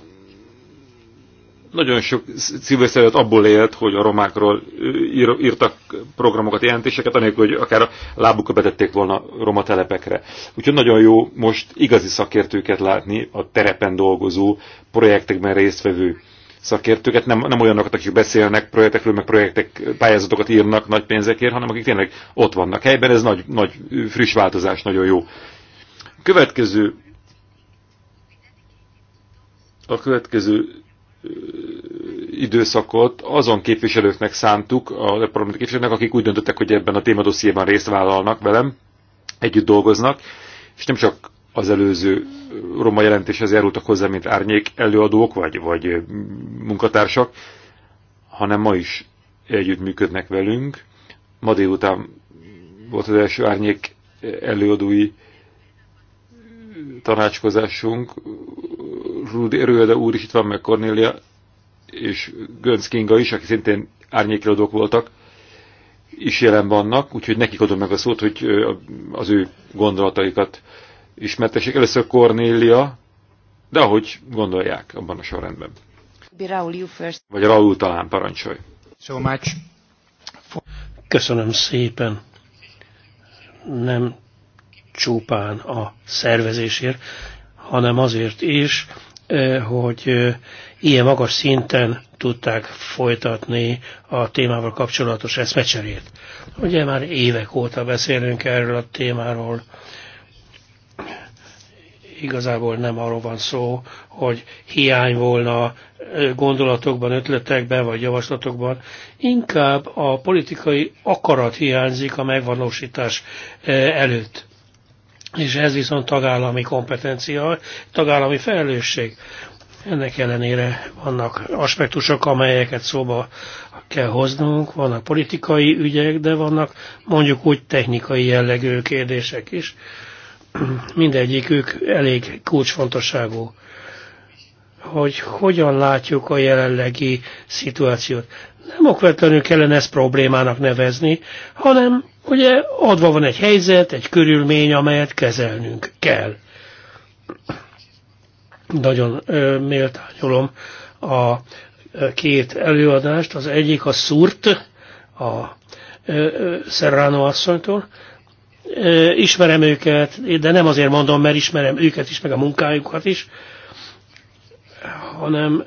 nagyon sok civil szervezet abból élt, hogy a romákról ír, írtak programokat, jelentéseket, anélkül, hogy akár a lábukat betették volna roma telepekre. Úgyhogy nagyon jó most igazi szakértőket látni, a terepen dolgozó, projektekben résztvevő szakértőket, nem, nem olyanokat, akik beszélnek projektekről, meg projektek pályázatokat írnak nagy pénzekért, hanem akik tényleg ott vannak helyben, ez nagy, nagy friss változás, nagyon jó. Következő a következő időszakot azon képviselőknek szántuk, a parlamenti képviselőknek, akik úgy döntöttek, hogy ebben a témadossziéban részt vállalnak velem, együtt dolgoznak, és nem csak az előző roma jelentéshez járultak hozzá, mint árnyék előadók, vagy, vagy munkatársak, hanem ma is működnek velünk. Ma délután volt az első árnyék előadói tanácskozásunk, Rudi Rölde úr is itt van, meg Cornélia, és Gönc Kinga is, aki szintén árnyékiladók voltak, is jelen vannak, úgyhogy nekik adom meg a szót, hogy az ő gondolataikat ismertessék. Először Cornélia, de ahogy gondolják, abban a sorrendben. Raul, you first. Vagy Raul talán parancsolj. So much. For... Köszönöm szépen. Nem csupán a szervezésért, hanem azért is, hogy ilyen magas szinten tudták folytatni a témával kapcsolatos eszmecserét. Ugye már évek óta beszélünk erről a témáról. Igazából nem arról van szó, hogy hiány volna gondolatokban, ötletekben vagy javaslatokban, inkább a politikai akarat hiányzik a megvalósítás előtt és ez viszont tagállami kompetencia, tagállami felelősség. Ennek ellenére vannak aspektusok, amelyeket szóba kell hoznunk, vannak politikai ügyek, de vannak mondjuk úgy technikai jellegű kérdések is. Mindegyikük elég kulcsfontosságú hogy hogyan látjuk a jelenlegi szituációt. Nem okvetlenül kellene ezt problémának nevezni, hanem Ugye adva van egy helyzet, egy körülmény, amelyet kezelnünk kell. Nagyon méltányolom a két előadást. Az egyik a szúrt, a Serrano asszonytól. Ismerem őket, de nem azért mondom, mert ismerem őket is, meg a munkájukat is, hanem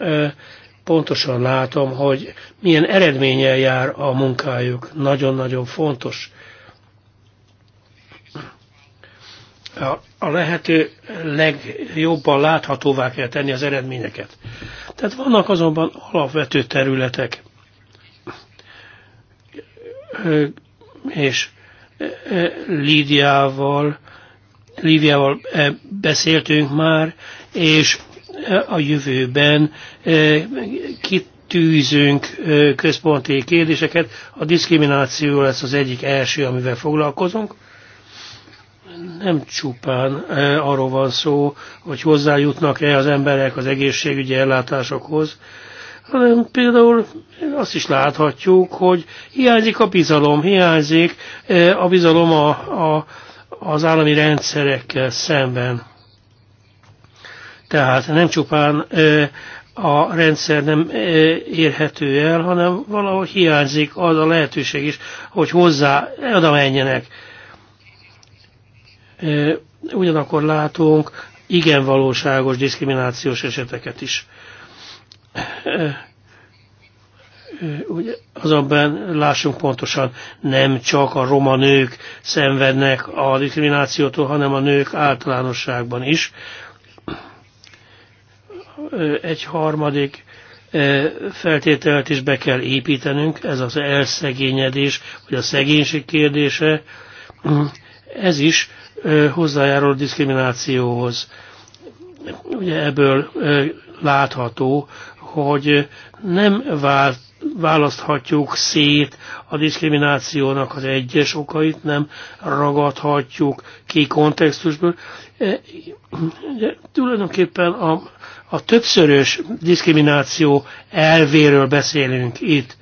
pontosan látom, hogy milyen eredménnyel jár a munkájuk. Nagyon-nagyon fontos a lehető legjobban láthatóvá kell tenni az eredményeket. Tehát vannak azonban alapvető területek, és Lídiával, Lídiával beszéltünk már, és a jövőben kitűzünk központi kérdéseket. A diszkrimináció lesz az egyik első, amivel foglalkozunk nem csupán e, arról van szó, hogy hozzájutnak-e az emberek az egészségügyi ellátásokhoz, hanem például azt is láthatjuk, hogy hiányzik a bizalom, hiányzik e, a bizalom a, a, az állami rendszerekkel szemben. Tehát nem csupán e, a rendszer nem érhető el, hanem valahogy hiányzik az a lehetőség is, hogy hozzá oda menjenek ugyanakkor látunk igen valóságos diszkriminációs eseteket is. azonban lássunk pontosan, nem csak a roma nők szenvednek a diszkriminációtól, hanem a nők általánosságban is. Egy harmadik feltételt is be kell építenünk, ez az elszegényedés, vagy a szegénység kérdése. Ez is hozzájárul a diszkriminációhoz. Ugye ebből látható, hogy nem vált választhatjuk szét a diszkriminációnak az egyes okait, nem ragadhatjuk ki kontextusból. E, de tulajdonképpen a, a többszörös diszkrimináció elvéről beszélünk itt.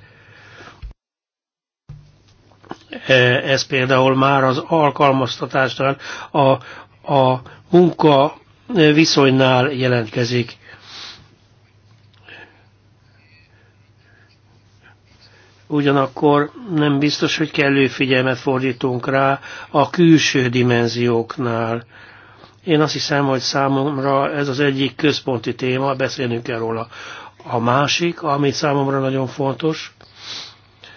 E, ez például már az alkalmaztatásnál, a, a munka viszonynál jelentkezik. ugyanakkor nem biztos, hogy kellő figyelmet fordítunk rá a külső dimenzióknál. Én azt hiszem, hogy számomra ez az egyik központi téma, beszélnünk kell róla. A másik, ami számomra nagyon fontos,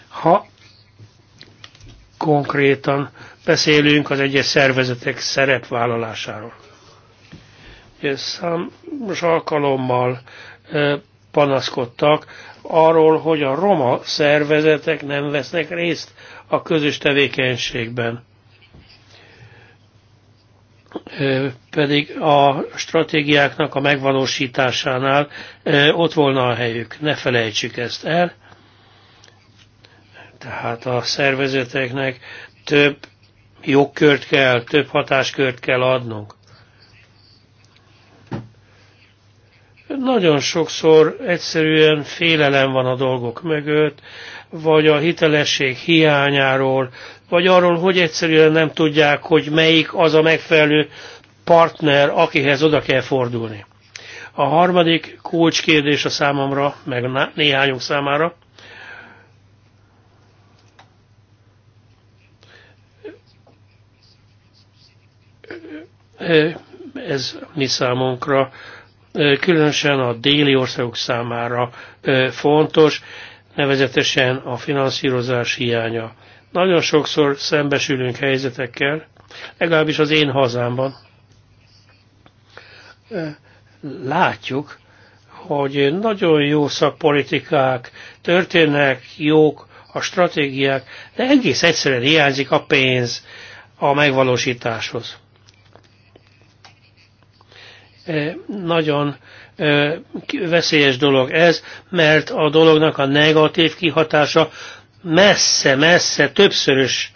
ha konkrétan beszélünk az egyes szervezetek szerepvállalásáról. Ugye számos alkalommal panaszkodtak arról, hogy a roma szervezetek nem vesznek részt a közös tevékenységben. Pedig a stratégiáknak a megvalósításánál ott volna a helyük. Ne felejtsük ezt el. Tehát a szervezeteknek több jogkört kell, több hatáskört kell adnunk. Nagyon sokszor egyszerűen félelem van a dolgok mögött, vagy a hitelesség hiányáról, vagy arról, hogy egyszerűen nem tudják, hogy melyik az a megfelelő partner, akihez oda kell fordulni. A harmadik kulcskérdés a számomra, meg néhányunk számára, Ez mi számunkra, különösen a déli országok számára fontos, nevezetesen a finanszírozás hiánya. Nagyon sokszor szembesülünk helyzetekkel, legalábbis az én hazámban. Látjuk, hogy nagyon jó szakpolitikák történnek, jók a stratégiák, de egész egyszerűen hiányzik a pénz a megvalósításhoz. Nagyon veszélyes dolog ez, mert a dolognak a negatív kihatása messze-messze többszörös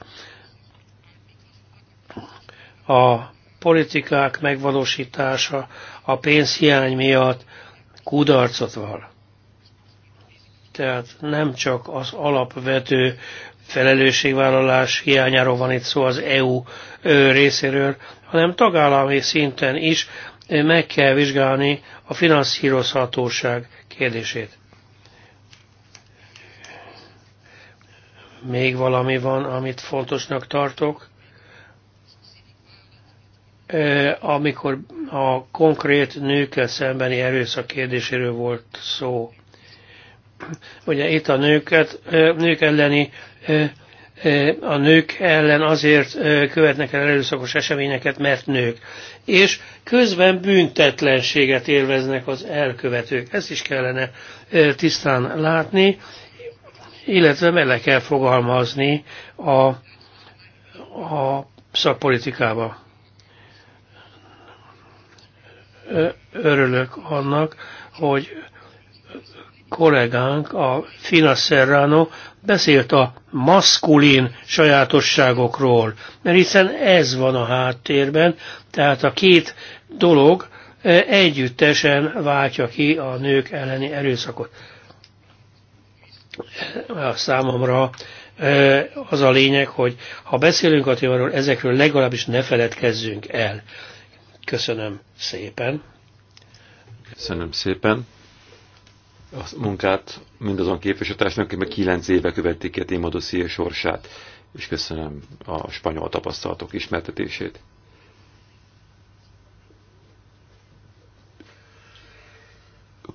a politikák megvalósítása a pénzhiány miatt kudarcot val. Tehát nem csak az alapvető felelősségvállalás hiányáról van itt szó az EU részéről, hanem tagállami szinten is meg kell vizsgálni a finanszírozhatóság kérdését. Még valami van, amit fontosnak tartok. Amikor a konkrét nőkkel szembeni erőszak kérdéséről volt szó, ugye itt a nőket, nők elleni a nők ellen azért követnek el erőszakos eseményeket, mert nők. És közben büntetlenséget élveznek az elkövetők. Ezt is kellene tisztán látni, illetve mele kell fogalmazni a, a szakpolitikába. Örülök annak, hogy kollégánk, a Fina Serrano beszélt a maszkulin sajátosságokról, mert hiszen ez van a háttérben, tehát a két dolog e, együttesen váltja ki a nők elleni erőszakot. E, a számomra e, az a lényeg, hogy ha beszélünk a témáról, ezekről legalábbis ne feledkezzünk el. Köszönöm szépen. Köszönöm szépen a munkát mindazon képviselőtársnak, aki meg kilenc éve követték a témadosszia sorsát, és köszönöm a spanyol tapasztalatok ismertetését.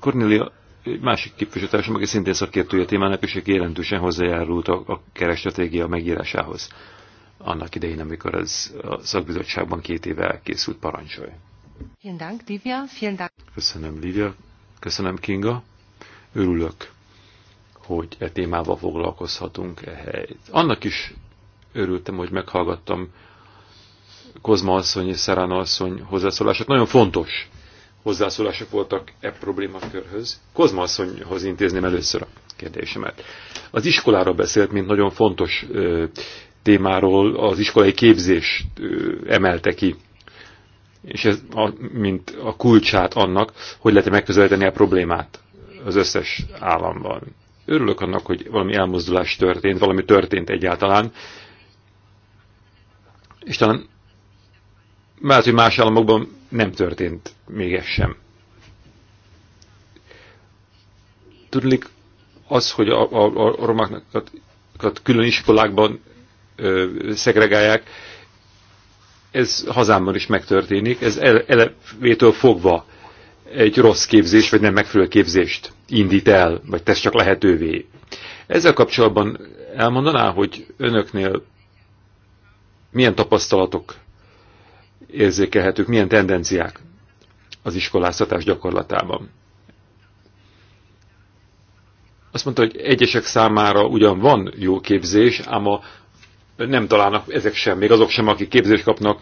Cornelia egy másik képviselőtársam, aki szintén szakértője témának, és egy jelentősen hozzájárult a, a keresztratégia megírásához annak idején, amikor ez a szakbizottságban két éve elkészült parancsolj. Köszönöm, Lívia. Köszönöm, Kinga. Örülök, hogy e témával foglalkozhatunk e helyt. Annak is örültem, hogy meghallgattam Kozma asszony és Szerán asszony hozzászólását. Nagyon fontos hozzászólások voltak e problémakörhöz. Kozma asszonyhoz intézném először a kérdésemet. Az iskolára beszélt, mint nagyon fontos ö, témáról, az iskolai képzést ö, emelte ki, és ez a, mint a kulcsát annak, hogy lehet -e megközelíteni a problémát az összes államban. Örülök annak, hogy valami elmozdulás történt, valami történt egyáltalán, és talán mert hogy más államokban nem történt még ez sem. Tudlik, az, hogy a, a, a romákat külön iskolákban ö, szegregálják, ez hazámban is megtörténik, ez elevétől fogva egy rossz képzés, vagy nem megfelelő képzést indít el, vagy tesz csak lehetővé. Ezzel kapcsolatban elmondaná, hogy önöknél milyen tapasztalatok érzékelhetők, milyen tendenciák az iskoláztatás gyakorlatában. Azt mondta, hogy egyesek számára ugyan van jó képzés, ám a, nem találnak ezek sem, még azok sem, akik képzést kapnak,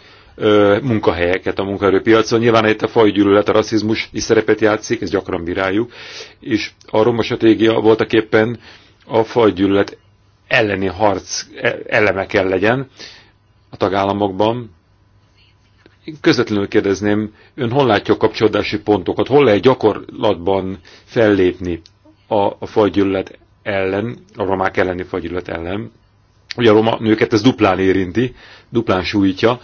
munkahelyeket a munkaerőpiacon. Nyilván itt a gyűlölet, a rasszizmus is szerepet játszik, ezt gyakran bíráljuk, és a roma stratégia voltak éppen a gyűlölet elleni harc e, eleme kell legyen a tagállamokban. Én közvetlenül kérdezném, ön hol látja a kapcsolódási pontokat, hol lehet gyakorlatban fellépni a, a fajgyűlölet ellen, a romák elleni fajgyűlölet ellen? Ugye a roma nőket ez duplán érinti, duplán sújtja,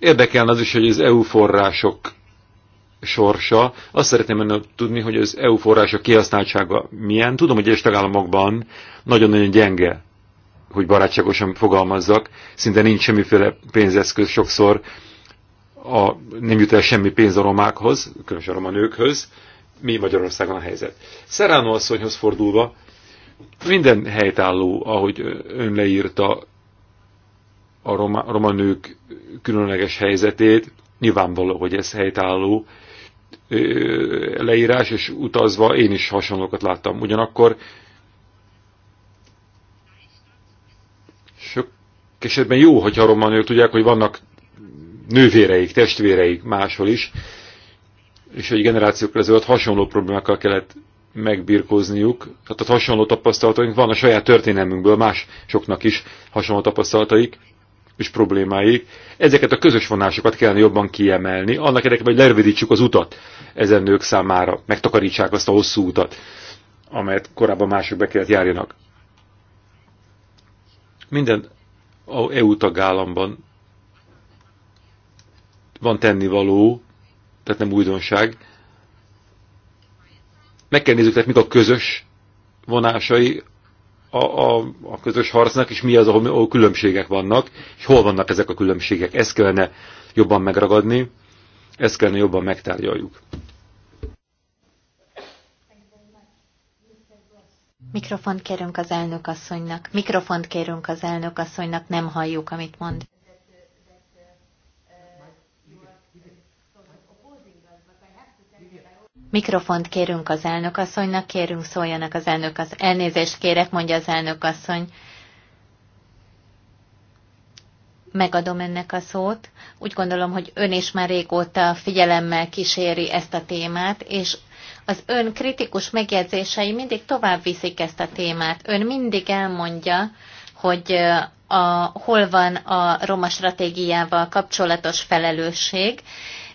Érdekel az is, hogy az EU források sorsa. Azt szeretném önök tudni, hogy az EU források kihasználtsága milyen. Tudom, hogy egyes tagállamokban nagyon-nagyon gyenge, hogy barátságosan fogalmazzak. Szinte nincs semmiféle pénzeszköz sokszor, a, nem jut el semmi pénz a romákhoz, különösen a roma nőkhöz. Mi Magyarországon a helyzet? Szeránó asszonyhoz fordulva, minden helytálló, ahogy ön leírta, a roma, roma nők különleges helyzetét. Nyilvánvaló, hogy ez helytálló leírás, és utazva én is hasonlókat láttam. Ugyanakkor sok esetben jó, hogyha a roma nők tudják, hogy vannak nővéreik, testvéreik máshol is, és hogy generációk ezelőtt hasonló problémákkal kellett megbirkózniuk. Tehát a hasonló tapasztalataink van a saját történelmünkből, más soknak is hasonló tapasztalataik és problémáik. Ezeket a közös vonásokat kellene jobban kiemelni, annak érdekében, hogy lerövidítsük az utat ezen nők számára, megtakarítsák azt a hosszú utat, amelyet korábban mások be kellett járjanak. Minden a EU tagállamban van tennivaló, tehát nem újdonság. Meg kell nézzük, tehát mik a közös vonásai a, a, a közös harcnak, és mi az, ahol, ahol különbségek vannak, és hol vannak ezek a különbségek. Ezt kellene jobban megragadni, ezt kellene jobban megtárgyaljuk. Mikrofont kérünk az elnök asszonynak. Mikrofont kérünk az elnök asszonynak, nem halljuk, amit mond. Mikrofont kérünk az elnök asszonynak, kérünk szóljanak az elnök az Elnézést kérek, mondja az elnök asszony. Megadom ennek a szót. Úgy gondolom, hogy ön is már régóta figyelemmel kíséri ezt a témát, és az ön kritikus megjegyzései mindig tovább viszik ezt a témát. Ön mindig elmondja, hogy eh, a, hol van a roma stratégiával kapcsolatos felelősség,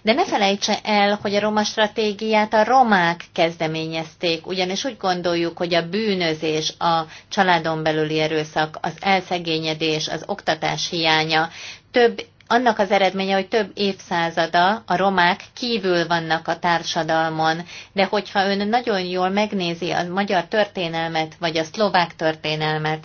de ne felejtse el, hogy a roma stratégiát a romák kezdeményezték, ugyanis úgy gondoljuk, hogy a bűnözés, a családon belüli erőszak, az elszegényedés, az oktatás hiánya több annak az eredménye, hogy több évszázada a romák kívül vannak a társadalmon, de hogyha ön nagyon jól megnézi a magyar történelmet, vagy a szlovák történelmet,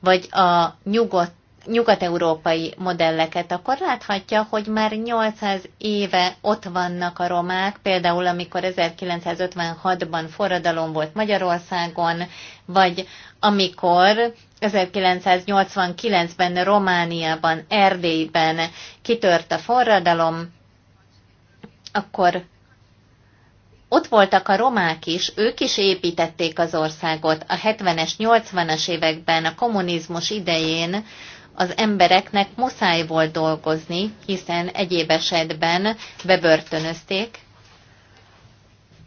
vagy a nyugodt nyugat-európai modelleket, akkor láthatja, hogy már 800 éve ott vannak a romák, például amikor 1956-ban forradalom volt Magyarországon, vagy amikor 1989-ben Romániában, Erdélyben kitört a forradalom, akkor ott voltak a romák is, ők is építették az országot. A 70-es, 80-as években, a kommunizmus idején az embereknek muszáj volt dolgozni, hiszen egyéb esetben bebörtönözték.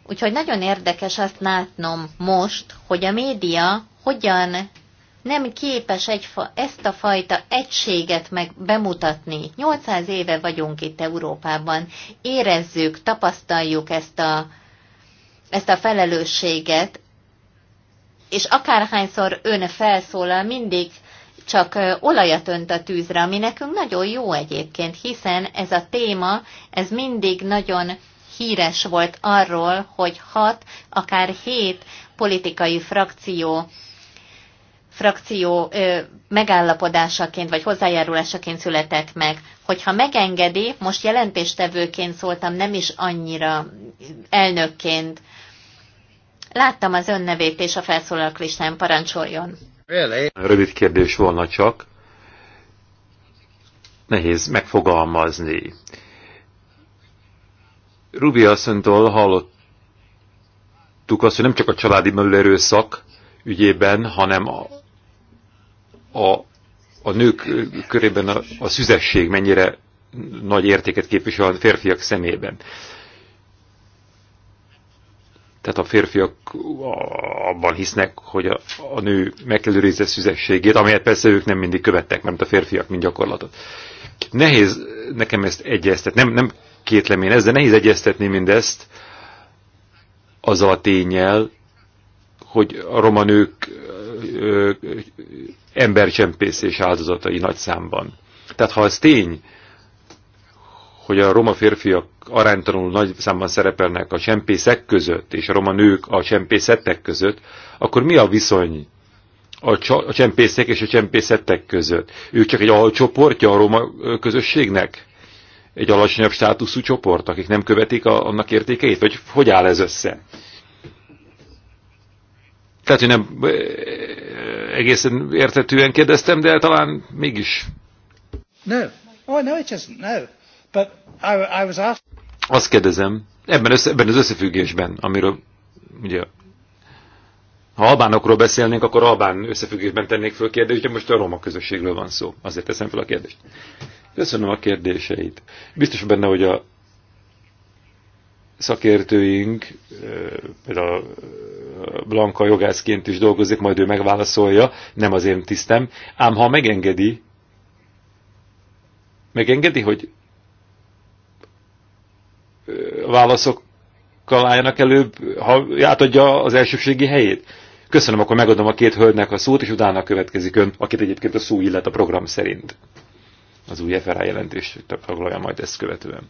Úgyhogy nagyon érdekes azt látnom most, hogy a média hogyan nem képes egyfa, ezt a fajta egységet meg bemutatni. 800 éve vagyunk itt Európában, érezzük, tapasztaljuk ezt a, ezt a felelősséget, és akárhányszor ön felszólal, mindig csak olajat önt a tűzre, ami nekünk nagyon jó egyébként, hiszen ez a téma, ez mindig nagyon híres volt arról, hogy hat, akár hét politikai frakció frakció ö, megállapodásaként vagy hozzájárulásaként született meg. Hogyha megengedi, most jelentéstevőként szóltam, nem is annyira elnökként. Láttam az ön nevét és a felszólalók listán, parancsoljon. Rövid kérdés volna csak. Nehéz megfogalmazni. Rubi asszonytól hallottuk azt, hogy nem csak a családi belül erőszak ügyében, hanem a, a, a nők körében a, a szüzesség mennyire nagy értéket képvisel a férfiak szemében. Tehát a férfiak abban hisznek, hogy a, a nő megelőrizze szüzességét, amelyet persze ők nem mindig követtek, mert a férfiak mind gyakorlatot. Nehéz nekem ezt egyeztetni, nem, nem kétlem én ezt, de nehéz egyeztetni mindezt azzal a tényel, hogy a roma nők ö, ö, embercsempészés áldozatai nagy számban. Tehát ha az tény, hogy a roma férfiak aránytalanul nagy számban szerepelnek a csempészek között, és a roma nők a csempészettek között, akkor mi a viszony a csempészek és a csempészettek között? Ők csak egy alcsoportja a roma közösségnek? Egy alacsonyabb státuszú csoport, akik nem követik a, annak értékeit? Vagy hogy áll ez össze? Tehát, hogy nem egészen értetően kérdeztem, de talán mégis. No. Oh, no, it isn't. No. But I, I was asked... Azt kérdezem, ebben, össze, ebben az összefüggésben, amiről ugye ha albánokról beszélnénk, akkor albán összefüggésben tennék föl kérdést, de most a roma közösségről van szó. Azért teszem fel a kérdést. Köszönöm a kérdéseit. Biztos benne, hogy a szakértőink, például Blanka jogászként is dolgozik, majd ő megválaszolja, nem az én tisztem. Ám ha megengedi, megengedi, hogy válaszokkal álljanak előbb, ha átadja az elsőségi helyét. Köszönöm, akkor megadom a két hölgynek a szót, és utána következik ön, akit egyébként a szó illet a program szerint. Az új FRA jelentés foglalja majd ezt követően.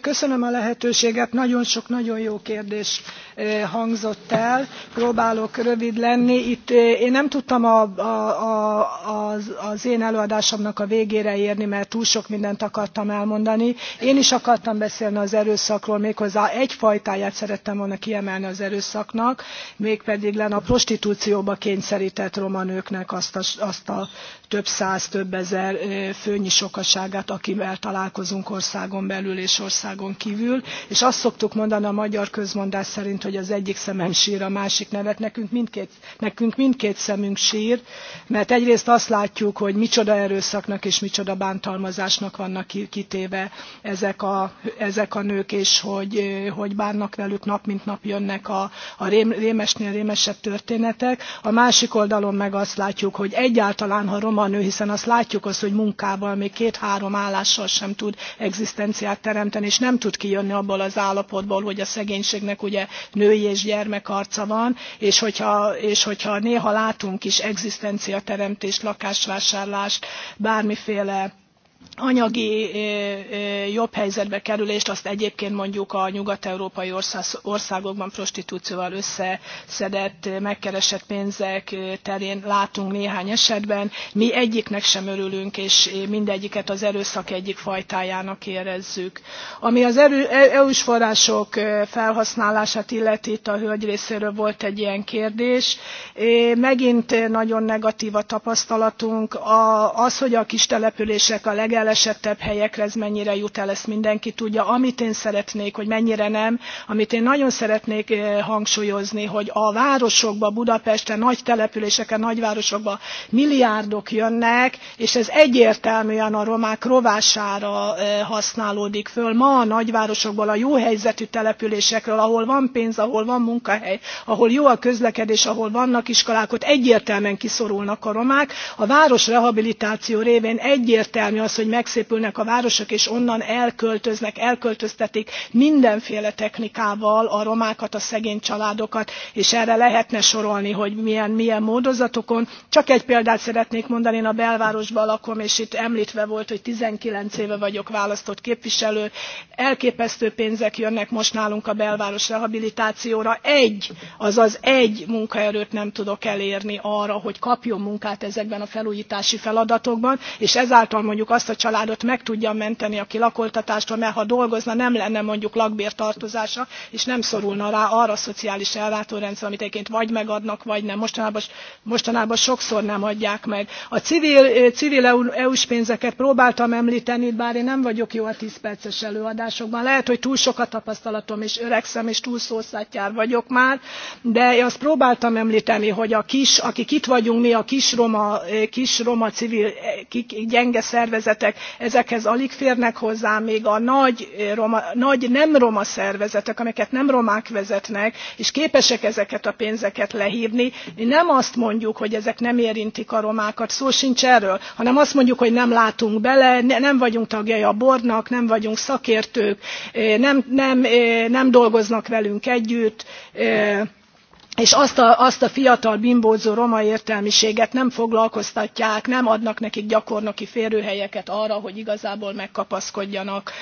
Köszönöm a, lehetőséget. Nagyon sok nagyon jó kérdés eh, hangzott el. Próbálok rövid lenni. Itt eh, én nem tudtam a, a, a, az, az én előadásomnak a végére érni, mert túl sok mindent akartam elmondani. Én is akartam beszélni az erőszakról, méghozzá egy fajtáját szerettem volna kiemelni az erőszaknak, mégpedig lenne a prostitúcióba kényszerített roma nőknek azt a, azt a több száz, több ezer eh, főnyi sokaságát, akivel találkozunk országon belül belül és országon kívül, és azt szoktuk mondani a magyar közmondás szerint, hogy az egyik szemem sír, a másik nevet. Nekünk mindkét, nekünk mindkét szemünk sír, mert egyrészt azt látjuk, hogy micsoda erőszaknak és micsoda bántalmazásnak vannak kitéve ezek a, ezek a nők, és hogy, hogy bánnak velük nap, mint nap jönnek a, a rémesnél rémesebb történetek. A másik oldalon meg azt látjuk, hogy egyáltalán, ha roma nő, hiszen azt látjuk azt, hogy munkával még két-három állással sem tud egzisztenciát konkurenciát teremteni, és nem tud kijönni abból az állapotból, hogy a szegénységnek ugye női és gyermek arca van, és hogyha, és hogyha néha látunk is egzisztenciateremtést, lakásvásárlást, bármiféle anyagi jobb helyzetbe kerülést azt egyébként mondjuk a nyugat európai országokban prostitúcióval összeszedett megkeresett pénzek terén látunk néhány esetben mi egyiknek sem örülünk és mindegyiket az erőszak egyik fajtájának érezzük. ami az e, eu s források felhasználását illeti itt a hölgy részéről volt egy ilyen kérdés megint nagyon negatív a tapasztalatunk az hogy a kis települések a leg legelesettebb helyekre ez mennyire jut el, ezt mindenki tudja. Amit én szeretnék, hogy mennyire nem, amit én nagyon szeretnék eh, hangsúlyozni, hogy a városokba, Budapesten, nagy településeken, nagyvárosokba milliárdok jönnek, és ez egyértelműen a romák rovására eh, használódik föl. Ma a nagyvárosokból, a jó helyzetű településekről, ahol van pénz, ahol van munkahely, ahol jó a közlekedés, ahol vannak iskolák, ott egyértelműen kiszorulnak a romák. A város rehabilitáció révén egyértelmű az, hogy hogy megszépülnek a városok és onnan elköltöznek elköltöztetik mindenféle technikával a romákat a szegény családokat és erre lehetne sorolni hogy milyen milyen módozatokon. csak egy példát szeretnék mondani én a belvárosban lakom és itt emltve volt hogy nineteen éve vagyok választott képviselő elképesztő pénzek jönnek most nálunk a belváros rehabilitációra egy azaz egy munkaerőt nem tudok elérni arra hogy kapjon munkát ezekben a felújtási feladatokban és ezáltal mondjuk azt a családot meg tudja menteni aki lakoltatástól mert ha dolgozna nem lenne mondjuk lakbértartozása és nem szorulna rá arra a szociális ellátórendszer amit egyébként vagy megadnak vagy nem. mostanában, mostanában sokszor nem adják meg. a civil, civil eu s pénzeket próbáltam említeni, bár én nem vagyok jó a 10 perces előadásokban lehet hogy túl sok a tapasztalatom és öregszem és túl szószátjár vagyok már de én azt próbáltam említeni, hogy a kis akik itt vagyunk mi a kis roma, kis roma civil gyenge szervezet, szervezetek ezekhez alig férnek hozzá még a nagy, eh, roma, nagy nem roma szervezetek amelyeket nem romák vezetnek és képesek ezeket a pénzeket lehvni mi nem azt mondjuk hogy ezek nem érintik a romákat szó sincs erről hanem azt mondjuk hogy nem látunk bele nem vagyunk tagjai a bornak nem vagyunk szakértők eh, nem, nem, eh, nem dolgoznak velünk együtt és azt a, azt a fiatal bimbózó roma értelmiséget nem foglalkoztatják, nem adnak nekik gyakornoki férőhelyeket arra, hogy igazából megkapaszkodjanak.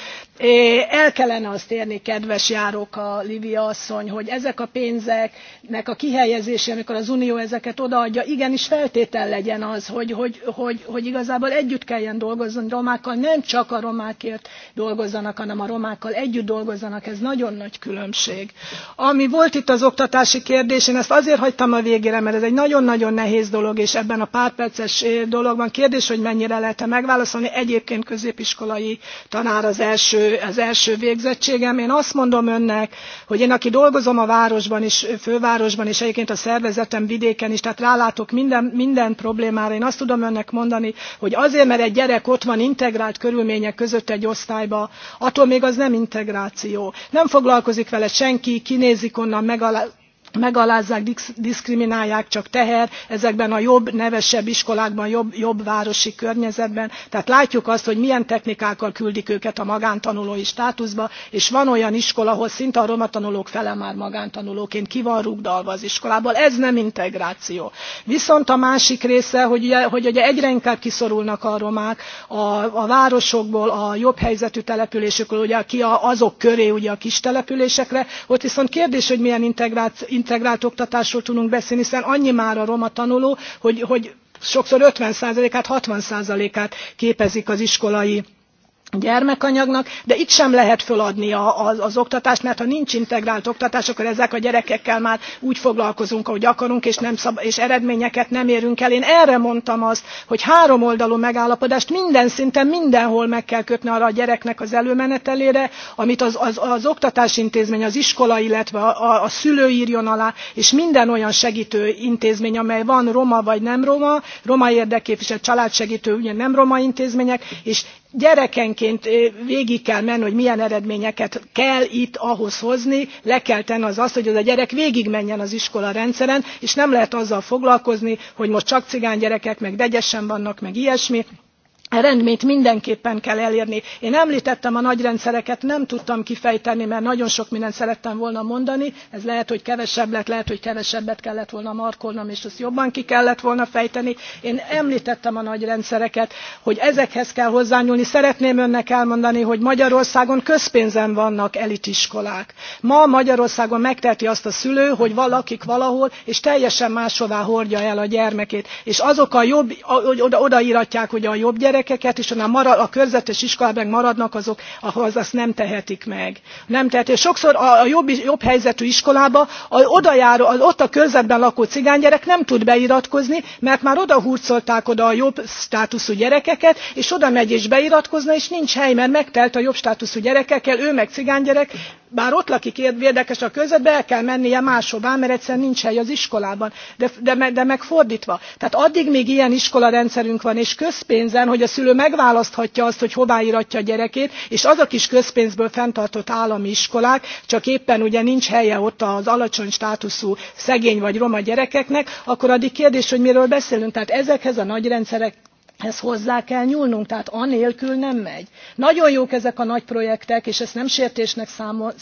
El kellene azt érni, kedves járók a Livia asszony, hogy ezek a pénzeknek a kihelyezése, amikor az Unió ezeket odaadja, igenis feltétel legyen az, hogy, hogy, hogy, hogy igazából együtt kelljen dolgozni romákkal, nem csak a romákért dolgozzanak, hanem a romákkal együtt dolgozzanak, ez nagyon nagy különbség. Ami volt itt az oktatási kérdés, és én ezt azért hagytam a végére, mert ez egy nagyon-nagyon nehéz dolog, és ebben a párperces dologban kérdés, hogy mennyire lehet -e megválaszolni. Egyébként középiskolai tanár az első, az első végzettségem. Én azt mondom önnek, hogy én, aki dolgozom a városban és fővárosban, és egyébként a szervezetem vidéken is, tehát rálátok minden, minden problémára, én azt tudom önnek mondani, hogy azért, mert egy gyerek ott van integrált körülmények között egy osztályba, attól még az nem integráció. Nem foglalkozik vele senki, kinézik onnan, megalá megalázzák diszkriminálják csak teher ezekben a jobb nevesebb iskolákban jobb, jobb városi környezetben tehát látjuk azt hogy milyen technikákkal küldik őket a magántanulói státuszba és van olyan iskola ahol szinte a roma tanulók fele már magántanulóként ki van rúgdalva az iskolából ez nem integráció. viszont a másik része hogy ugye, hogy ugye egyre inkább kiszorulnak a romák a, a városokból a jobb helyzetű településekről ugye ki a, azok köré ugye a kis településekre ott viszont kérdés hogy milyen integráció integrált oktatásról tudunk beszélni, hiszen annyi már a roma tanuló, hogy, hogy sokszor 50%-át, 60%-át képezik az iskolai gyermekanyagnak de itt sem lehet föladni az, az oktatást mert ha nincs integrált oktatás akkor ezekkel a gyerekekkel már úgy foglalkozunk ahogy akarunk és, nem szab- és eredményeket nem érünk el. én erre mondtam azt hogy háromoldalú megállapodást minden szinten mindenhol meg kell kötni arra a gyereknek az előmenetelére amit az, az, az oktatási intézmény az iskola illetve a, a, a szülő rjon alá és minden olyan segtő intézmény amely van roma vagy nem roma roma érdekképviselet családsegtő ugye nem roma intézmények és gyerekenként végig kell menni hogy milyen eredményeket kell itt ahhoz hozni le kell tenni az asztalt hogy az a gyerek végigmenjen az iskolarendszeren és nem lehet azzal foglalkozni hogy most csak cigány gyerekek meg vegyesen vannak meg ilyesmi eredményt mindenképpen kell elérni. én emltettem a nagyrendszereket, nem tudtam kifejteni mert nagyon sok mindent szerettem volna mondani ez lehet hogy kevesebb lett lehet hogy kevesebbet kellett volna markolnom és ezt jobban ki kellett volna fejteni. én emltettem a nagyrendszereket, hogy ezekhez kell hozzányúlni. szeretném önnek elmondani hogy magyarországon közpénzen vannak elitiskolák. ma magyarországon megteheti azt a szülő hogy valakik valahol és teljesen máshová hordja el a gyermekét és azok a jobb odaíratják hogy ugye a jobb gyerek gyerekeket, és a, marad, a körzetes iskolában maradnak azok, ahol azt nem tehetik meg. Nem tehetik. sokszor a, a jobb, jobb helyzetű iskolába, a, oda járó, az, ott a körzetben lakó cigánygyerek nem tud beiratkozni, mert már oda hurcolták oda a jobb státuszú gyerekeket, és oda megy és beiratkozna, és nincs hely, mert megtelt a jobb státuszú gyerekekkel, ő meg cigánygyerek, bár ott lakik érdekes a között, el kell mennie máshová, mert egyszerűen nincs hely az iskolában, de, de, de megfordítva. Tehát addig még ilyen iskolarendszerünk van, és közpénzen, hogy a szülő megválaszthatja azt hogy hová ratja a gyerekét és azok is közpénzből fenntartott állami iskolák csak éppen ugye nincs helye ott az alacsony státuszú szegény vagy roma gyerekeknek akkor addig kérdés hogy miről beszélünk tehát ezekhez a nagy ehhez hozzá kell nyúlnunk tehát anélkül nem megy. nagyon jók ezek a nagy projektek és ezt nem sértésnek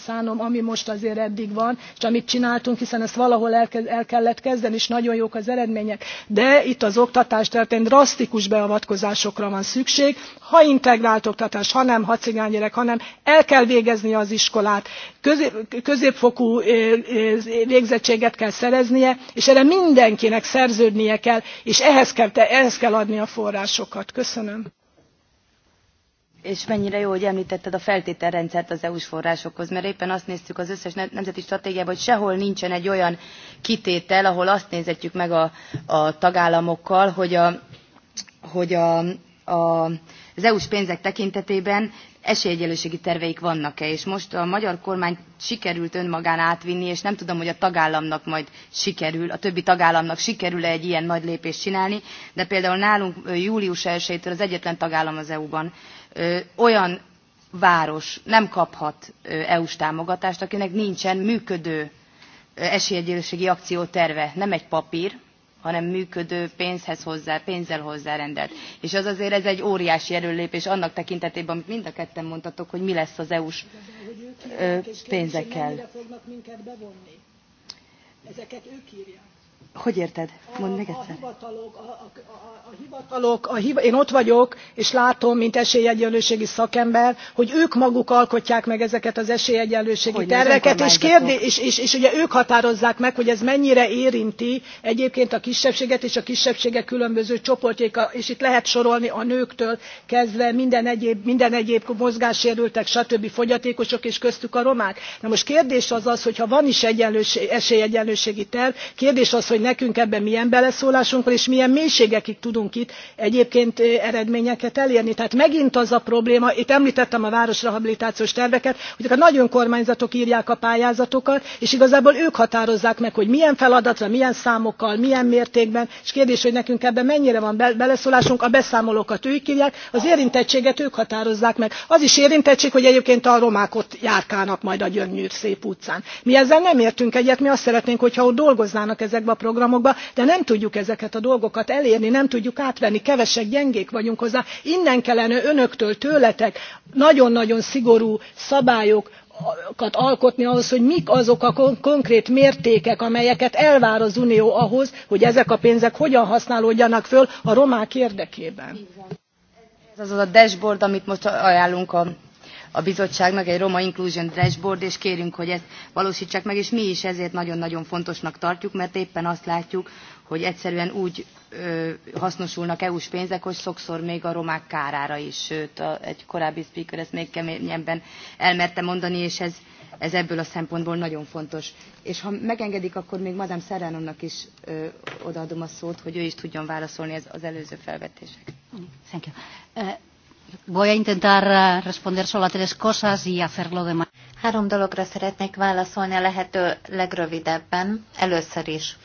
szánom ami most azért eddig van és amit csináltunk hiszen ezt valahol el kellett kezdeni és nagyon jók az eredmények de itt az oktatás területén drasztikus beavatkozásokra van szükség ha integrált oktatás ha nem ha cigánygyerek ha nem el kell végezni az iskolát középfokú végzettséget kell szereznie és erre mindenkinek szerződnie kell és ehhez kell, ehhez kell adni a forrás forrásokat. Köszönöm. És mennyire jó, hogy említetted a feltételrendszert az EU-s forrásokhoz, mert éppen azt néztük az összes nemzeti stratégiában, hogy sehol nincsen egy olyan kitétel, ahol azt nézetjük meg a, a tagállamokkal, hogy a, hogy a, a az EU-s pénzek tekintetében esélyegyelőségi terveik vannak-e, és most a magyar kormány sikerült önmagán átvinni, és nem tudom, hogy a tagállamnak majd sikerül, a többi tagállamnak sikerül-e egy ilyen nagy lépést csinálni, de például nálunk július 1 az egyetlen tagállam az EU-ban olyan város nem kaphat EU-s támogatást, akinek nincsen működő esélyegyelőségi akcióterve, nem egy papír, hanem működő, pénzhez hozzá, pénzzel hozzárendelt. És az azért ez egy óriási erőlépés annak tekintetében, amit mind a ketten mondtatok, hogy mi lesz az EU-s pénzekkel. Ezeket ők írják. Hogy érted? Mondd meg egyszer. A, a hivatalok, a, a, a hivatalok a hiva, én ott vagyok, és látom, mint esélyegyenlőségi szakember, hogy ők maguk alkotják meg ezeket az esélyegyenlőségi hogy terveket, és, kérdé, és, és, és ugye ők határozzák meg, hogy ez mennyire érinti egyébként a kisebbséget és a kisebbségek különböző csoportjait, és itt lehet sorolni a nőktől kezdve minden egyéb, minden egyéb mozgássérültek, stb. fogyatékosok, és köztük a romák. Na most kérdés az az, hogy ha van is esélyegyenlőségi terv, kérdés az, hogy hogy nekünk ebben milyen beleszólásunk van és milyen mélységekig tudunk itt egyébként eredményeket elérni. tehát megint az a probléma itt emltettem a városrehabilitációs terveket hogy a nagy önkormányzatok rják a pályázatokat és igazából ők határozzák meg hogy milyen feladatra milyen számokkal milyen mértékben és kérdés hogy nekünk ebben mennyire van beleszólásunk a beszámolókat ők rják az érintettséget ők határozzák meg. az is érintettség hogy egyébként a romák ott járkálnak majd a gyönyörű szép utcán. mi ezzel nem értünk egyet mi azt szeretnénk hogyha ott dolgoznának ezekben a programokba de nem tudjuk ezeket a dolgokat elérni nem tudjuk átvenni kevesek gyengék vagyunk hozzá innen kellene önöktől tőletek nagyon nagyon szigorú szabályok szabályokat alkotni ahhoz hogy mik azok a konkrét mértékek amelyeket elvár az unió ahhoz hogy ezek a pénzek hogyan használódjanak föl a romák érdekében. ez az a dashboard amit most ajánlunk a a bizottságnak egy Roma Inclusion Dashboard, és kérünk, hogy ezt valósítsák meg, és mi is ezért nagyon-nagyon fontosnak tartjuk, mert éppen azt látjuk, hogy egyszerűen úgy ö, hasznosulnak EU-s pénzek, hogy sokszor még a romák kárára is, sőt, a, egy korábbi speaker ezt még keményebben elmerte mondani, és ez, ez ebből a szempontból nagyon fontos. És ha megengedik, akkor még Madame Szeránonnak is ö, odaadom a szót, hogy ő is tudjon válaszolni ez, az előző felvetésekre. Thank you. Uh, Voy a intentar eh, responder solo a tres cosas y hacerlo de Három dologra szeretnék válaszolni a lehető legrövidebben, először is.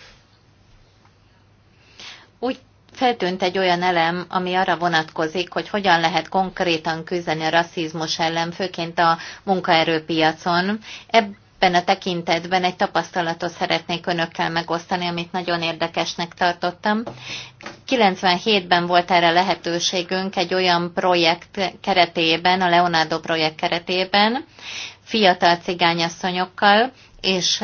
Úgy feltűnt egy olyan elem, ami arra vonatkozik, hogy hogyan lehet konkrétan küzdeni a rasszizmus ellen, főként a munkaerőpiacon. Ebb ebben a tekintetben egy tapasztalatot szeretnék önökkel megosztani, amit nagyon érdekesnek tartottam. 97-ben volt erre lehetőségünk egy olyan projekt keretében, a Leonardo projekt keretében, fiatal cigányasszonyokkal, és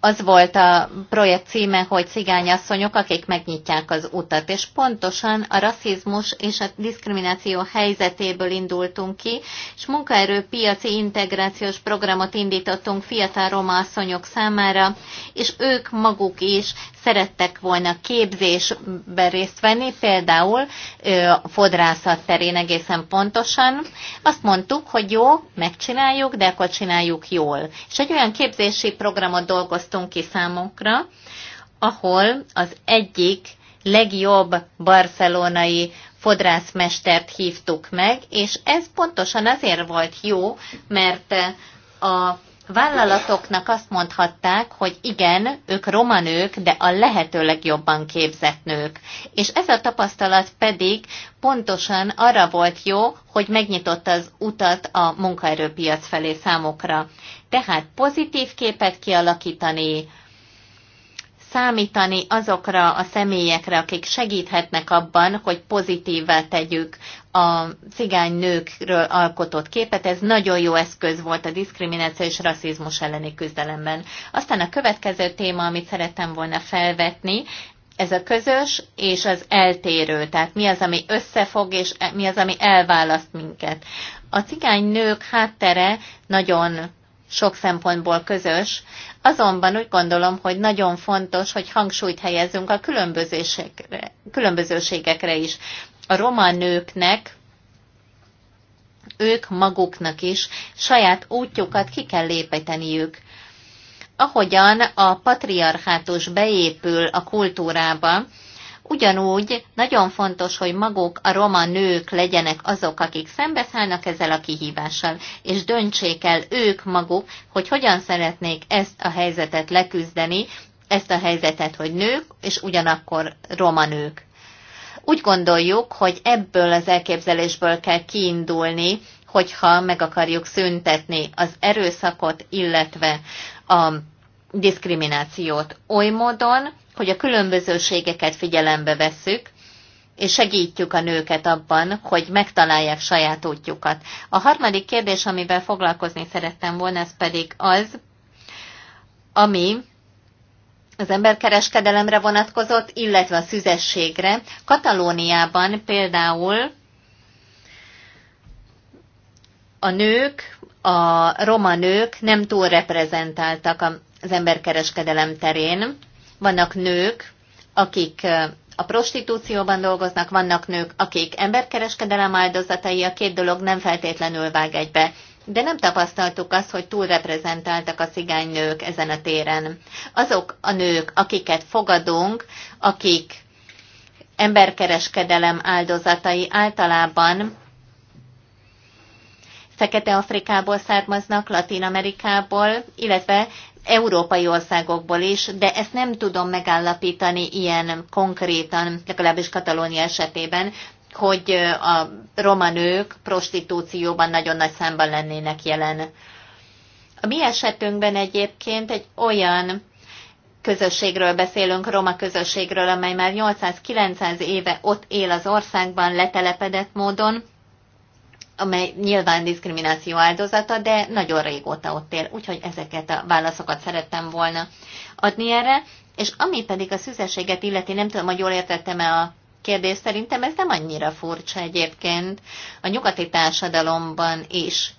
az volt a projekt címe, hogy cigányasszonyok, akik megnyitják az utat. És pontosan a rasszizmus és a diszkrimináció helyzetéből indultunk ki, és munkaerőpiaci integrációs programot indítottunk fiatal roma asszonyok számára, és ők maguk is szerettek volna képzésben részt venni, például fodrászat terén egészen pontosan. Azt mondtuk, hogy jó, megcsináljuk, de akkor csináljuk jól. És egy olyan képzési programot dolgoztunk ki számunkra, ahol az egyik legjobb barcelonai fodrászmestert hívtuk meg, és ez pontosan azért volt jó, mert a vállalatoknak azt mondhatták, hogy igen, ők roma nők, de a lehető legjobban képzett nők. És ez a tapasztalat pedig pontosan arra volt jó, hogy megnyitott az utat a munkaerőpiac felé számokra. Tehát pozitív képet kialakítani, számítani azokra a személyekre, akik segíthetnek abban, hogy pozitívvá tegyük a cigány nőkről alkotott képet. Ez nagyon jó eszköz volt a diszkrimináció és rasszizmus elleni küzdelemben. Aztán a következő téma, amit szerettem volna felvetni, ez a közös és az eltérő, tehát mi az, ami összefog, és mi az, ami elválaszt minket. A cigány nők háttere nagyon sok szempontból közös. Azonban úgy gondolom, hogy nagyon fontos, hogy hangsúlyt helyezzünk a különbözőségekre is. A roma nőknek ők maguknak is saját útjukat ki kell lépeteniük. Ahogyan a patriarchátus beépül a kultúrába, Ugyanúgy nagyon fontos, hogy maguk a roma nők legyenek azok, akik szembeszállnak ezzel a kihívással, és döntsék el ők maguk, hogy hogyan szeretnék ezt a helyzetet leküzdeni, ezt a helyzetet, hogy nők, és ugyanakkor roma nők. Úgy gondoljuk, hogy ebből az elképzelésből kell kiindulni, hogyha meg akarjuk szüntetni az erőszakot, illetve a diszkriminációt oly módon, hogy a különbözőségeket figyelembe vesszük, és segítjük a nőket abban, hogy megtalálják saját útjukat. A harmadik kérdés, amivel foglalkozni szerettem volna, ez pedig az, ami az emberkereskedelemre vonatkozott, illetve a szüzességre. Katalóniában például a nők, a roma nők nem túl reprezentáltak az emberkereskedelem terén. Vannak nők, akik a prostitúcióban dolgoznak, vannak nők, akik emberkereskedelem áldozatai, a két dolog nem feltétlenül vág egybe. De nem tapasztaltuk azt, hogy túlreprezentáltak a nők ezen a téren. Azok a nők, akiket fogadunk, akik emberkereskedelem áldozatai általában Fekete Afrikából származnak, Latin Amerikából, illetve európai országokból is, de ezt nem tudom megállapítani ilyen konkrétan, legalábbis Katalónia esetében, hogy a roma nők prostitúcióban nagyon nagy számban lennének jelen. A mi esetünkben egyébként egy olyan közösségről beszélünk, roma közösségről, amely már 800-900 éve ott él az országban letelepedett módon, amely nyilván diszkrimináció áldozata, de nagyon régóta ott él, úgyhogy ezeket a válaszokat szerettem volna adni erre. És ami pedig a szüzességet illeti, nem tudom, hogy jól értettem-e a kérdést, szerintem ez nem annyira furcsa egyébként. A nyugati társadalomban is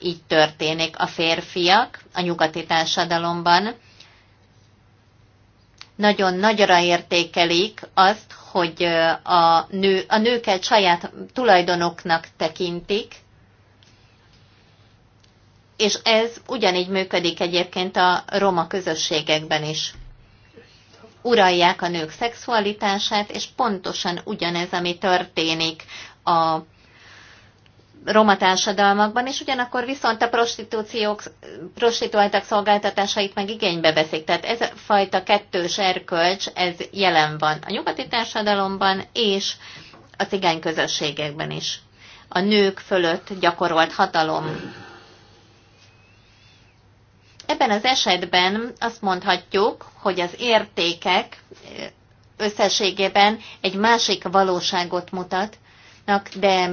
így történik. A férfiak a nyugati társadalomban nagyon nagyra értékelik azt, hogy a, nő, a nőket saját tulajdonoknak tekintik, és ez ugyanígy működik egyébként a roma közösségekben is. Uralják a nők szexualitását, és pontosan ugyanez, ami történik a roma társadalmakban, és ugyanakkor viszont a prostitúciók, prostituáltak szolgáltatásait meg igénybe veszik. Tehát ez a fajta kettős erkölcs, ez jelen van a nyugati társadalomban és a cigány közösségekben is. A nők fölött gyakorolt hatalom. Ebben az esetben azt mondhatjuk, hogy az értékek összességében egy másik valóságot mutatnak, de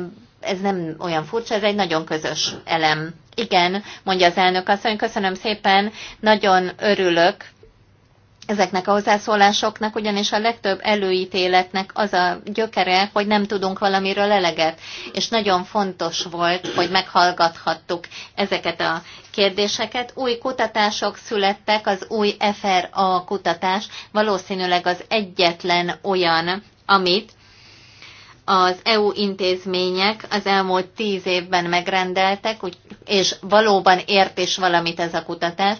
ez nem olyan furcsa, ez egy nagyon közös elem. Igen, mondja az elnök asszony, köszönöm szépen, nagyon örülök ezeknek a hozzászólásoknak, ugyanis a legtöbb előítéletnek az a gyökere, hogy nem tudunk valamiről eleget, és nagyon fontos volt, hogy meghallgathattuk ezeket a kérdéseket. Új kutatások születtek, az új FRA kutatás valószínűleg az egyetlen olyan, amit az EU intézmények az elmúlt tíz évben megrendeltek, és valóban ért is valamit ez a kutatás,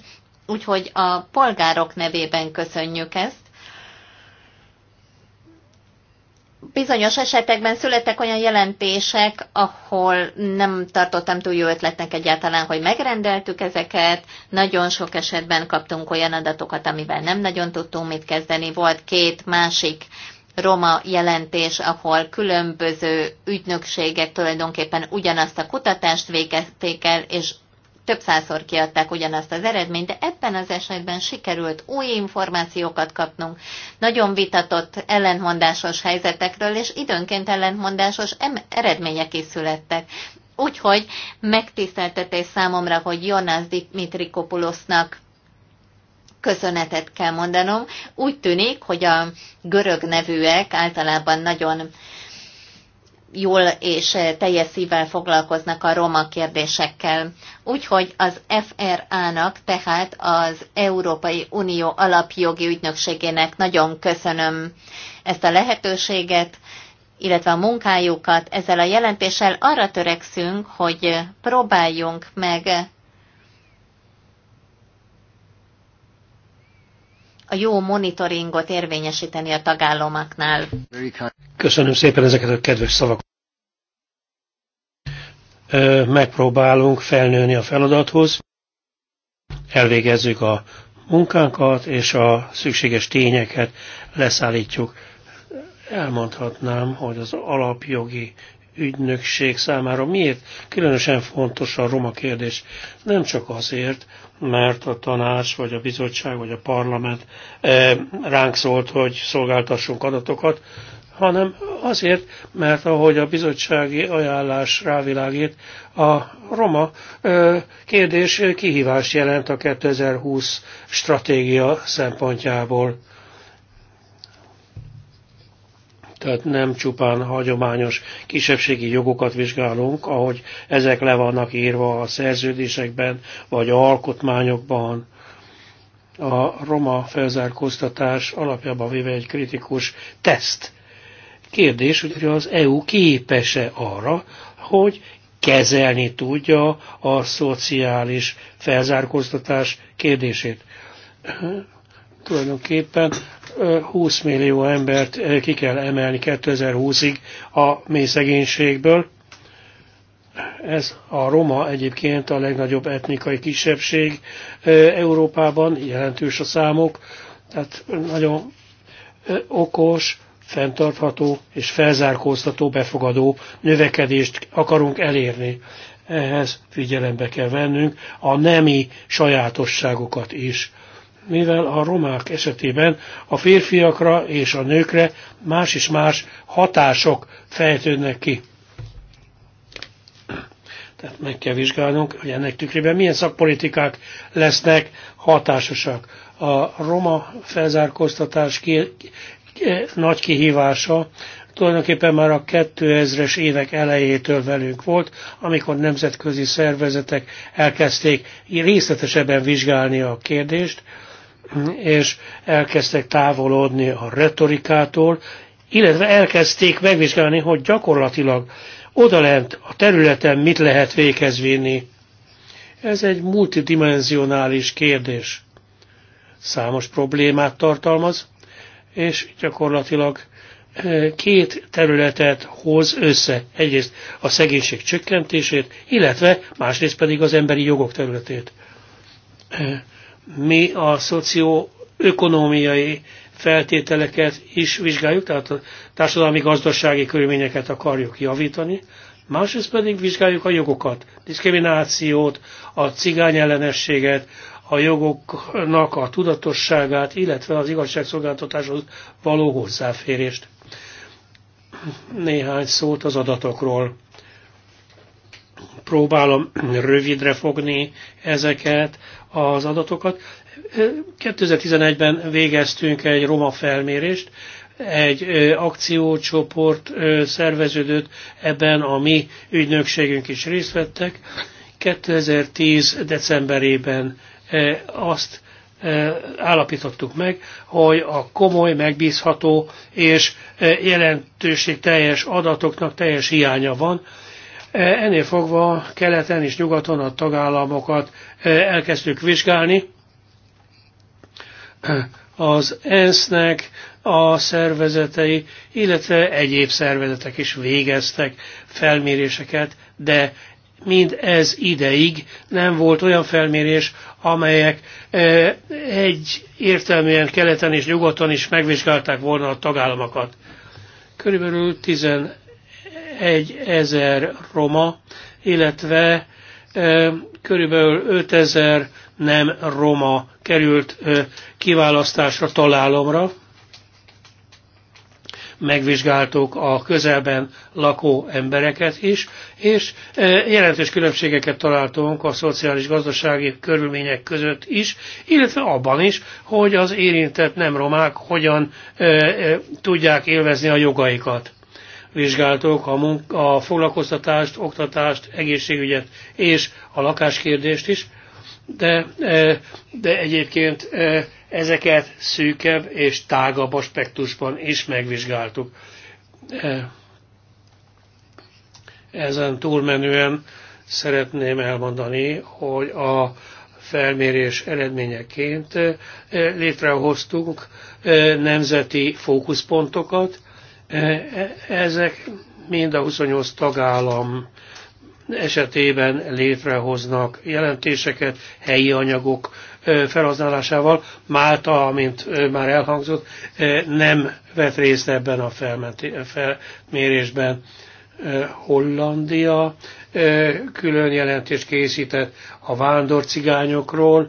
úgyhogy a polgárok nevében köszönjük ezt. Bizonyos esetekben születtek olyan jelentések, ahol nem tartottam túl jó ötletnek egyáltalán, hogy megrendeltük ezeket. Nagyon sok esetben kaptunk olyan adatokat, amivel nem nagyon tudtunk mit kezdeni. Volt két másik roma jelentés, ahol különböző ügynökségek tulajdonképpen ugyanazt a kutatást végezték el, és több százszor kiadták ugyanazt az eredményt, de ebben az esetben sikerült új információkat kapnunk, nagyon vitatott ellentmondásos helyzetekről, és időnként ellentmondásos eredmények is születtek. Úgyhogy megtiszteltetés számomra, hogy Jonas Dimitrikopulosznak köszönetet kell mondanom. Úgy tűnik, hogy a görög nevűek általában nagyon jól és teljes szívvel foglalkoznak a roma kérdésekkel. Úgyhogy az FRA-nak, tehát az Európai Unió alapjogi ügynökségének nagyon köszönöm ezt a lehetőséget, illetve a munkájukat. Ezzel a jelentéssel arra törekszünk, hogy próbáljunk meg a jó monitoringot érvényesíteni a tagállamoknál. Köszönöm szépen ezeket a kedves szavakat. Megpróbálunk felnőni a feladathoz, elvégezzük a munkánkat, és a szükséges tényeket leszállítjuk. Elmondhatnám, hogy az alapjogi ügynökség számára miért különösen fontos a roma kérdés? Nem csak azért, mert a tanács, vagy a bizottság, vagy a parlament eh, ránk szólt, hogy szolgáltassunk adatokat, hanem azért, mert ahogy a bizottsági ajánlás rávilágít, a roma eh, kérdés kihívást jelent a 2020 stratégia szempontjából. Tehát nem csupán hagyományos kisebbségi jogokat vizsgálunk, ahogy ezek le vannak írva a szerződésekben, vagy a alkotmányokban. A roma felzárkóztatás alapjában véve egy kritikus teszt. Kérdés, hogy az EU képes-e arra, hogy kezelni tudja a szociális felzárkóztatás kérdését. Tulajdonképpen 20 millió embert eh, ki kell emelni 2020-ig a mély szegénységből. Ez a roma egyébként a legnagyobb etnikai kisebbség eh, Európában, jelentős a számok, tehát nagyon eh, okos, fenntartható és felzárkóztató befogadó növekedést akarunk elérni. Ehhez figyelembe kell vennünk a nemi sajátosságokat is mivel a romák esetében a férfiakra és a nőkre más és más hatások fejtődnek ki. Tehát meg kell vizsgálnunk, hogy ennek tükrében milyen szakpolitikák lesznek hatásosak. A roma felzárkóztatás ki, ki, nagy kihívása tulajdonképpen már a 2000-es évek elejétől velünk volt, amikor nemzetközi szervezetek elkezdték részletesebben vizsgálni a kérdést és elkezdtek távolodni a retorikától, illetve elkezdték megvizsgálni, hogy gyakorlatilag odalent a területen mit lehet véghez Ez egy multidimensionális kérdés. Számos problémát tartalmaz, és gyakorlatilag e, két területet hoz össze. Egyrészt a szegénység csökkentését, illetve másrészt pedig az emberi jogok területét. E, mi a szocioökonómiai feltételeket is vizsgáljuk, tehát a társadalmi-gazdasági körülményeket akarjuk javítani, másrészt pedig vizsgáljuk a jogokat, diszkriminációt, a cigány ellenességet, a jogoknak a tudatosságát, illetve az igazságszolgáltatáshoz való hozzáférést. Néhány szót az adatokról próbálom rövidre fogni ezeket az adatokat. 2011-ben végeztünk egy roma felmérést, egy akciócsoport szerveződött, ebben a mi ügynökségünk is részt vettek. 2010. decemberében azt állapítottuk meg, hogy a komoly, megbízható és jelentőség teljes adatoknak teljes hiánya van, E, ennél fogva keleten és nyugaton a tagállamokat e, elkezdtük vizsgálni. Az ENSZ-nek a szervezetei, illetve egyéb szervezetek is végeztek felméréseket, de mind ez ideig nem volt olyan felmérés, amelyek e, egy értelműen keleten és nyugaton is megvizsgálták volna a tagállamokat. Körülbelül 11 1000 roma, illetve körülbelül 5000 nem roma került kiválasztásra, találomra. Megvizsgáltuk a közelben lakó embereket is, és jelentős különbségeket találtunk a szociális-gazdasági körülmények között is, illetve abban is, hogy az érintett nem romák hogyan tudják élvezni a jogaikat vizsgáltuk a, munka, a foglalkoztatást, oktatást, egészségügyet és a lakáskérdést is, de, e, de egyébként e, ezeket szűkebb és tágabb aspektusban is megvizsgáltuk. E, ezen túlmenően szeretném elmondani, hogy a felmérés eredményeként létrehoztunk nemzeti fókuszpontokat, E, e, ezek mind a 28 tagállam esetében létrehoznak jelentéseket helyi anyagok e, felhasználásával. Málta, mint már elhangzott, nem vett részt ebben a felmérésben. Hollandia külön jelentést készített a vándorcigányokról.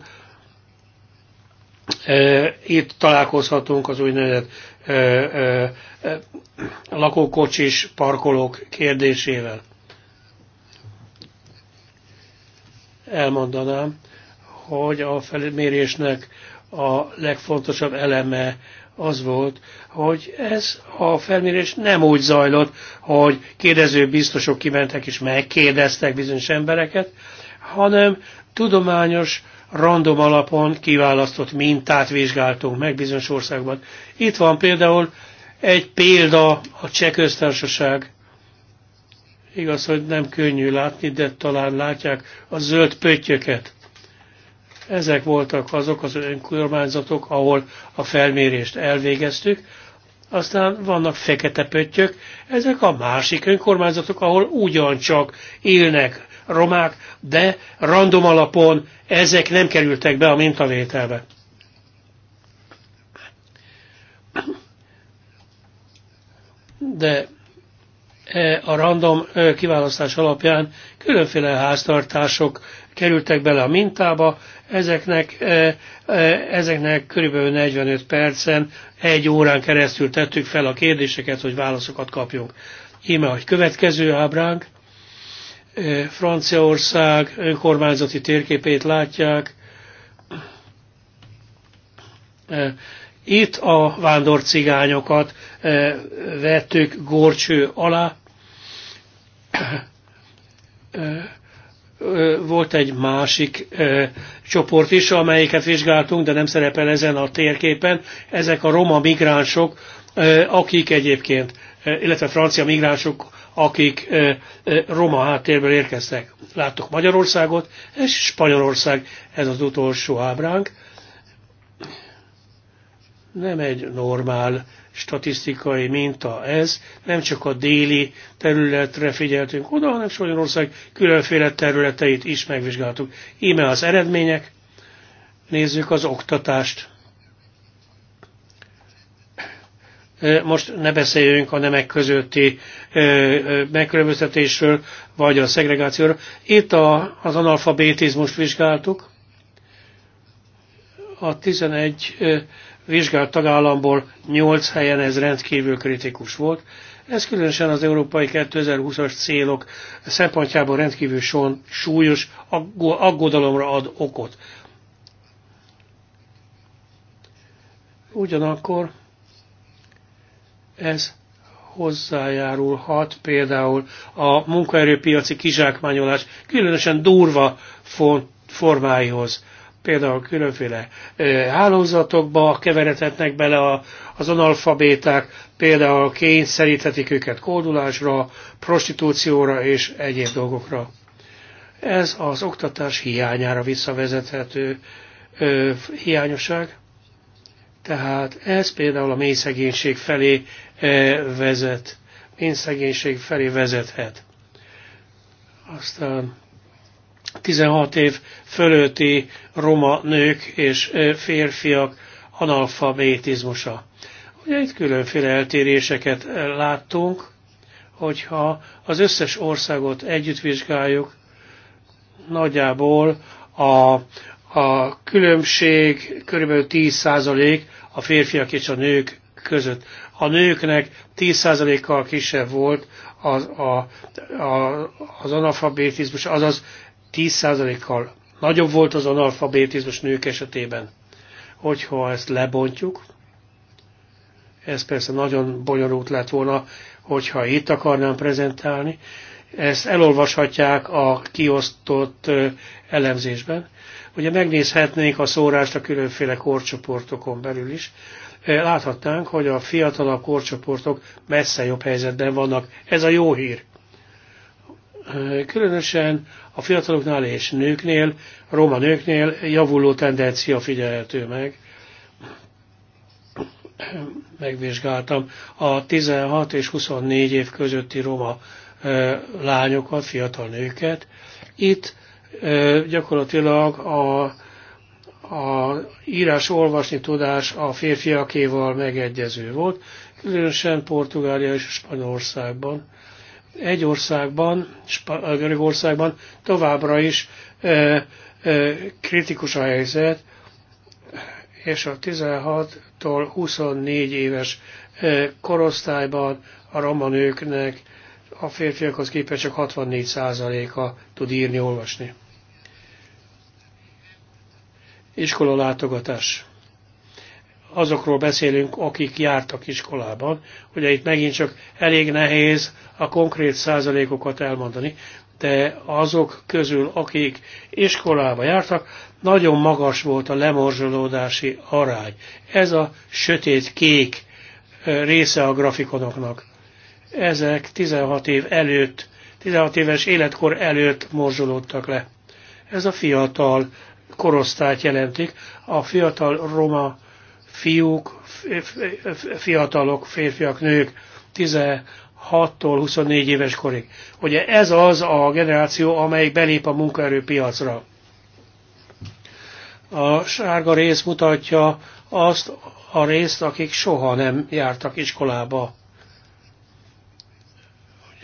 Itt találkozhatunk az úgynevezett lakókocsis parkolók kérdésével. Elmondanám, hogy a felmérésnek a legfontosabb eleme az volt, hogy ez a felmérés nem úgy zajlott, hogy kérdező biztosok kimentek és megkérdeztek bizonyos embereket, hanem tudományos random alapon kiválasztott mintát vizsgáltunk meg bizonyos országban. Itt van például egy példa a cseh köztársaság. Igaz, hogy nem könnyű látni, de talán látják a zöld pöttyöket. Ezek voltak azok az önkormányzatok, ahol a felmérést elvégeztük. Aztán vannak fekete pöttyök, ezek a másik önkormányzatok, ahol ugyancsak élnek romák, de random alapon ezek nem kerültek be a mintavételbe. De e, a random e, kiválasztás alapján különféle háztartások kerültek bele a mintába, ezeknek, e, ezeknek körülbelül 45 percen, egy órán keresztül tettük fel a kérdéseket, hogy válaszokat kapjunk. Íme a következő ábránk, Eh, Franciaország önkormányzati térképét látják. Eh, itt a vándorcigányokat eh, vettük gorcső alá. Volt egy másik csoport is, amelyiket vizsgáltunk, de nem szerepel ezen a térképen. Ezek a roma migránsok, akik egyébként, illetve francia migránsok, akik roma háttérből érkeztek. Láttuk Magyarországot, és Spanyolország, ez az utolsó ábránk. Nem egy normál statisztikai minta ez, nem csak a déli területre figyeltünk oda, hanem Spanyolország különféle területeit is megvizsgáltuk. Íme az eredmények, nézzük az oktatást. Most ne beszéljünk a nemek közötti megkülönböztetésről, vagy a szegregációról. Itt a, az analfabétizmust vizsgáltuk. A 11 vizsgált tagállamból 8 helyen ez rendkívül kritikus volt. Ez különösen az európai 2020-as célok szempontjából rendkívül son, súlyos aggodalomra ad okot. Ugyanakkor ez hozzájárulhat például a munkaerőpiaci kizsákmányolás különösen durva formáihoz. Például különféle hálózatokba keveredhetnek bele az analfabéták, például kényszeríthetik őket kódulásra, prostitúcióra és egyéb dolgokra. Ez az oktatás hiányára visszavezethető hiányosság. Tehát ez például a mély szegénység felé E, vezet, szegénység felé vezethet. Aztán 16 év fölötti roma nők és e, férfiak analfabetizmusa. Ugye itt különféle eltéréseket e, láttunk, hogyha az összes országot együtt vizsgáljuk, nagyjából a, a különbség kb. 10% a férfiak és a nők között. A nőknek 10%-kal kisebb volt az, a, a, az analfabetizmus, azaz 10%-kal nagyobb volt az analfabetizmus nők esetében. Hogyha ezt lebontjuk, ez persze nagyon bonyolult lett volna, hogyha itt akarnám prezentálni, ezt elolvashatják a kiosztott elemzésben. Ugye megnézhetnénk a szórást a különféle korcsoportokon belül is láthatnánk, hogy a fiatalabb korcsoportok messze jobb helyzetben vannak. Ez a jó hír. Különösen a fiataloknál és nőknél, roma nőknél javuló tendencia figyelhető meg. Megvizsgáltam a 16 és 24 év közötti roma lányokat, fiatal nőket. Itt gyakorlatilag a a írás-olvasni tudás a férfiakéval megegyező volt, különösen Portugália és Spanyolországban. Egy országban, Görögországban továbbra is e, e, kritikus a helyzet, és a 16-tól 24 éves e, korosztályban a roma nőknek a férfiakhoz képest csak 64%-a tud írni, olvasni iskola látogatás. Azokról beszélünk, akik jártak iskolában. Ugye itt megint csak elég nehéz a konkrét százalékokat elmondani, de azok közül, akik iskolába jártak, nagyon magas volt a lemorzsolódási arány. Ez a sötét kék része a grafikonoknak. Ezek 16 év előtt, 16 éves életkor előtt morzsolódtak le. Ez a fiatal korosztályt jelentik. A fiatal roma fiúk, fiatalok, férfiak, nők 16-tól 24 éves korig. Ugye ez az a generáció, amely belép a munkaerőpiacra. A sárga rész mutatja azt a részt, akik soha nem jártak iskolába.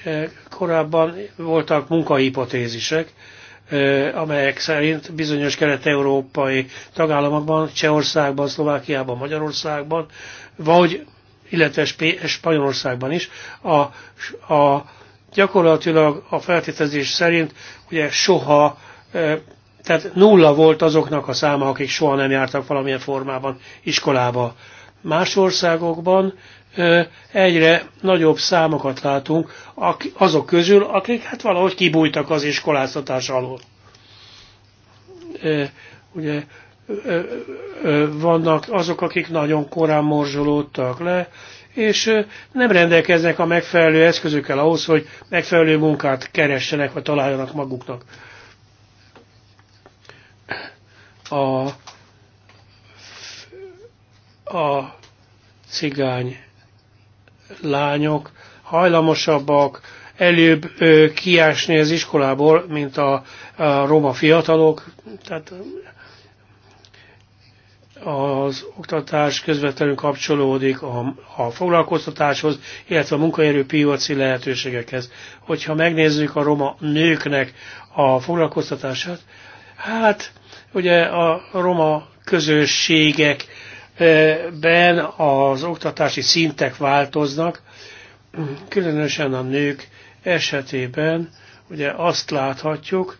Ugye korábban voltak munkahipotézisek, amelyek szerint bizonyos kelet-európai tagállamokban, Csehországban, Szlovákiában, Magyarországban, vagy illetve Spanyolországban is a, a gyakorlatilag a feltételezés szerint ugye soha, tehát nulla volt azoknak a száma, akik soha nem jártak valamilyen formában iskolába. Más országokban egyre nagyobb számokat látunk azok közül, akik hát valahogy kibújtak az iskoláztatás alól. Ugye vannak azok, akik nagyon korán morzsolódtak le, és nem rendelkeznek a megfelelő eszközökkel ahhoz, hogy megfelelő munkát keressenek, vagy találjanak maguknak. A, a cigány lányok hajlamosabbak előbb kiásni az iskolából, mint a, a roma fiatalok. Tehát az oktatás közvetlenül kapcsolódik a, a foglalkoztatáshoz, illetve a munkaerőpiaci lehetőségekhez. Hogyha megnézzük a roma nőknek a foglalkoztatását, hát ugye a roma közösségek ben az oktatási szintek változnak, különösen a nők esetében ugye azt láthatjuk,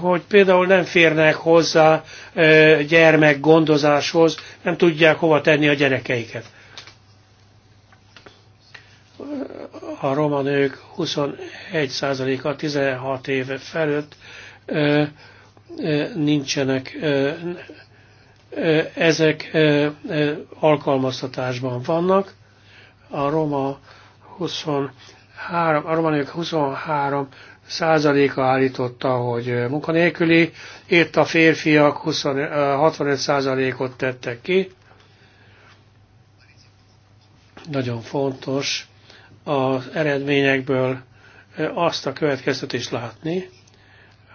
hogy például nem férnek hozzá gyermekgondozáshoz, nem tudják hova tenni a gyerekeiket. A roma nők 21%-a 16 éve felett nincsenek, ezek alkalmaztatásban vannak. A roma 23, a romanők 23 százaléka állította, hogy munkanélküli, itt a férfiak 20, 65 százalékot tettek ki. Nagyon fontos az eredményekből azt a következtetést látni,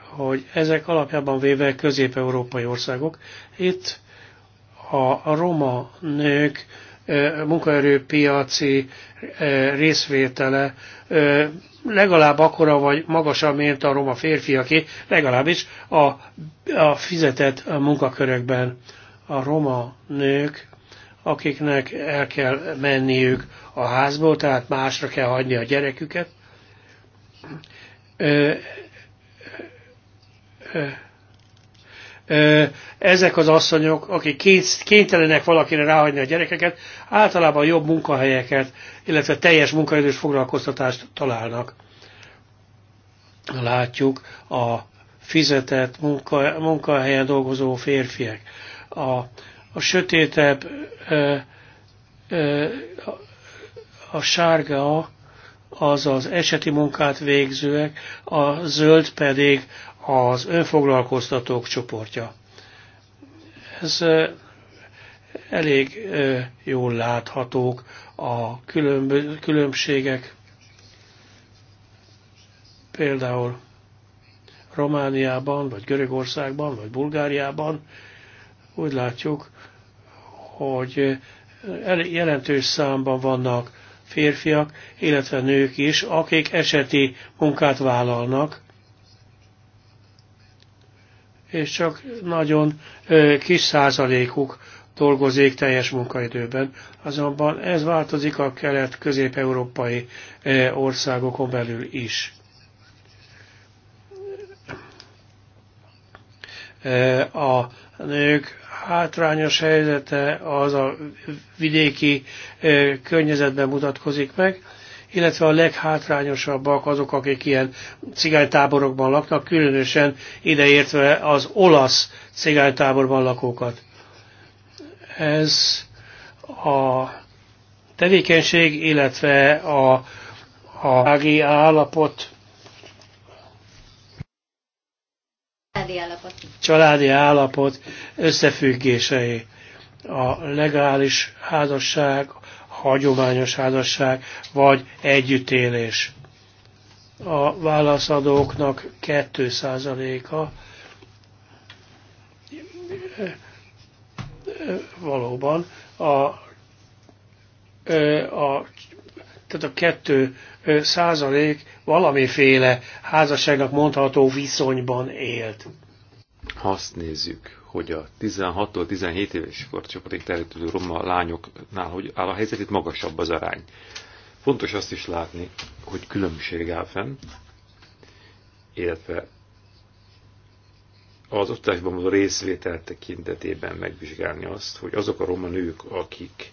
hogy ezek alapjában véve közép-európai országok. Itt a roma nők munkaerőpiaci részvétele legalább akkora vagy magasabb, mint a roma férfiaké, legalábbis a, a fizetett munkakörökben a roma nők, akiknek el kell menniük a házból, tehát másra kell hagyni a gyereküket. Ö, ö, ö, ezek az asszonyok, akik kénytelenek valakire ráhagyni a gyerekeket, általában jobb munkahelyeket, illetve teljes munkaidős foglalkoztatást találnak. Látjuk a fizetett munka, munkahelyen dolgozó férfiak. A, a sötétebb, ö, ö, a sárga az az eseti munkát végzőek, a zöld pedig az önfoglalkoztatók csoportja. Ez elég jól láthatók a különbségek. Például Romániában, vagy Görögországban, vagy Bulgáriában úgy látjuk, hogy jelentős számban vannak férfiak, illetve nők is, akik eseti munkát vállalnak, és csak nagyon kis százalékuk dolgozik teljes munkaidőben. Azonban ez változik a kelet-közép-európai országokon belül is. A nők hátrányos helyzete az a vidéki környezetben mutatkozik meg, illetve a leghátrányosabbak azok, akik ilyen cigánytáborokban laknak, különösen ideértve az olasz cigánytáborban lakókat. Ez a tevékenység, illetve a, a ági állapot családi állapot. családi állapot összefüggései. A legális házasság, hagyományos házasság vagy együttélés. A válaszadóknak 2%-a e, e, valóban a, e, a, tehát a kettő százalék valamiféle házasságnak mondható viszonyban élt. Azt nézzük, hogy a 16-tól 17 éves korcsoportig terjedő roma lányoknál hogy áll a helyzet, itt magasabb az arány. Fontos azt is látni, hogy különbség áll fenn, illetve az oktatásban való részvétel tekintetében megvizsgálni azt, hogy azok a roma nők, akik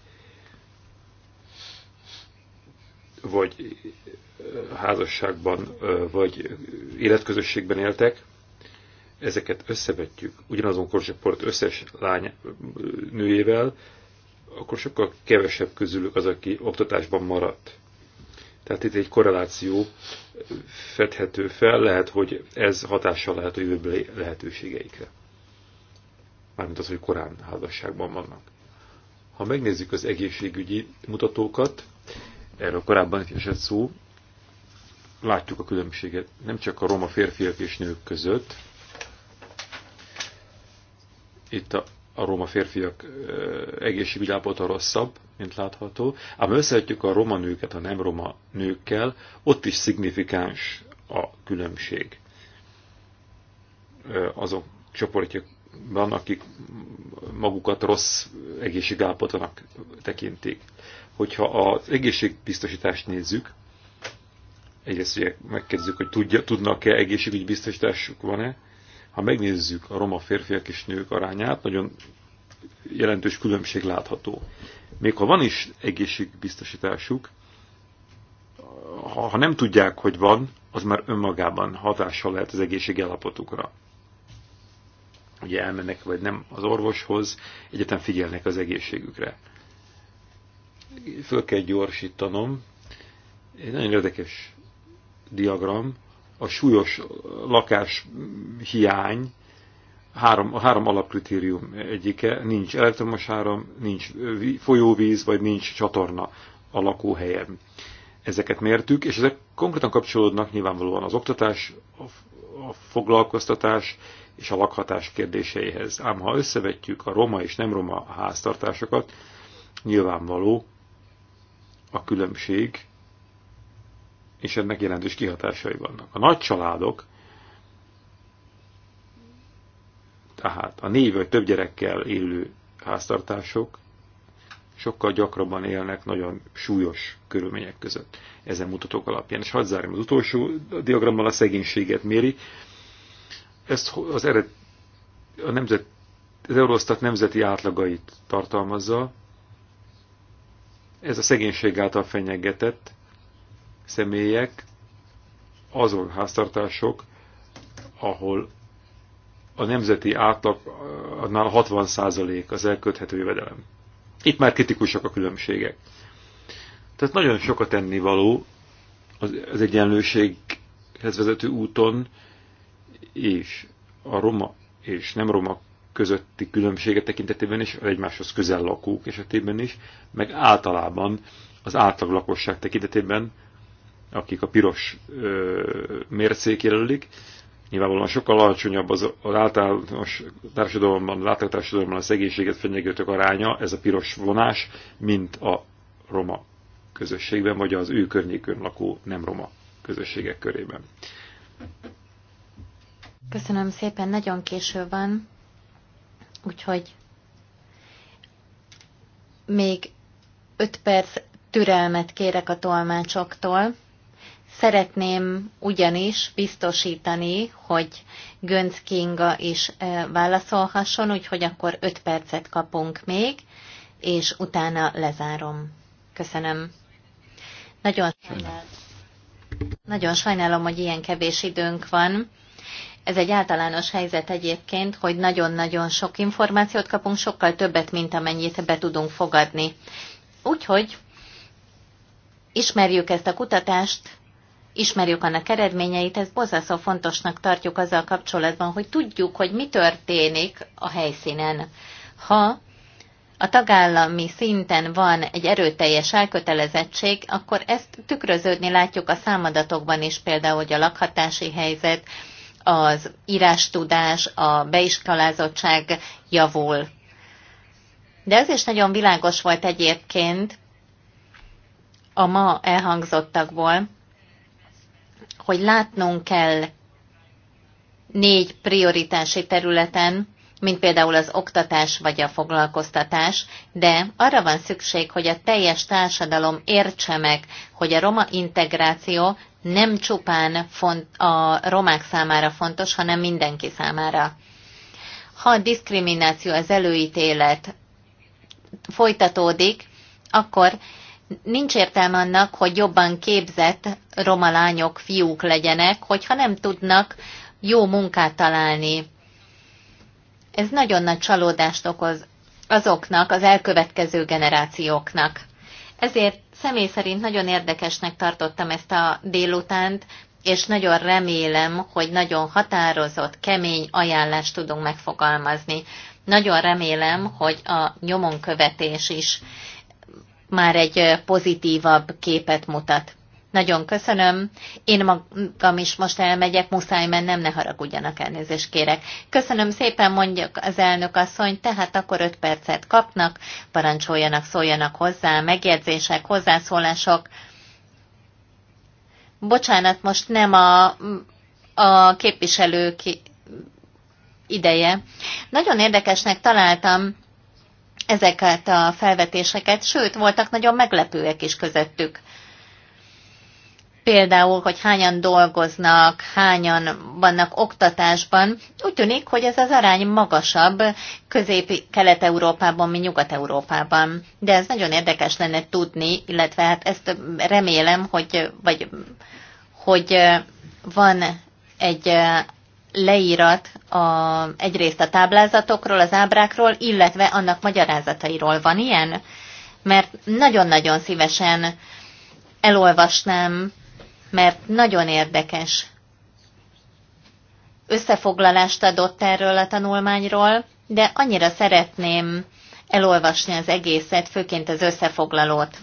vagy házasságban, vagy életközösségben éltek, ezeket összevetjük ugyanazon korcsoport összes lány nőjével, akkor sokkal kevesebb közülük az, aki oktatásban maradt. Tehát itt egy korreláció fedhető fel, lehet, hogy ez hatással lehet a jövőbeli lehetőségeikre. Mármint az, hogy korán házasságban vannak. Ha megnézzük az egészségügyi mutatókat, erről korábban is esett szó, látjuk a különbséget nem csak a roma férfiak és nők között, itt a, a roma férfiak egészségügyi állapota rosszabb, mint látható, ám összehetjük a roma nőket a nem roma nőkkel, ott is szignifikáns a különbség. Azok van, akik magukat rossz egészségállapotanak tekintik. Hogyha az egészségbiztosítást nézzük, egyrészt ugye megkezdjük, hogy tudja, tudnak-e egészségügyi biztosításuk van-e, ha megnézzük a roma férfiak és nők arányát, nagyon jelentős különbség látható. Még ha van is egészségbiztosításuk, ha nem tudják, hogy van, az már önmagában hatással lehet az állapotukra. Ugye elmennek, vagy nem az orvoshoz, egyetem figyelnek az egészségükre. Föl kell gyorsítanom. Egy nagyon érdekes diagram, a súlyos lakáshiány három, a három alapkritérium egyike, nincs elektromos áram, nincs folyóvíz, vagy nincs csatorna a lakóhelyen. Ezeket mértük, és ezek konkrétan kapcsolódnak nyilvánvalóan az oktatás, a foglalkoztatás és a lakhatás kérdéseihez. Ám ha összevetjük a roma és nem roma háztartásokat, nyilvánvaló a különbség és ennek jelentős kihatásai vannak. A nagy családok, tehát a négy vagy több gyerekkel élő háztartások sokkal gyakrabban élnek nagyon súlyos körülmények között ezen mutatók alapján. És hadd zárjam, az utolsó diagrammal a szegénységet méri. Ezt az ered, a nemzet, az Eurostat nemzeti átlagait tartalmazza. Ez a szegénység által fenyegetett személyek azon háztartások, ahol a nemzeti átlag, annál 60% az elköthető jövedelem. Itt már kritikusak a különbségek. Tehát nagyon sokat tennivaló az, az egyenlőséghez vezető úton, és a roma és nem roma közötti különbséget tekintetében is, egymáshoz közel lakók esetében is, meg általában az átlag lakosság tekintetében akik a piros ö, mércék jelölik. Nyilvánvalóan sokkal alacsonyabb az, az általános társadalomban, az általános társadalomban a szegénységet fenyegetők aránya, ez a piros vonás, mint a roma közösségben, vagy az ő környékön lakó nem roma közösségek körében. Köszönöm szépen, nagyon késő van, úgyhogy még öt perc türelmet kérek a tolmácsoktól. Szeretném ugyanis biztosítani, hogy Gönc Kinga is e, válaszolhasson, úgyhogy akkor 5 percet kapunk még, és utána lezárom. Köszönöm. Nagyon sajnálom, nagyon sajnálom hogy ilyen kevés időnk van. Ez egy általános helyzet egyébként, hogy nagyon-nagyon sok információt kapunk, sokkal többet, mint amennyit be tudunk fogadni. Úgyhogy ismerjük ezt a kutatást, ismerjük annak eredményeit, ez borzasztó fontosnak tartjuk azzal kapcsolatban, hogy tudjuk, hogy mi történik a helyszínen. Ha a tagállami szinten van egy erőteljes elkötelezettség, akkor ezt tükröződni látjuk a számadatokban is, például, hogy a lakhatási helyzet, az írástudás, a beiskolázottság javul. De ez is nagyon világos volt egyébként a ma elhangzottakból, hogy látnunk kell négy prioritási területen, mint például az oktatás vagy a foglalkoztatás, de arra van szükség, hogy a teljes társadalom értse meg, hogy a roma integráció nem csupán font, a romák számára fontos, hanem mindenki számára. Ha a diszkrimináció, az előítélet folytatódik, akkor nincs értelme annak, hogy jobban képzett roma lányok, fiúk legyenek, hogyha nem tudnak jó munkát találni. Ez nagyon nagy csalódást okoz azoknak, az elkövetkező generációknak. Ezért személy szerint nagyon érdekesnek tartottam ezt a délutánt, és nagyon remélem, hogy nagyon határozott, kemény ajánlást tudunk megfogalmazni. Nagyon remélem, hogy a nyomonkövetés is már egy pozitívabb képet mutat. Nagyon köszönöm. Én magam is most elmegyek, muszáj mennem, ne haragudjanak, elnézést kérek. Köszönöm szépen, mondjuk az elnök asszony, tehát akkor öt percet kapnak, parancsoljanak, szóljanak hozzá, megjegyzések, hozzászólások. Bocsánat, most nem a, a képviselők ideje. Nagyon érdekesnek találtam ezeket a felvetéseket, sőt, voltak nagyon meglepőek is közöttük. Például, hogy hányan dolgoznak, hányan vannak oktatásban, úgy tűnik, hogy ez az arány magasabb közép-kelet-európában, mint nyugat-európában. De ez nagyon érdekes lenne tudni, illetve hát ezt remélem, hogy, vagy, hogy van egy leírat a, egyrészt a táblázatokról, az ábrákról, illetve annak magyarázatairól. Van ilyen? Mert nagyon-nagyon szívesen elolvasnám, mert nagyon érdekes összefoglalást adott erről a tanulmányról, de annyira szeretném elolvasni az egészet, főként az összefoglalót.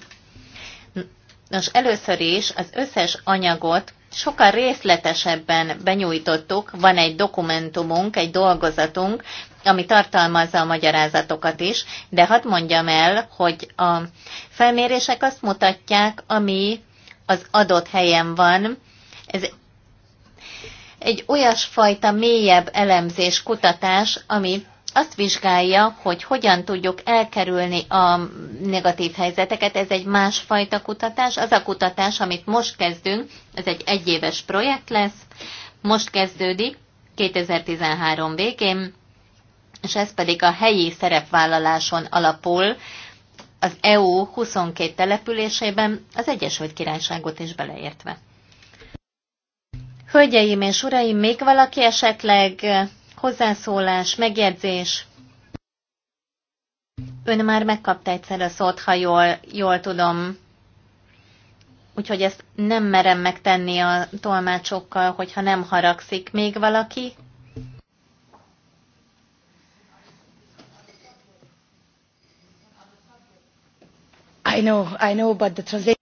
Nos, először is az összes anyagot sokkal részletesebben benyújtottuk, van egy dokumentumunk, egy dolgozatunk, ami tartalmazza a magyarázatokat is, de hadd mondjam el, hogy a felmérések azt mutatják, ami az adott helyen van. Ez egy olyasfajta mélyebb elemzés, kutatás, ami azt vizsgálja, hogy hogyan tudjuk elkerülni a negatív helyzeteket. Ez egy másfajta kutatás. Az a kutatás, amit most kezdünk, ez egy egyéves projekt lesz, most kezdődik, 2013 végén, és ez pedig a helyi szerepvállaláson alapul az EU 22 településében, az Egyesült Királyságot is beleértve. Hölgyeim és uraim, még valaki esetleg hozzászólás, megjegyzés. Ön már megkapta egyszer a szót, ha jól, jól tudom. Úgyhogy ezt nem merem megtenni a tolmácsokkal, hogyha nem haragszik még valaki. I know, I know, but the translation...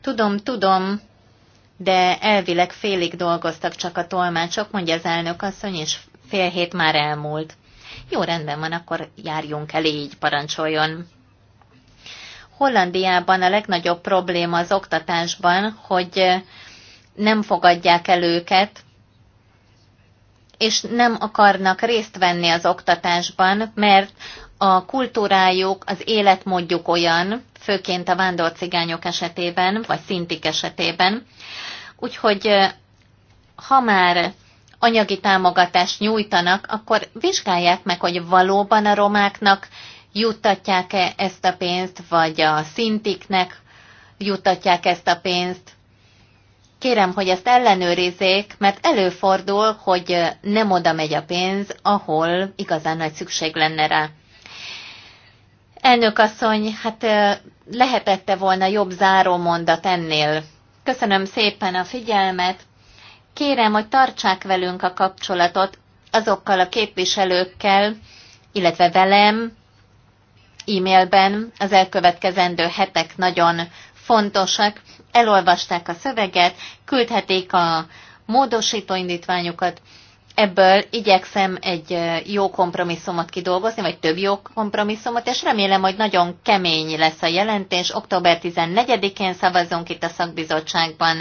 Tudom, tudom, de elvileg félig dolgoztak csak a tolmácsok, mondja az elnök asszony, és fél hét már elmúlt. Jó, rendben van, akkor járjunk el így, parancsoljon. Hollandiában a legnagyobb probléma az oktatásban, hogy eh, nem fogadják el őket, és nem akarnak részt venni az oktatásban, mert a kultúrájuk, az életmódjuk olyan, főként a vándorcigányok esetében, vagy szintik esetében, úgyhogy eh, ha már anyagi támogatást nyújtanak, akkor vizsgálják meg, hogy valóban a romáknak juttatják-e ezt a pénzt, vagy a szintiknek juttatják ezt a pénzt. Kérem, hogy ezt ellenőrizzék, mert előfordul, hogy nem oda megy a pénz, ahol igazán nagy szükség lenne rá. Elnök asszony, hát lehetette volna jobb záró mondat ennél. Köszönöm szépen a figyelmet, Kérem, hogy tartsák velünk a kapcsolatot azokkal a képviselőkkel, illetve velem e-mailben az elkövetkezendő hetek nagyon fontosak. Elolvasták a szöveget, küldhetik a módosító indítványukat. Ebből igyekszem egy jó kompromisszumot kidolgozni, vagy több jó kompromisszumot, és remélem, hogy nagyon kemény lesz a jelentés. Október 14-én szavazunk itt a szakbizottságban.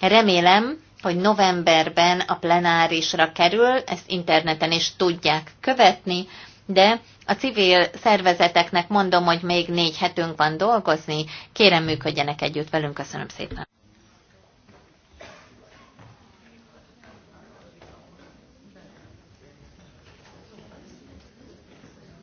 Remélem, hogy novemberben a plenárisra kerül, ezt interneten is tudják követni, de a civil szervezeteknek mondom, hogy még négy hetünk van dolgozni, kérem működjenek együtt velünk, köszönöm szépen.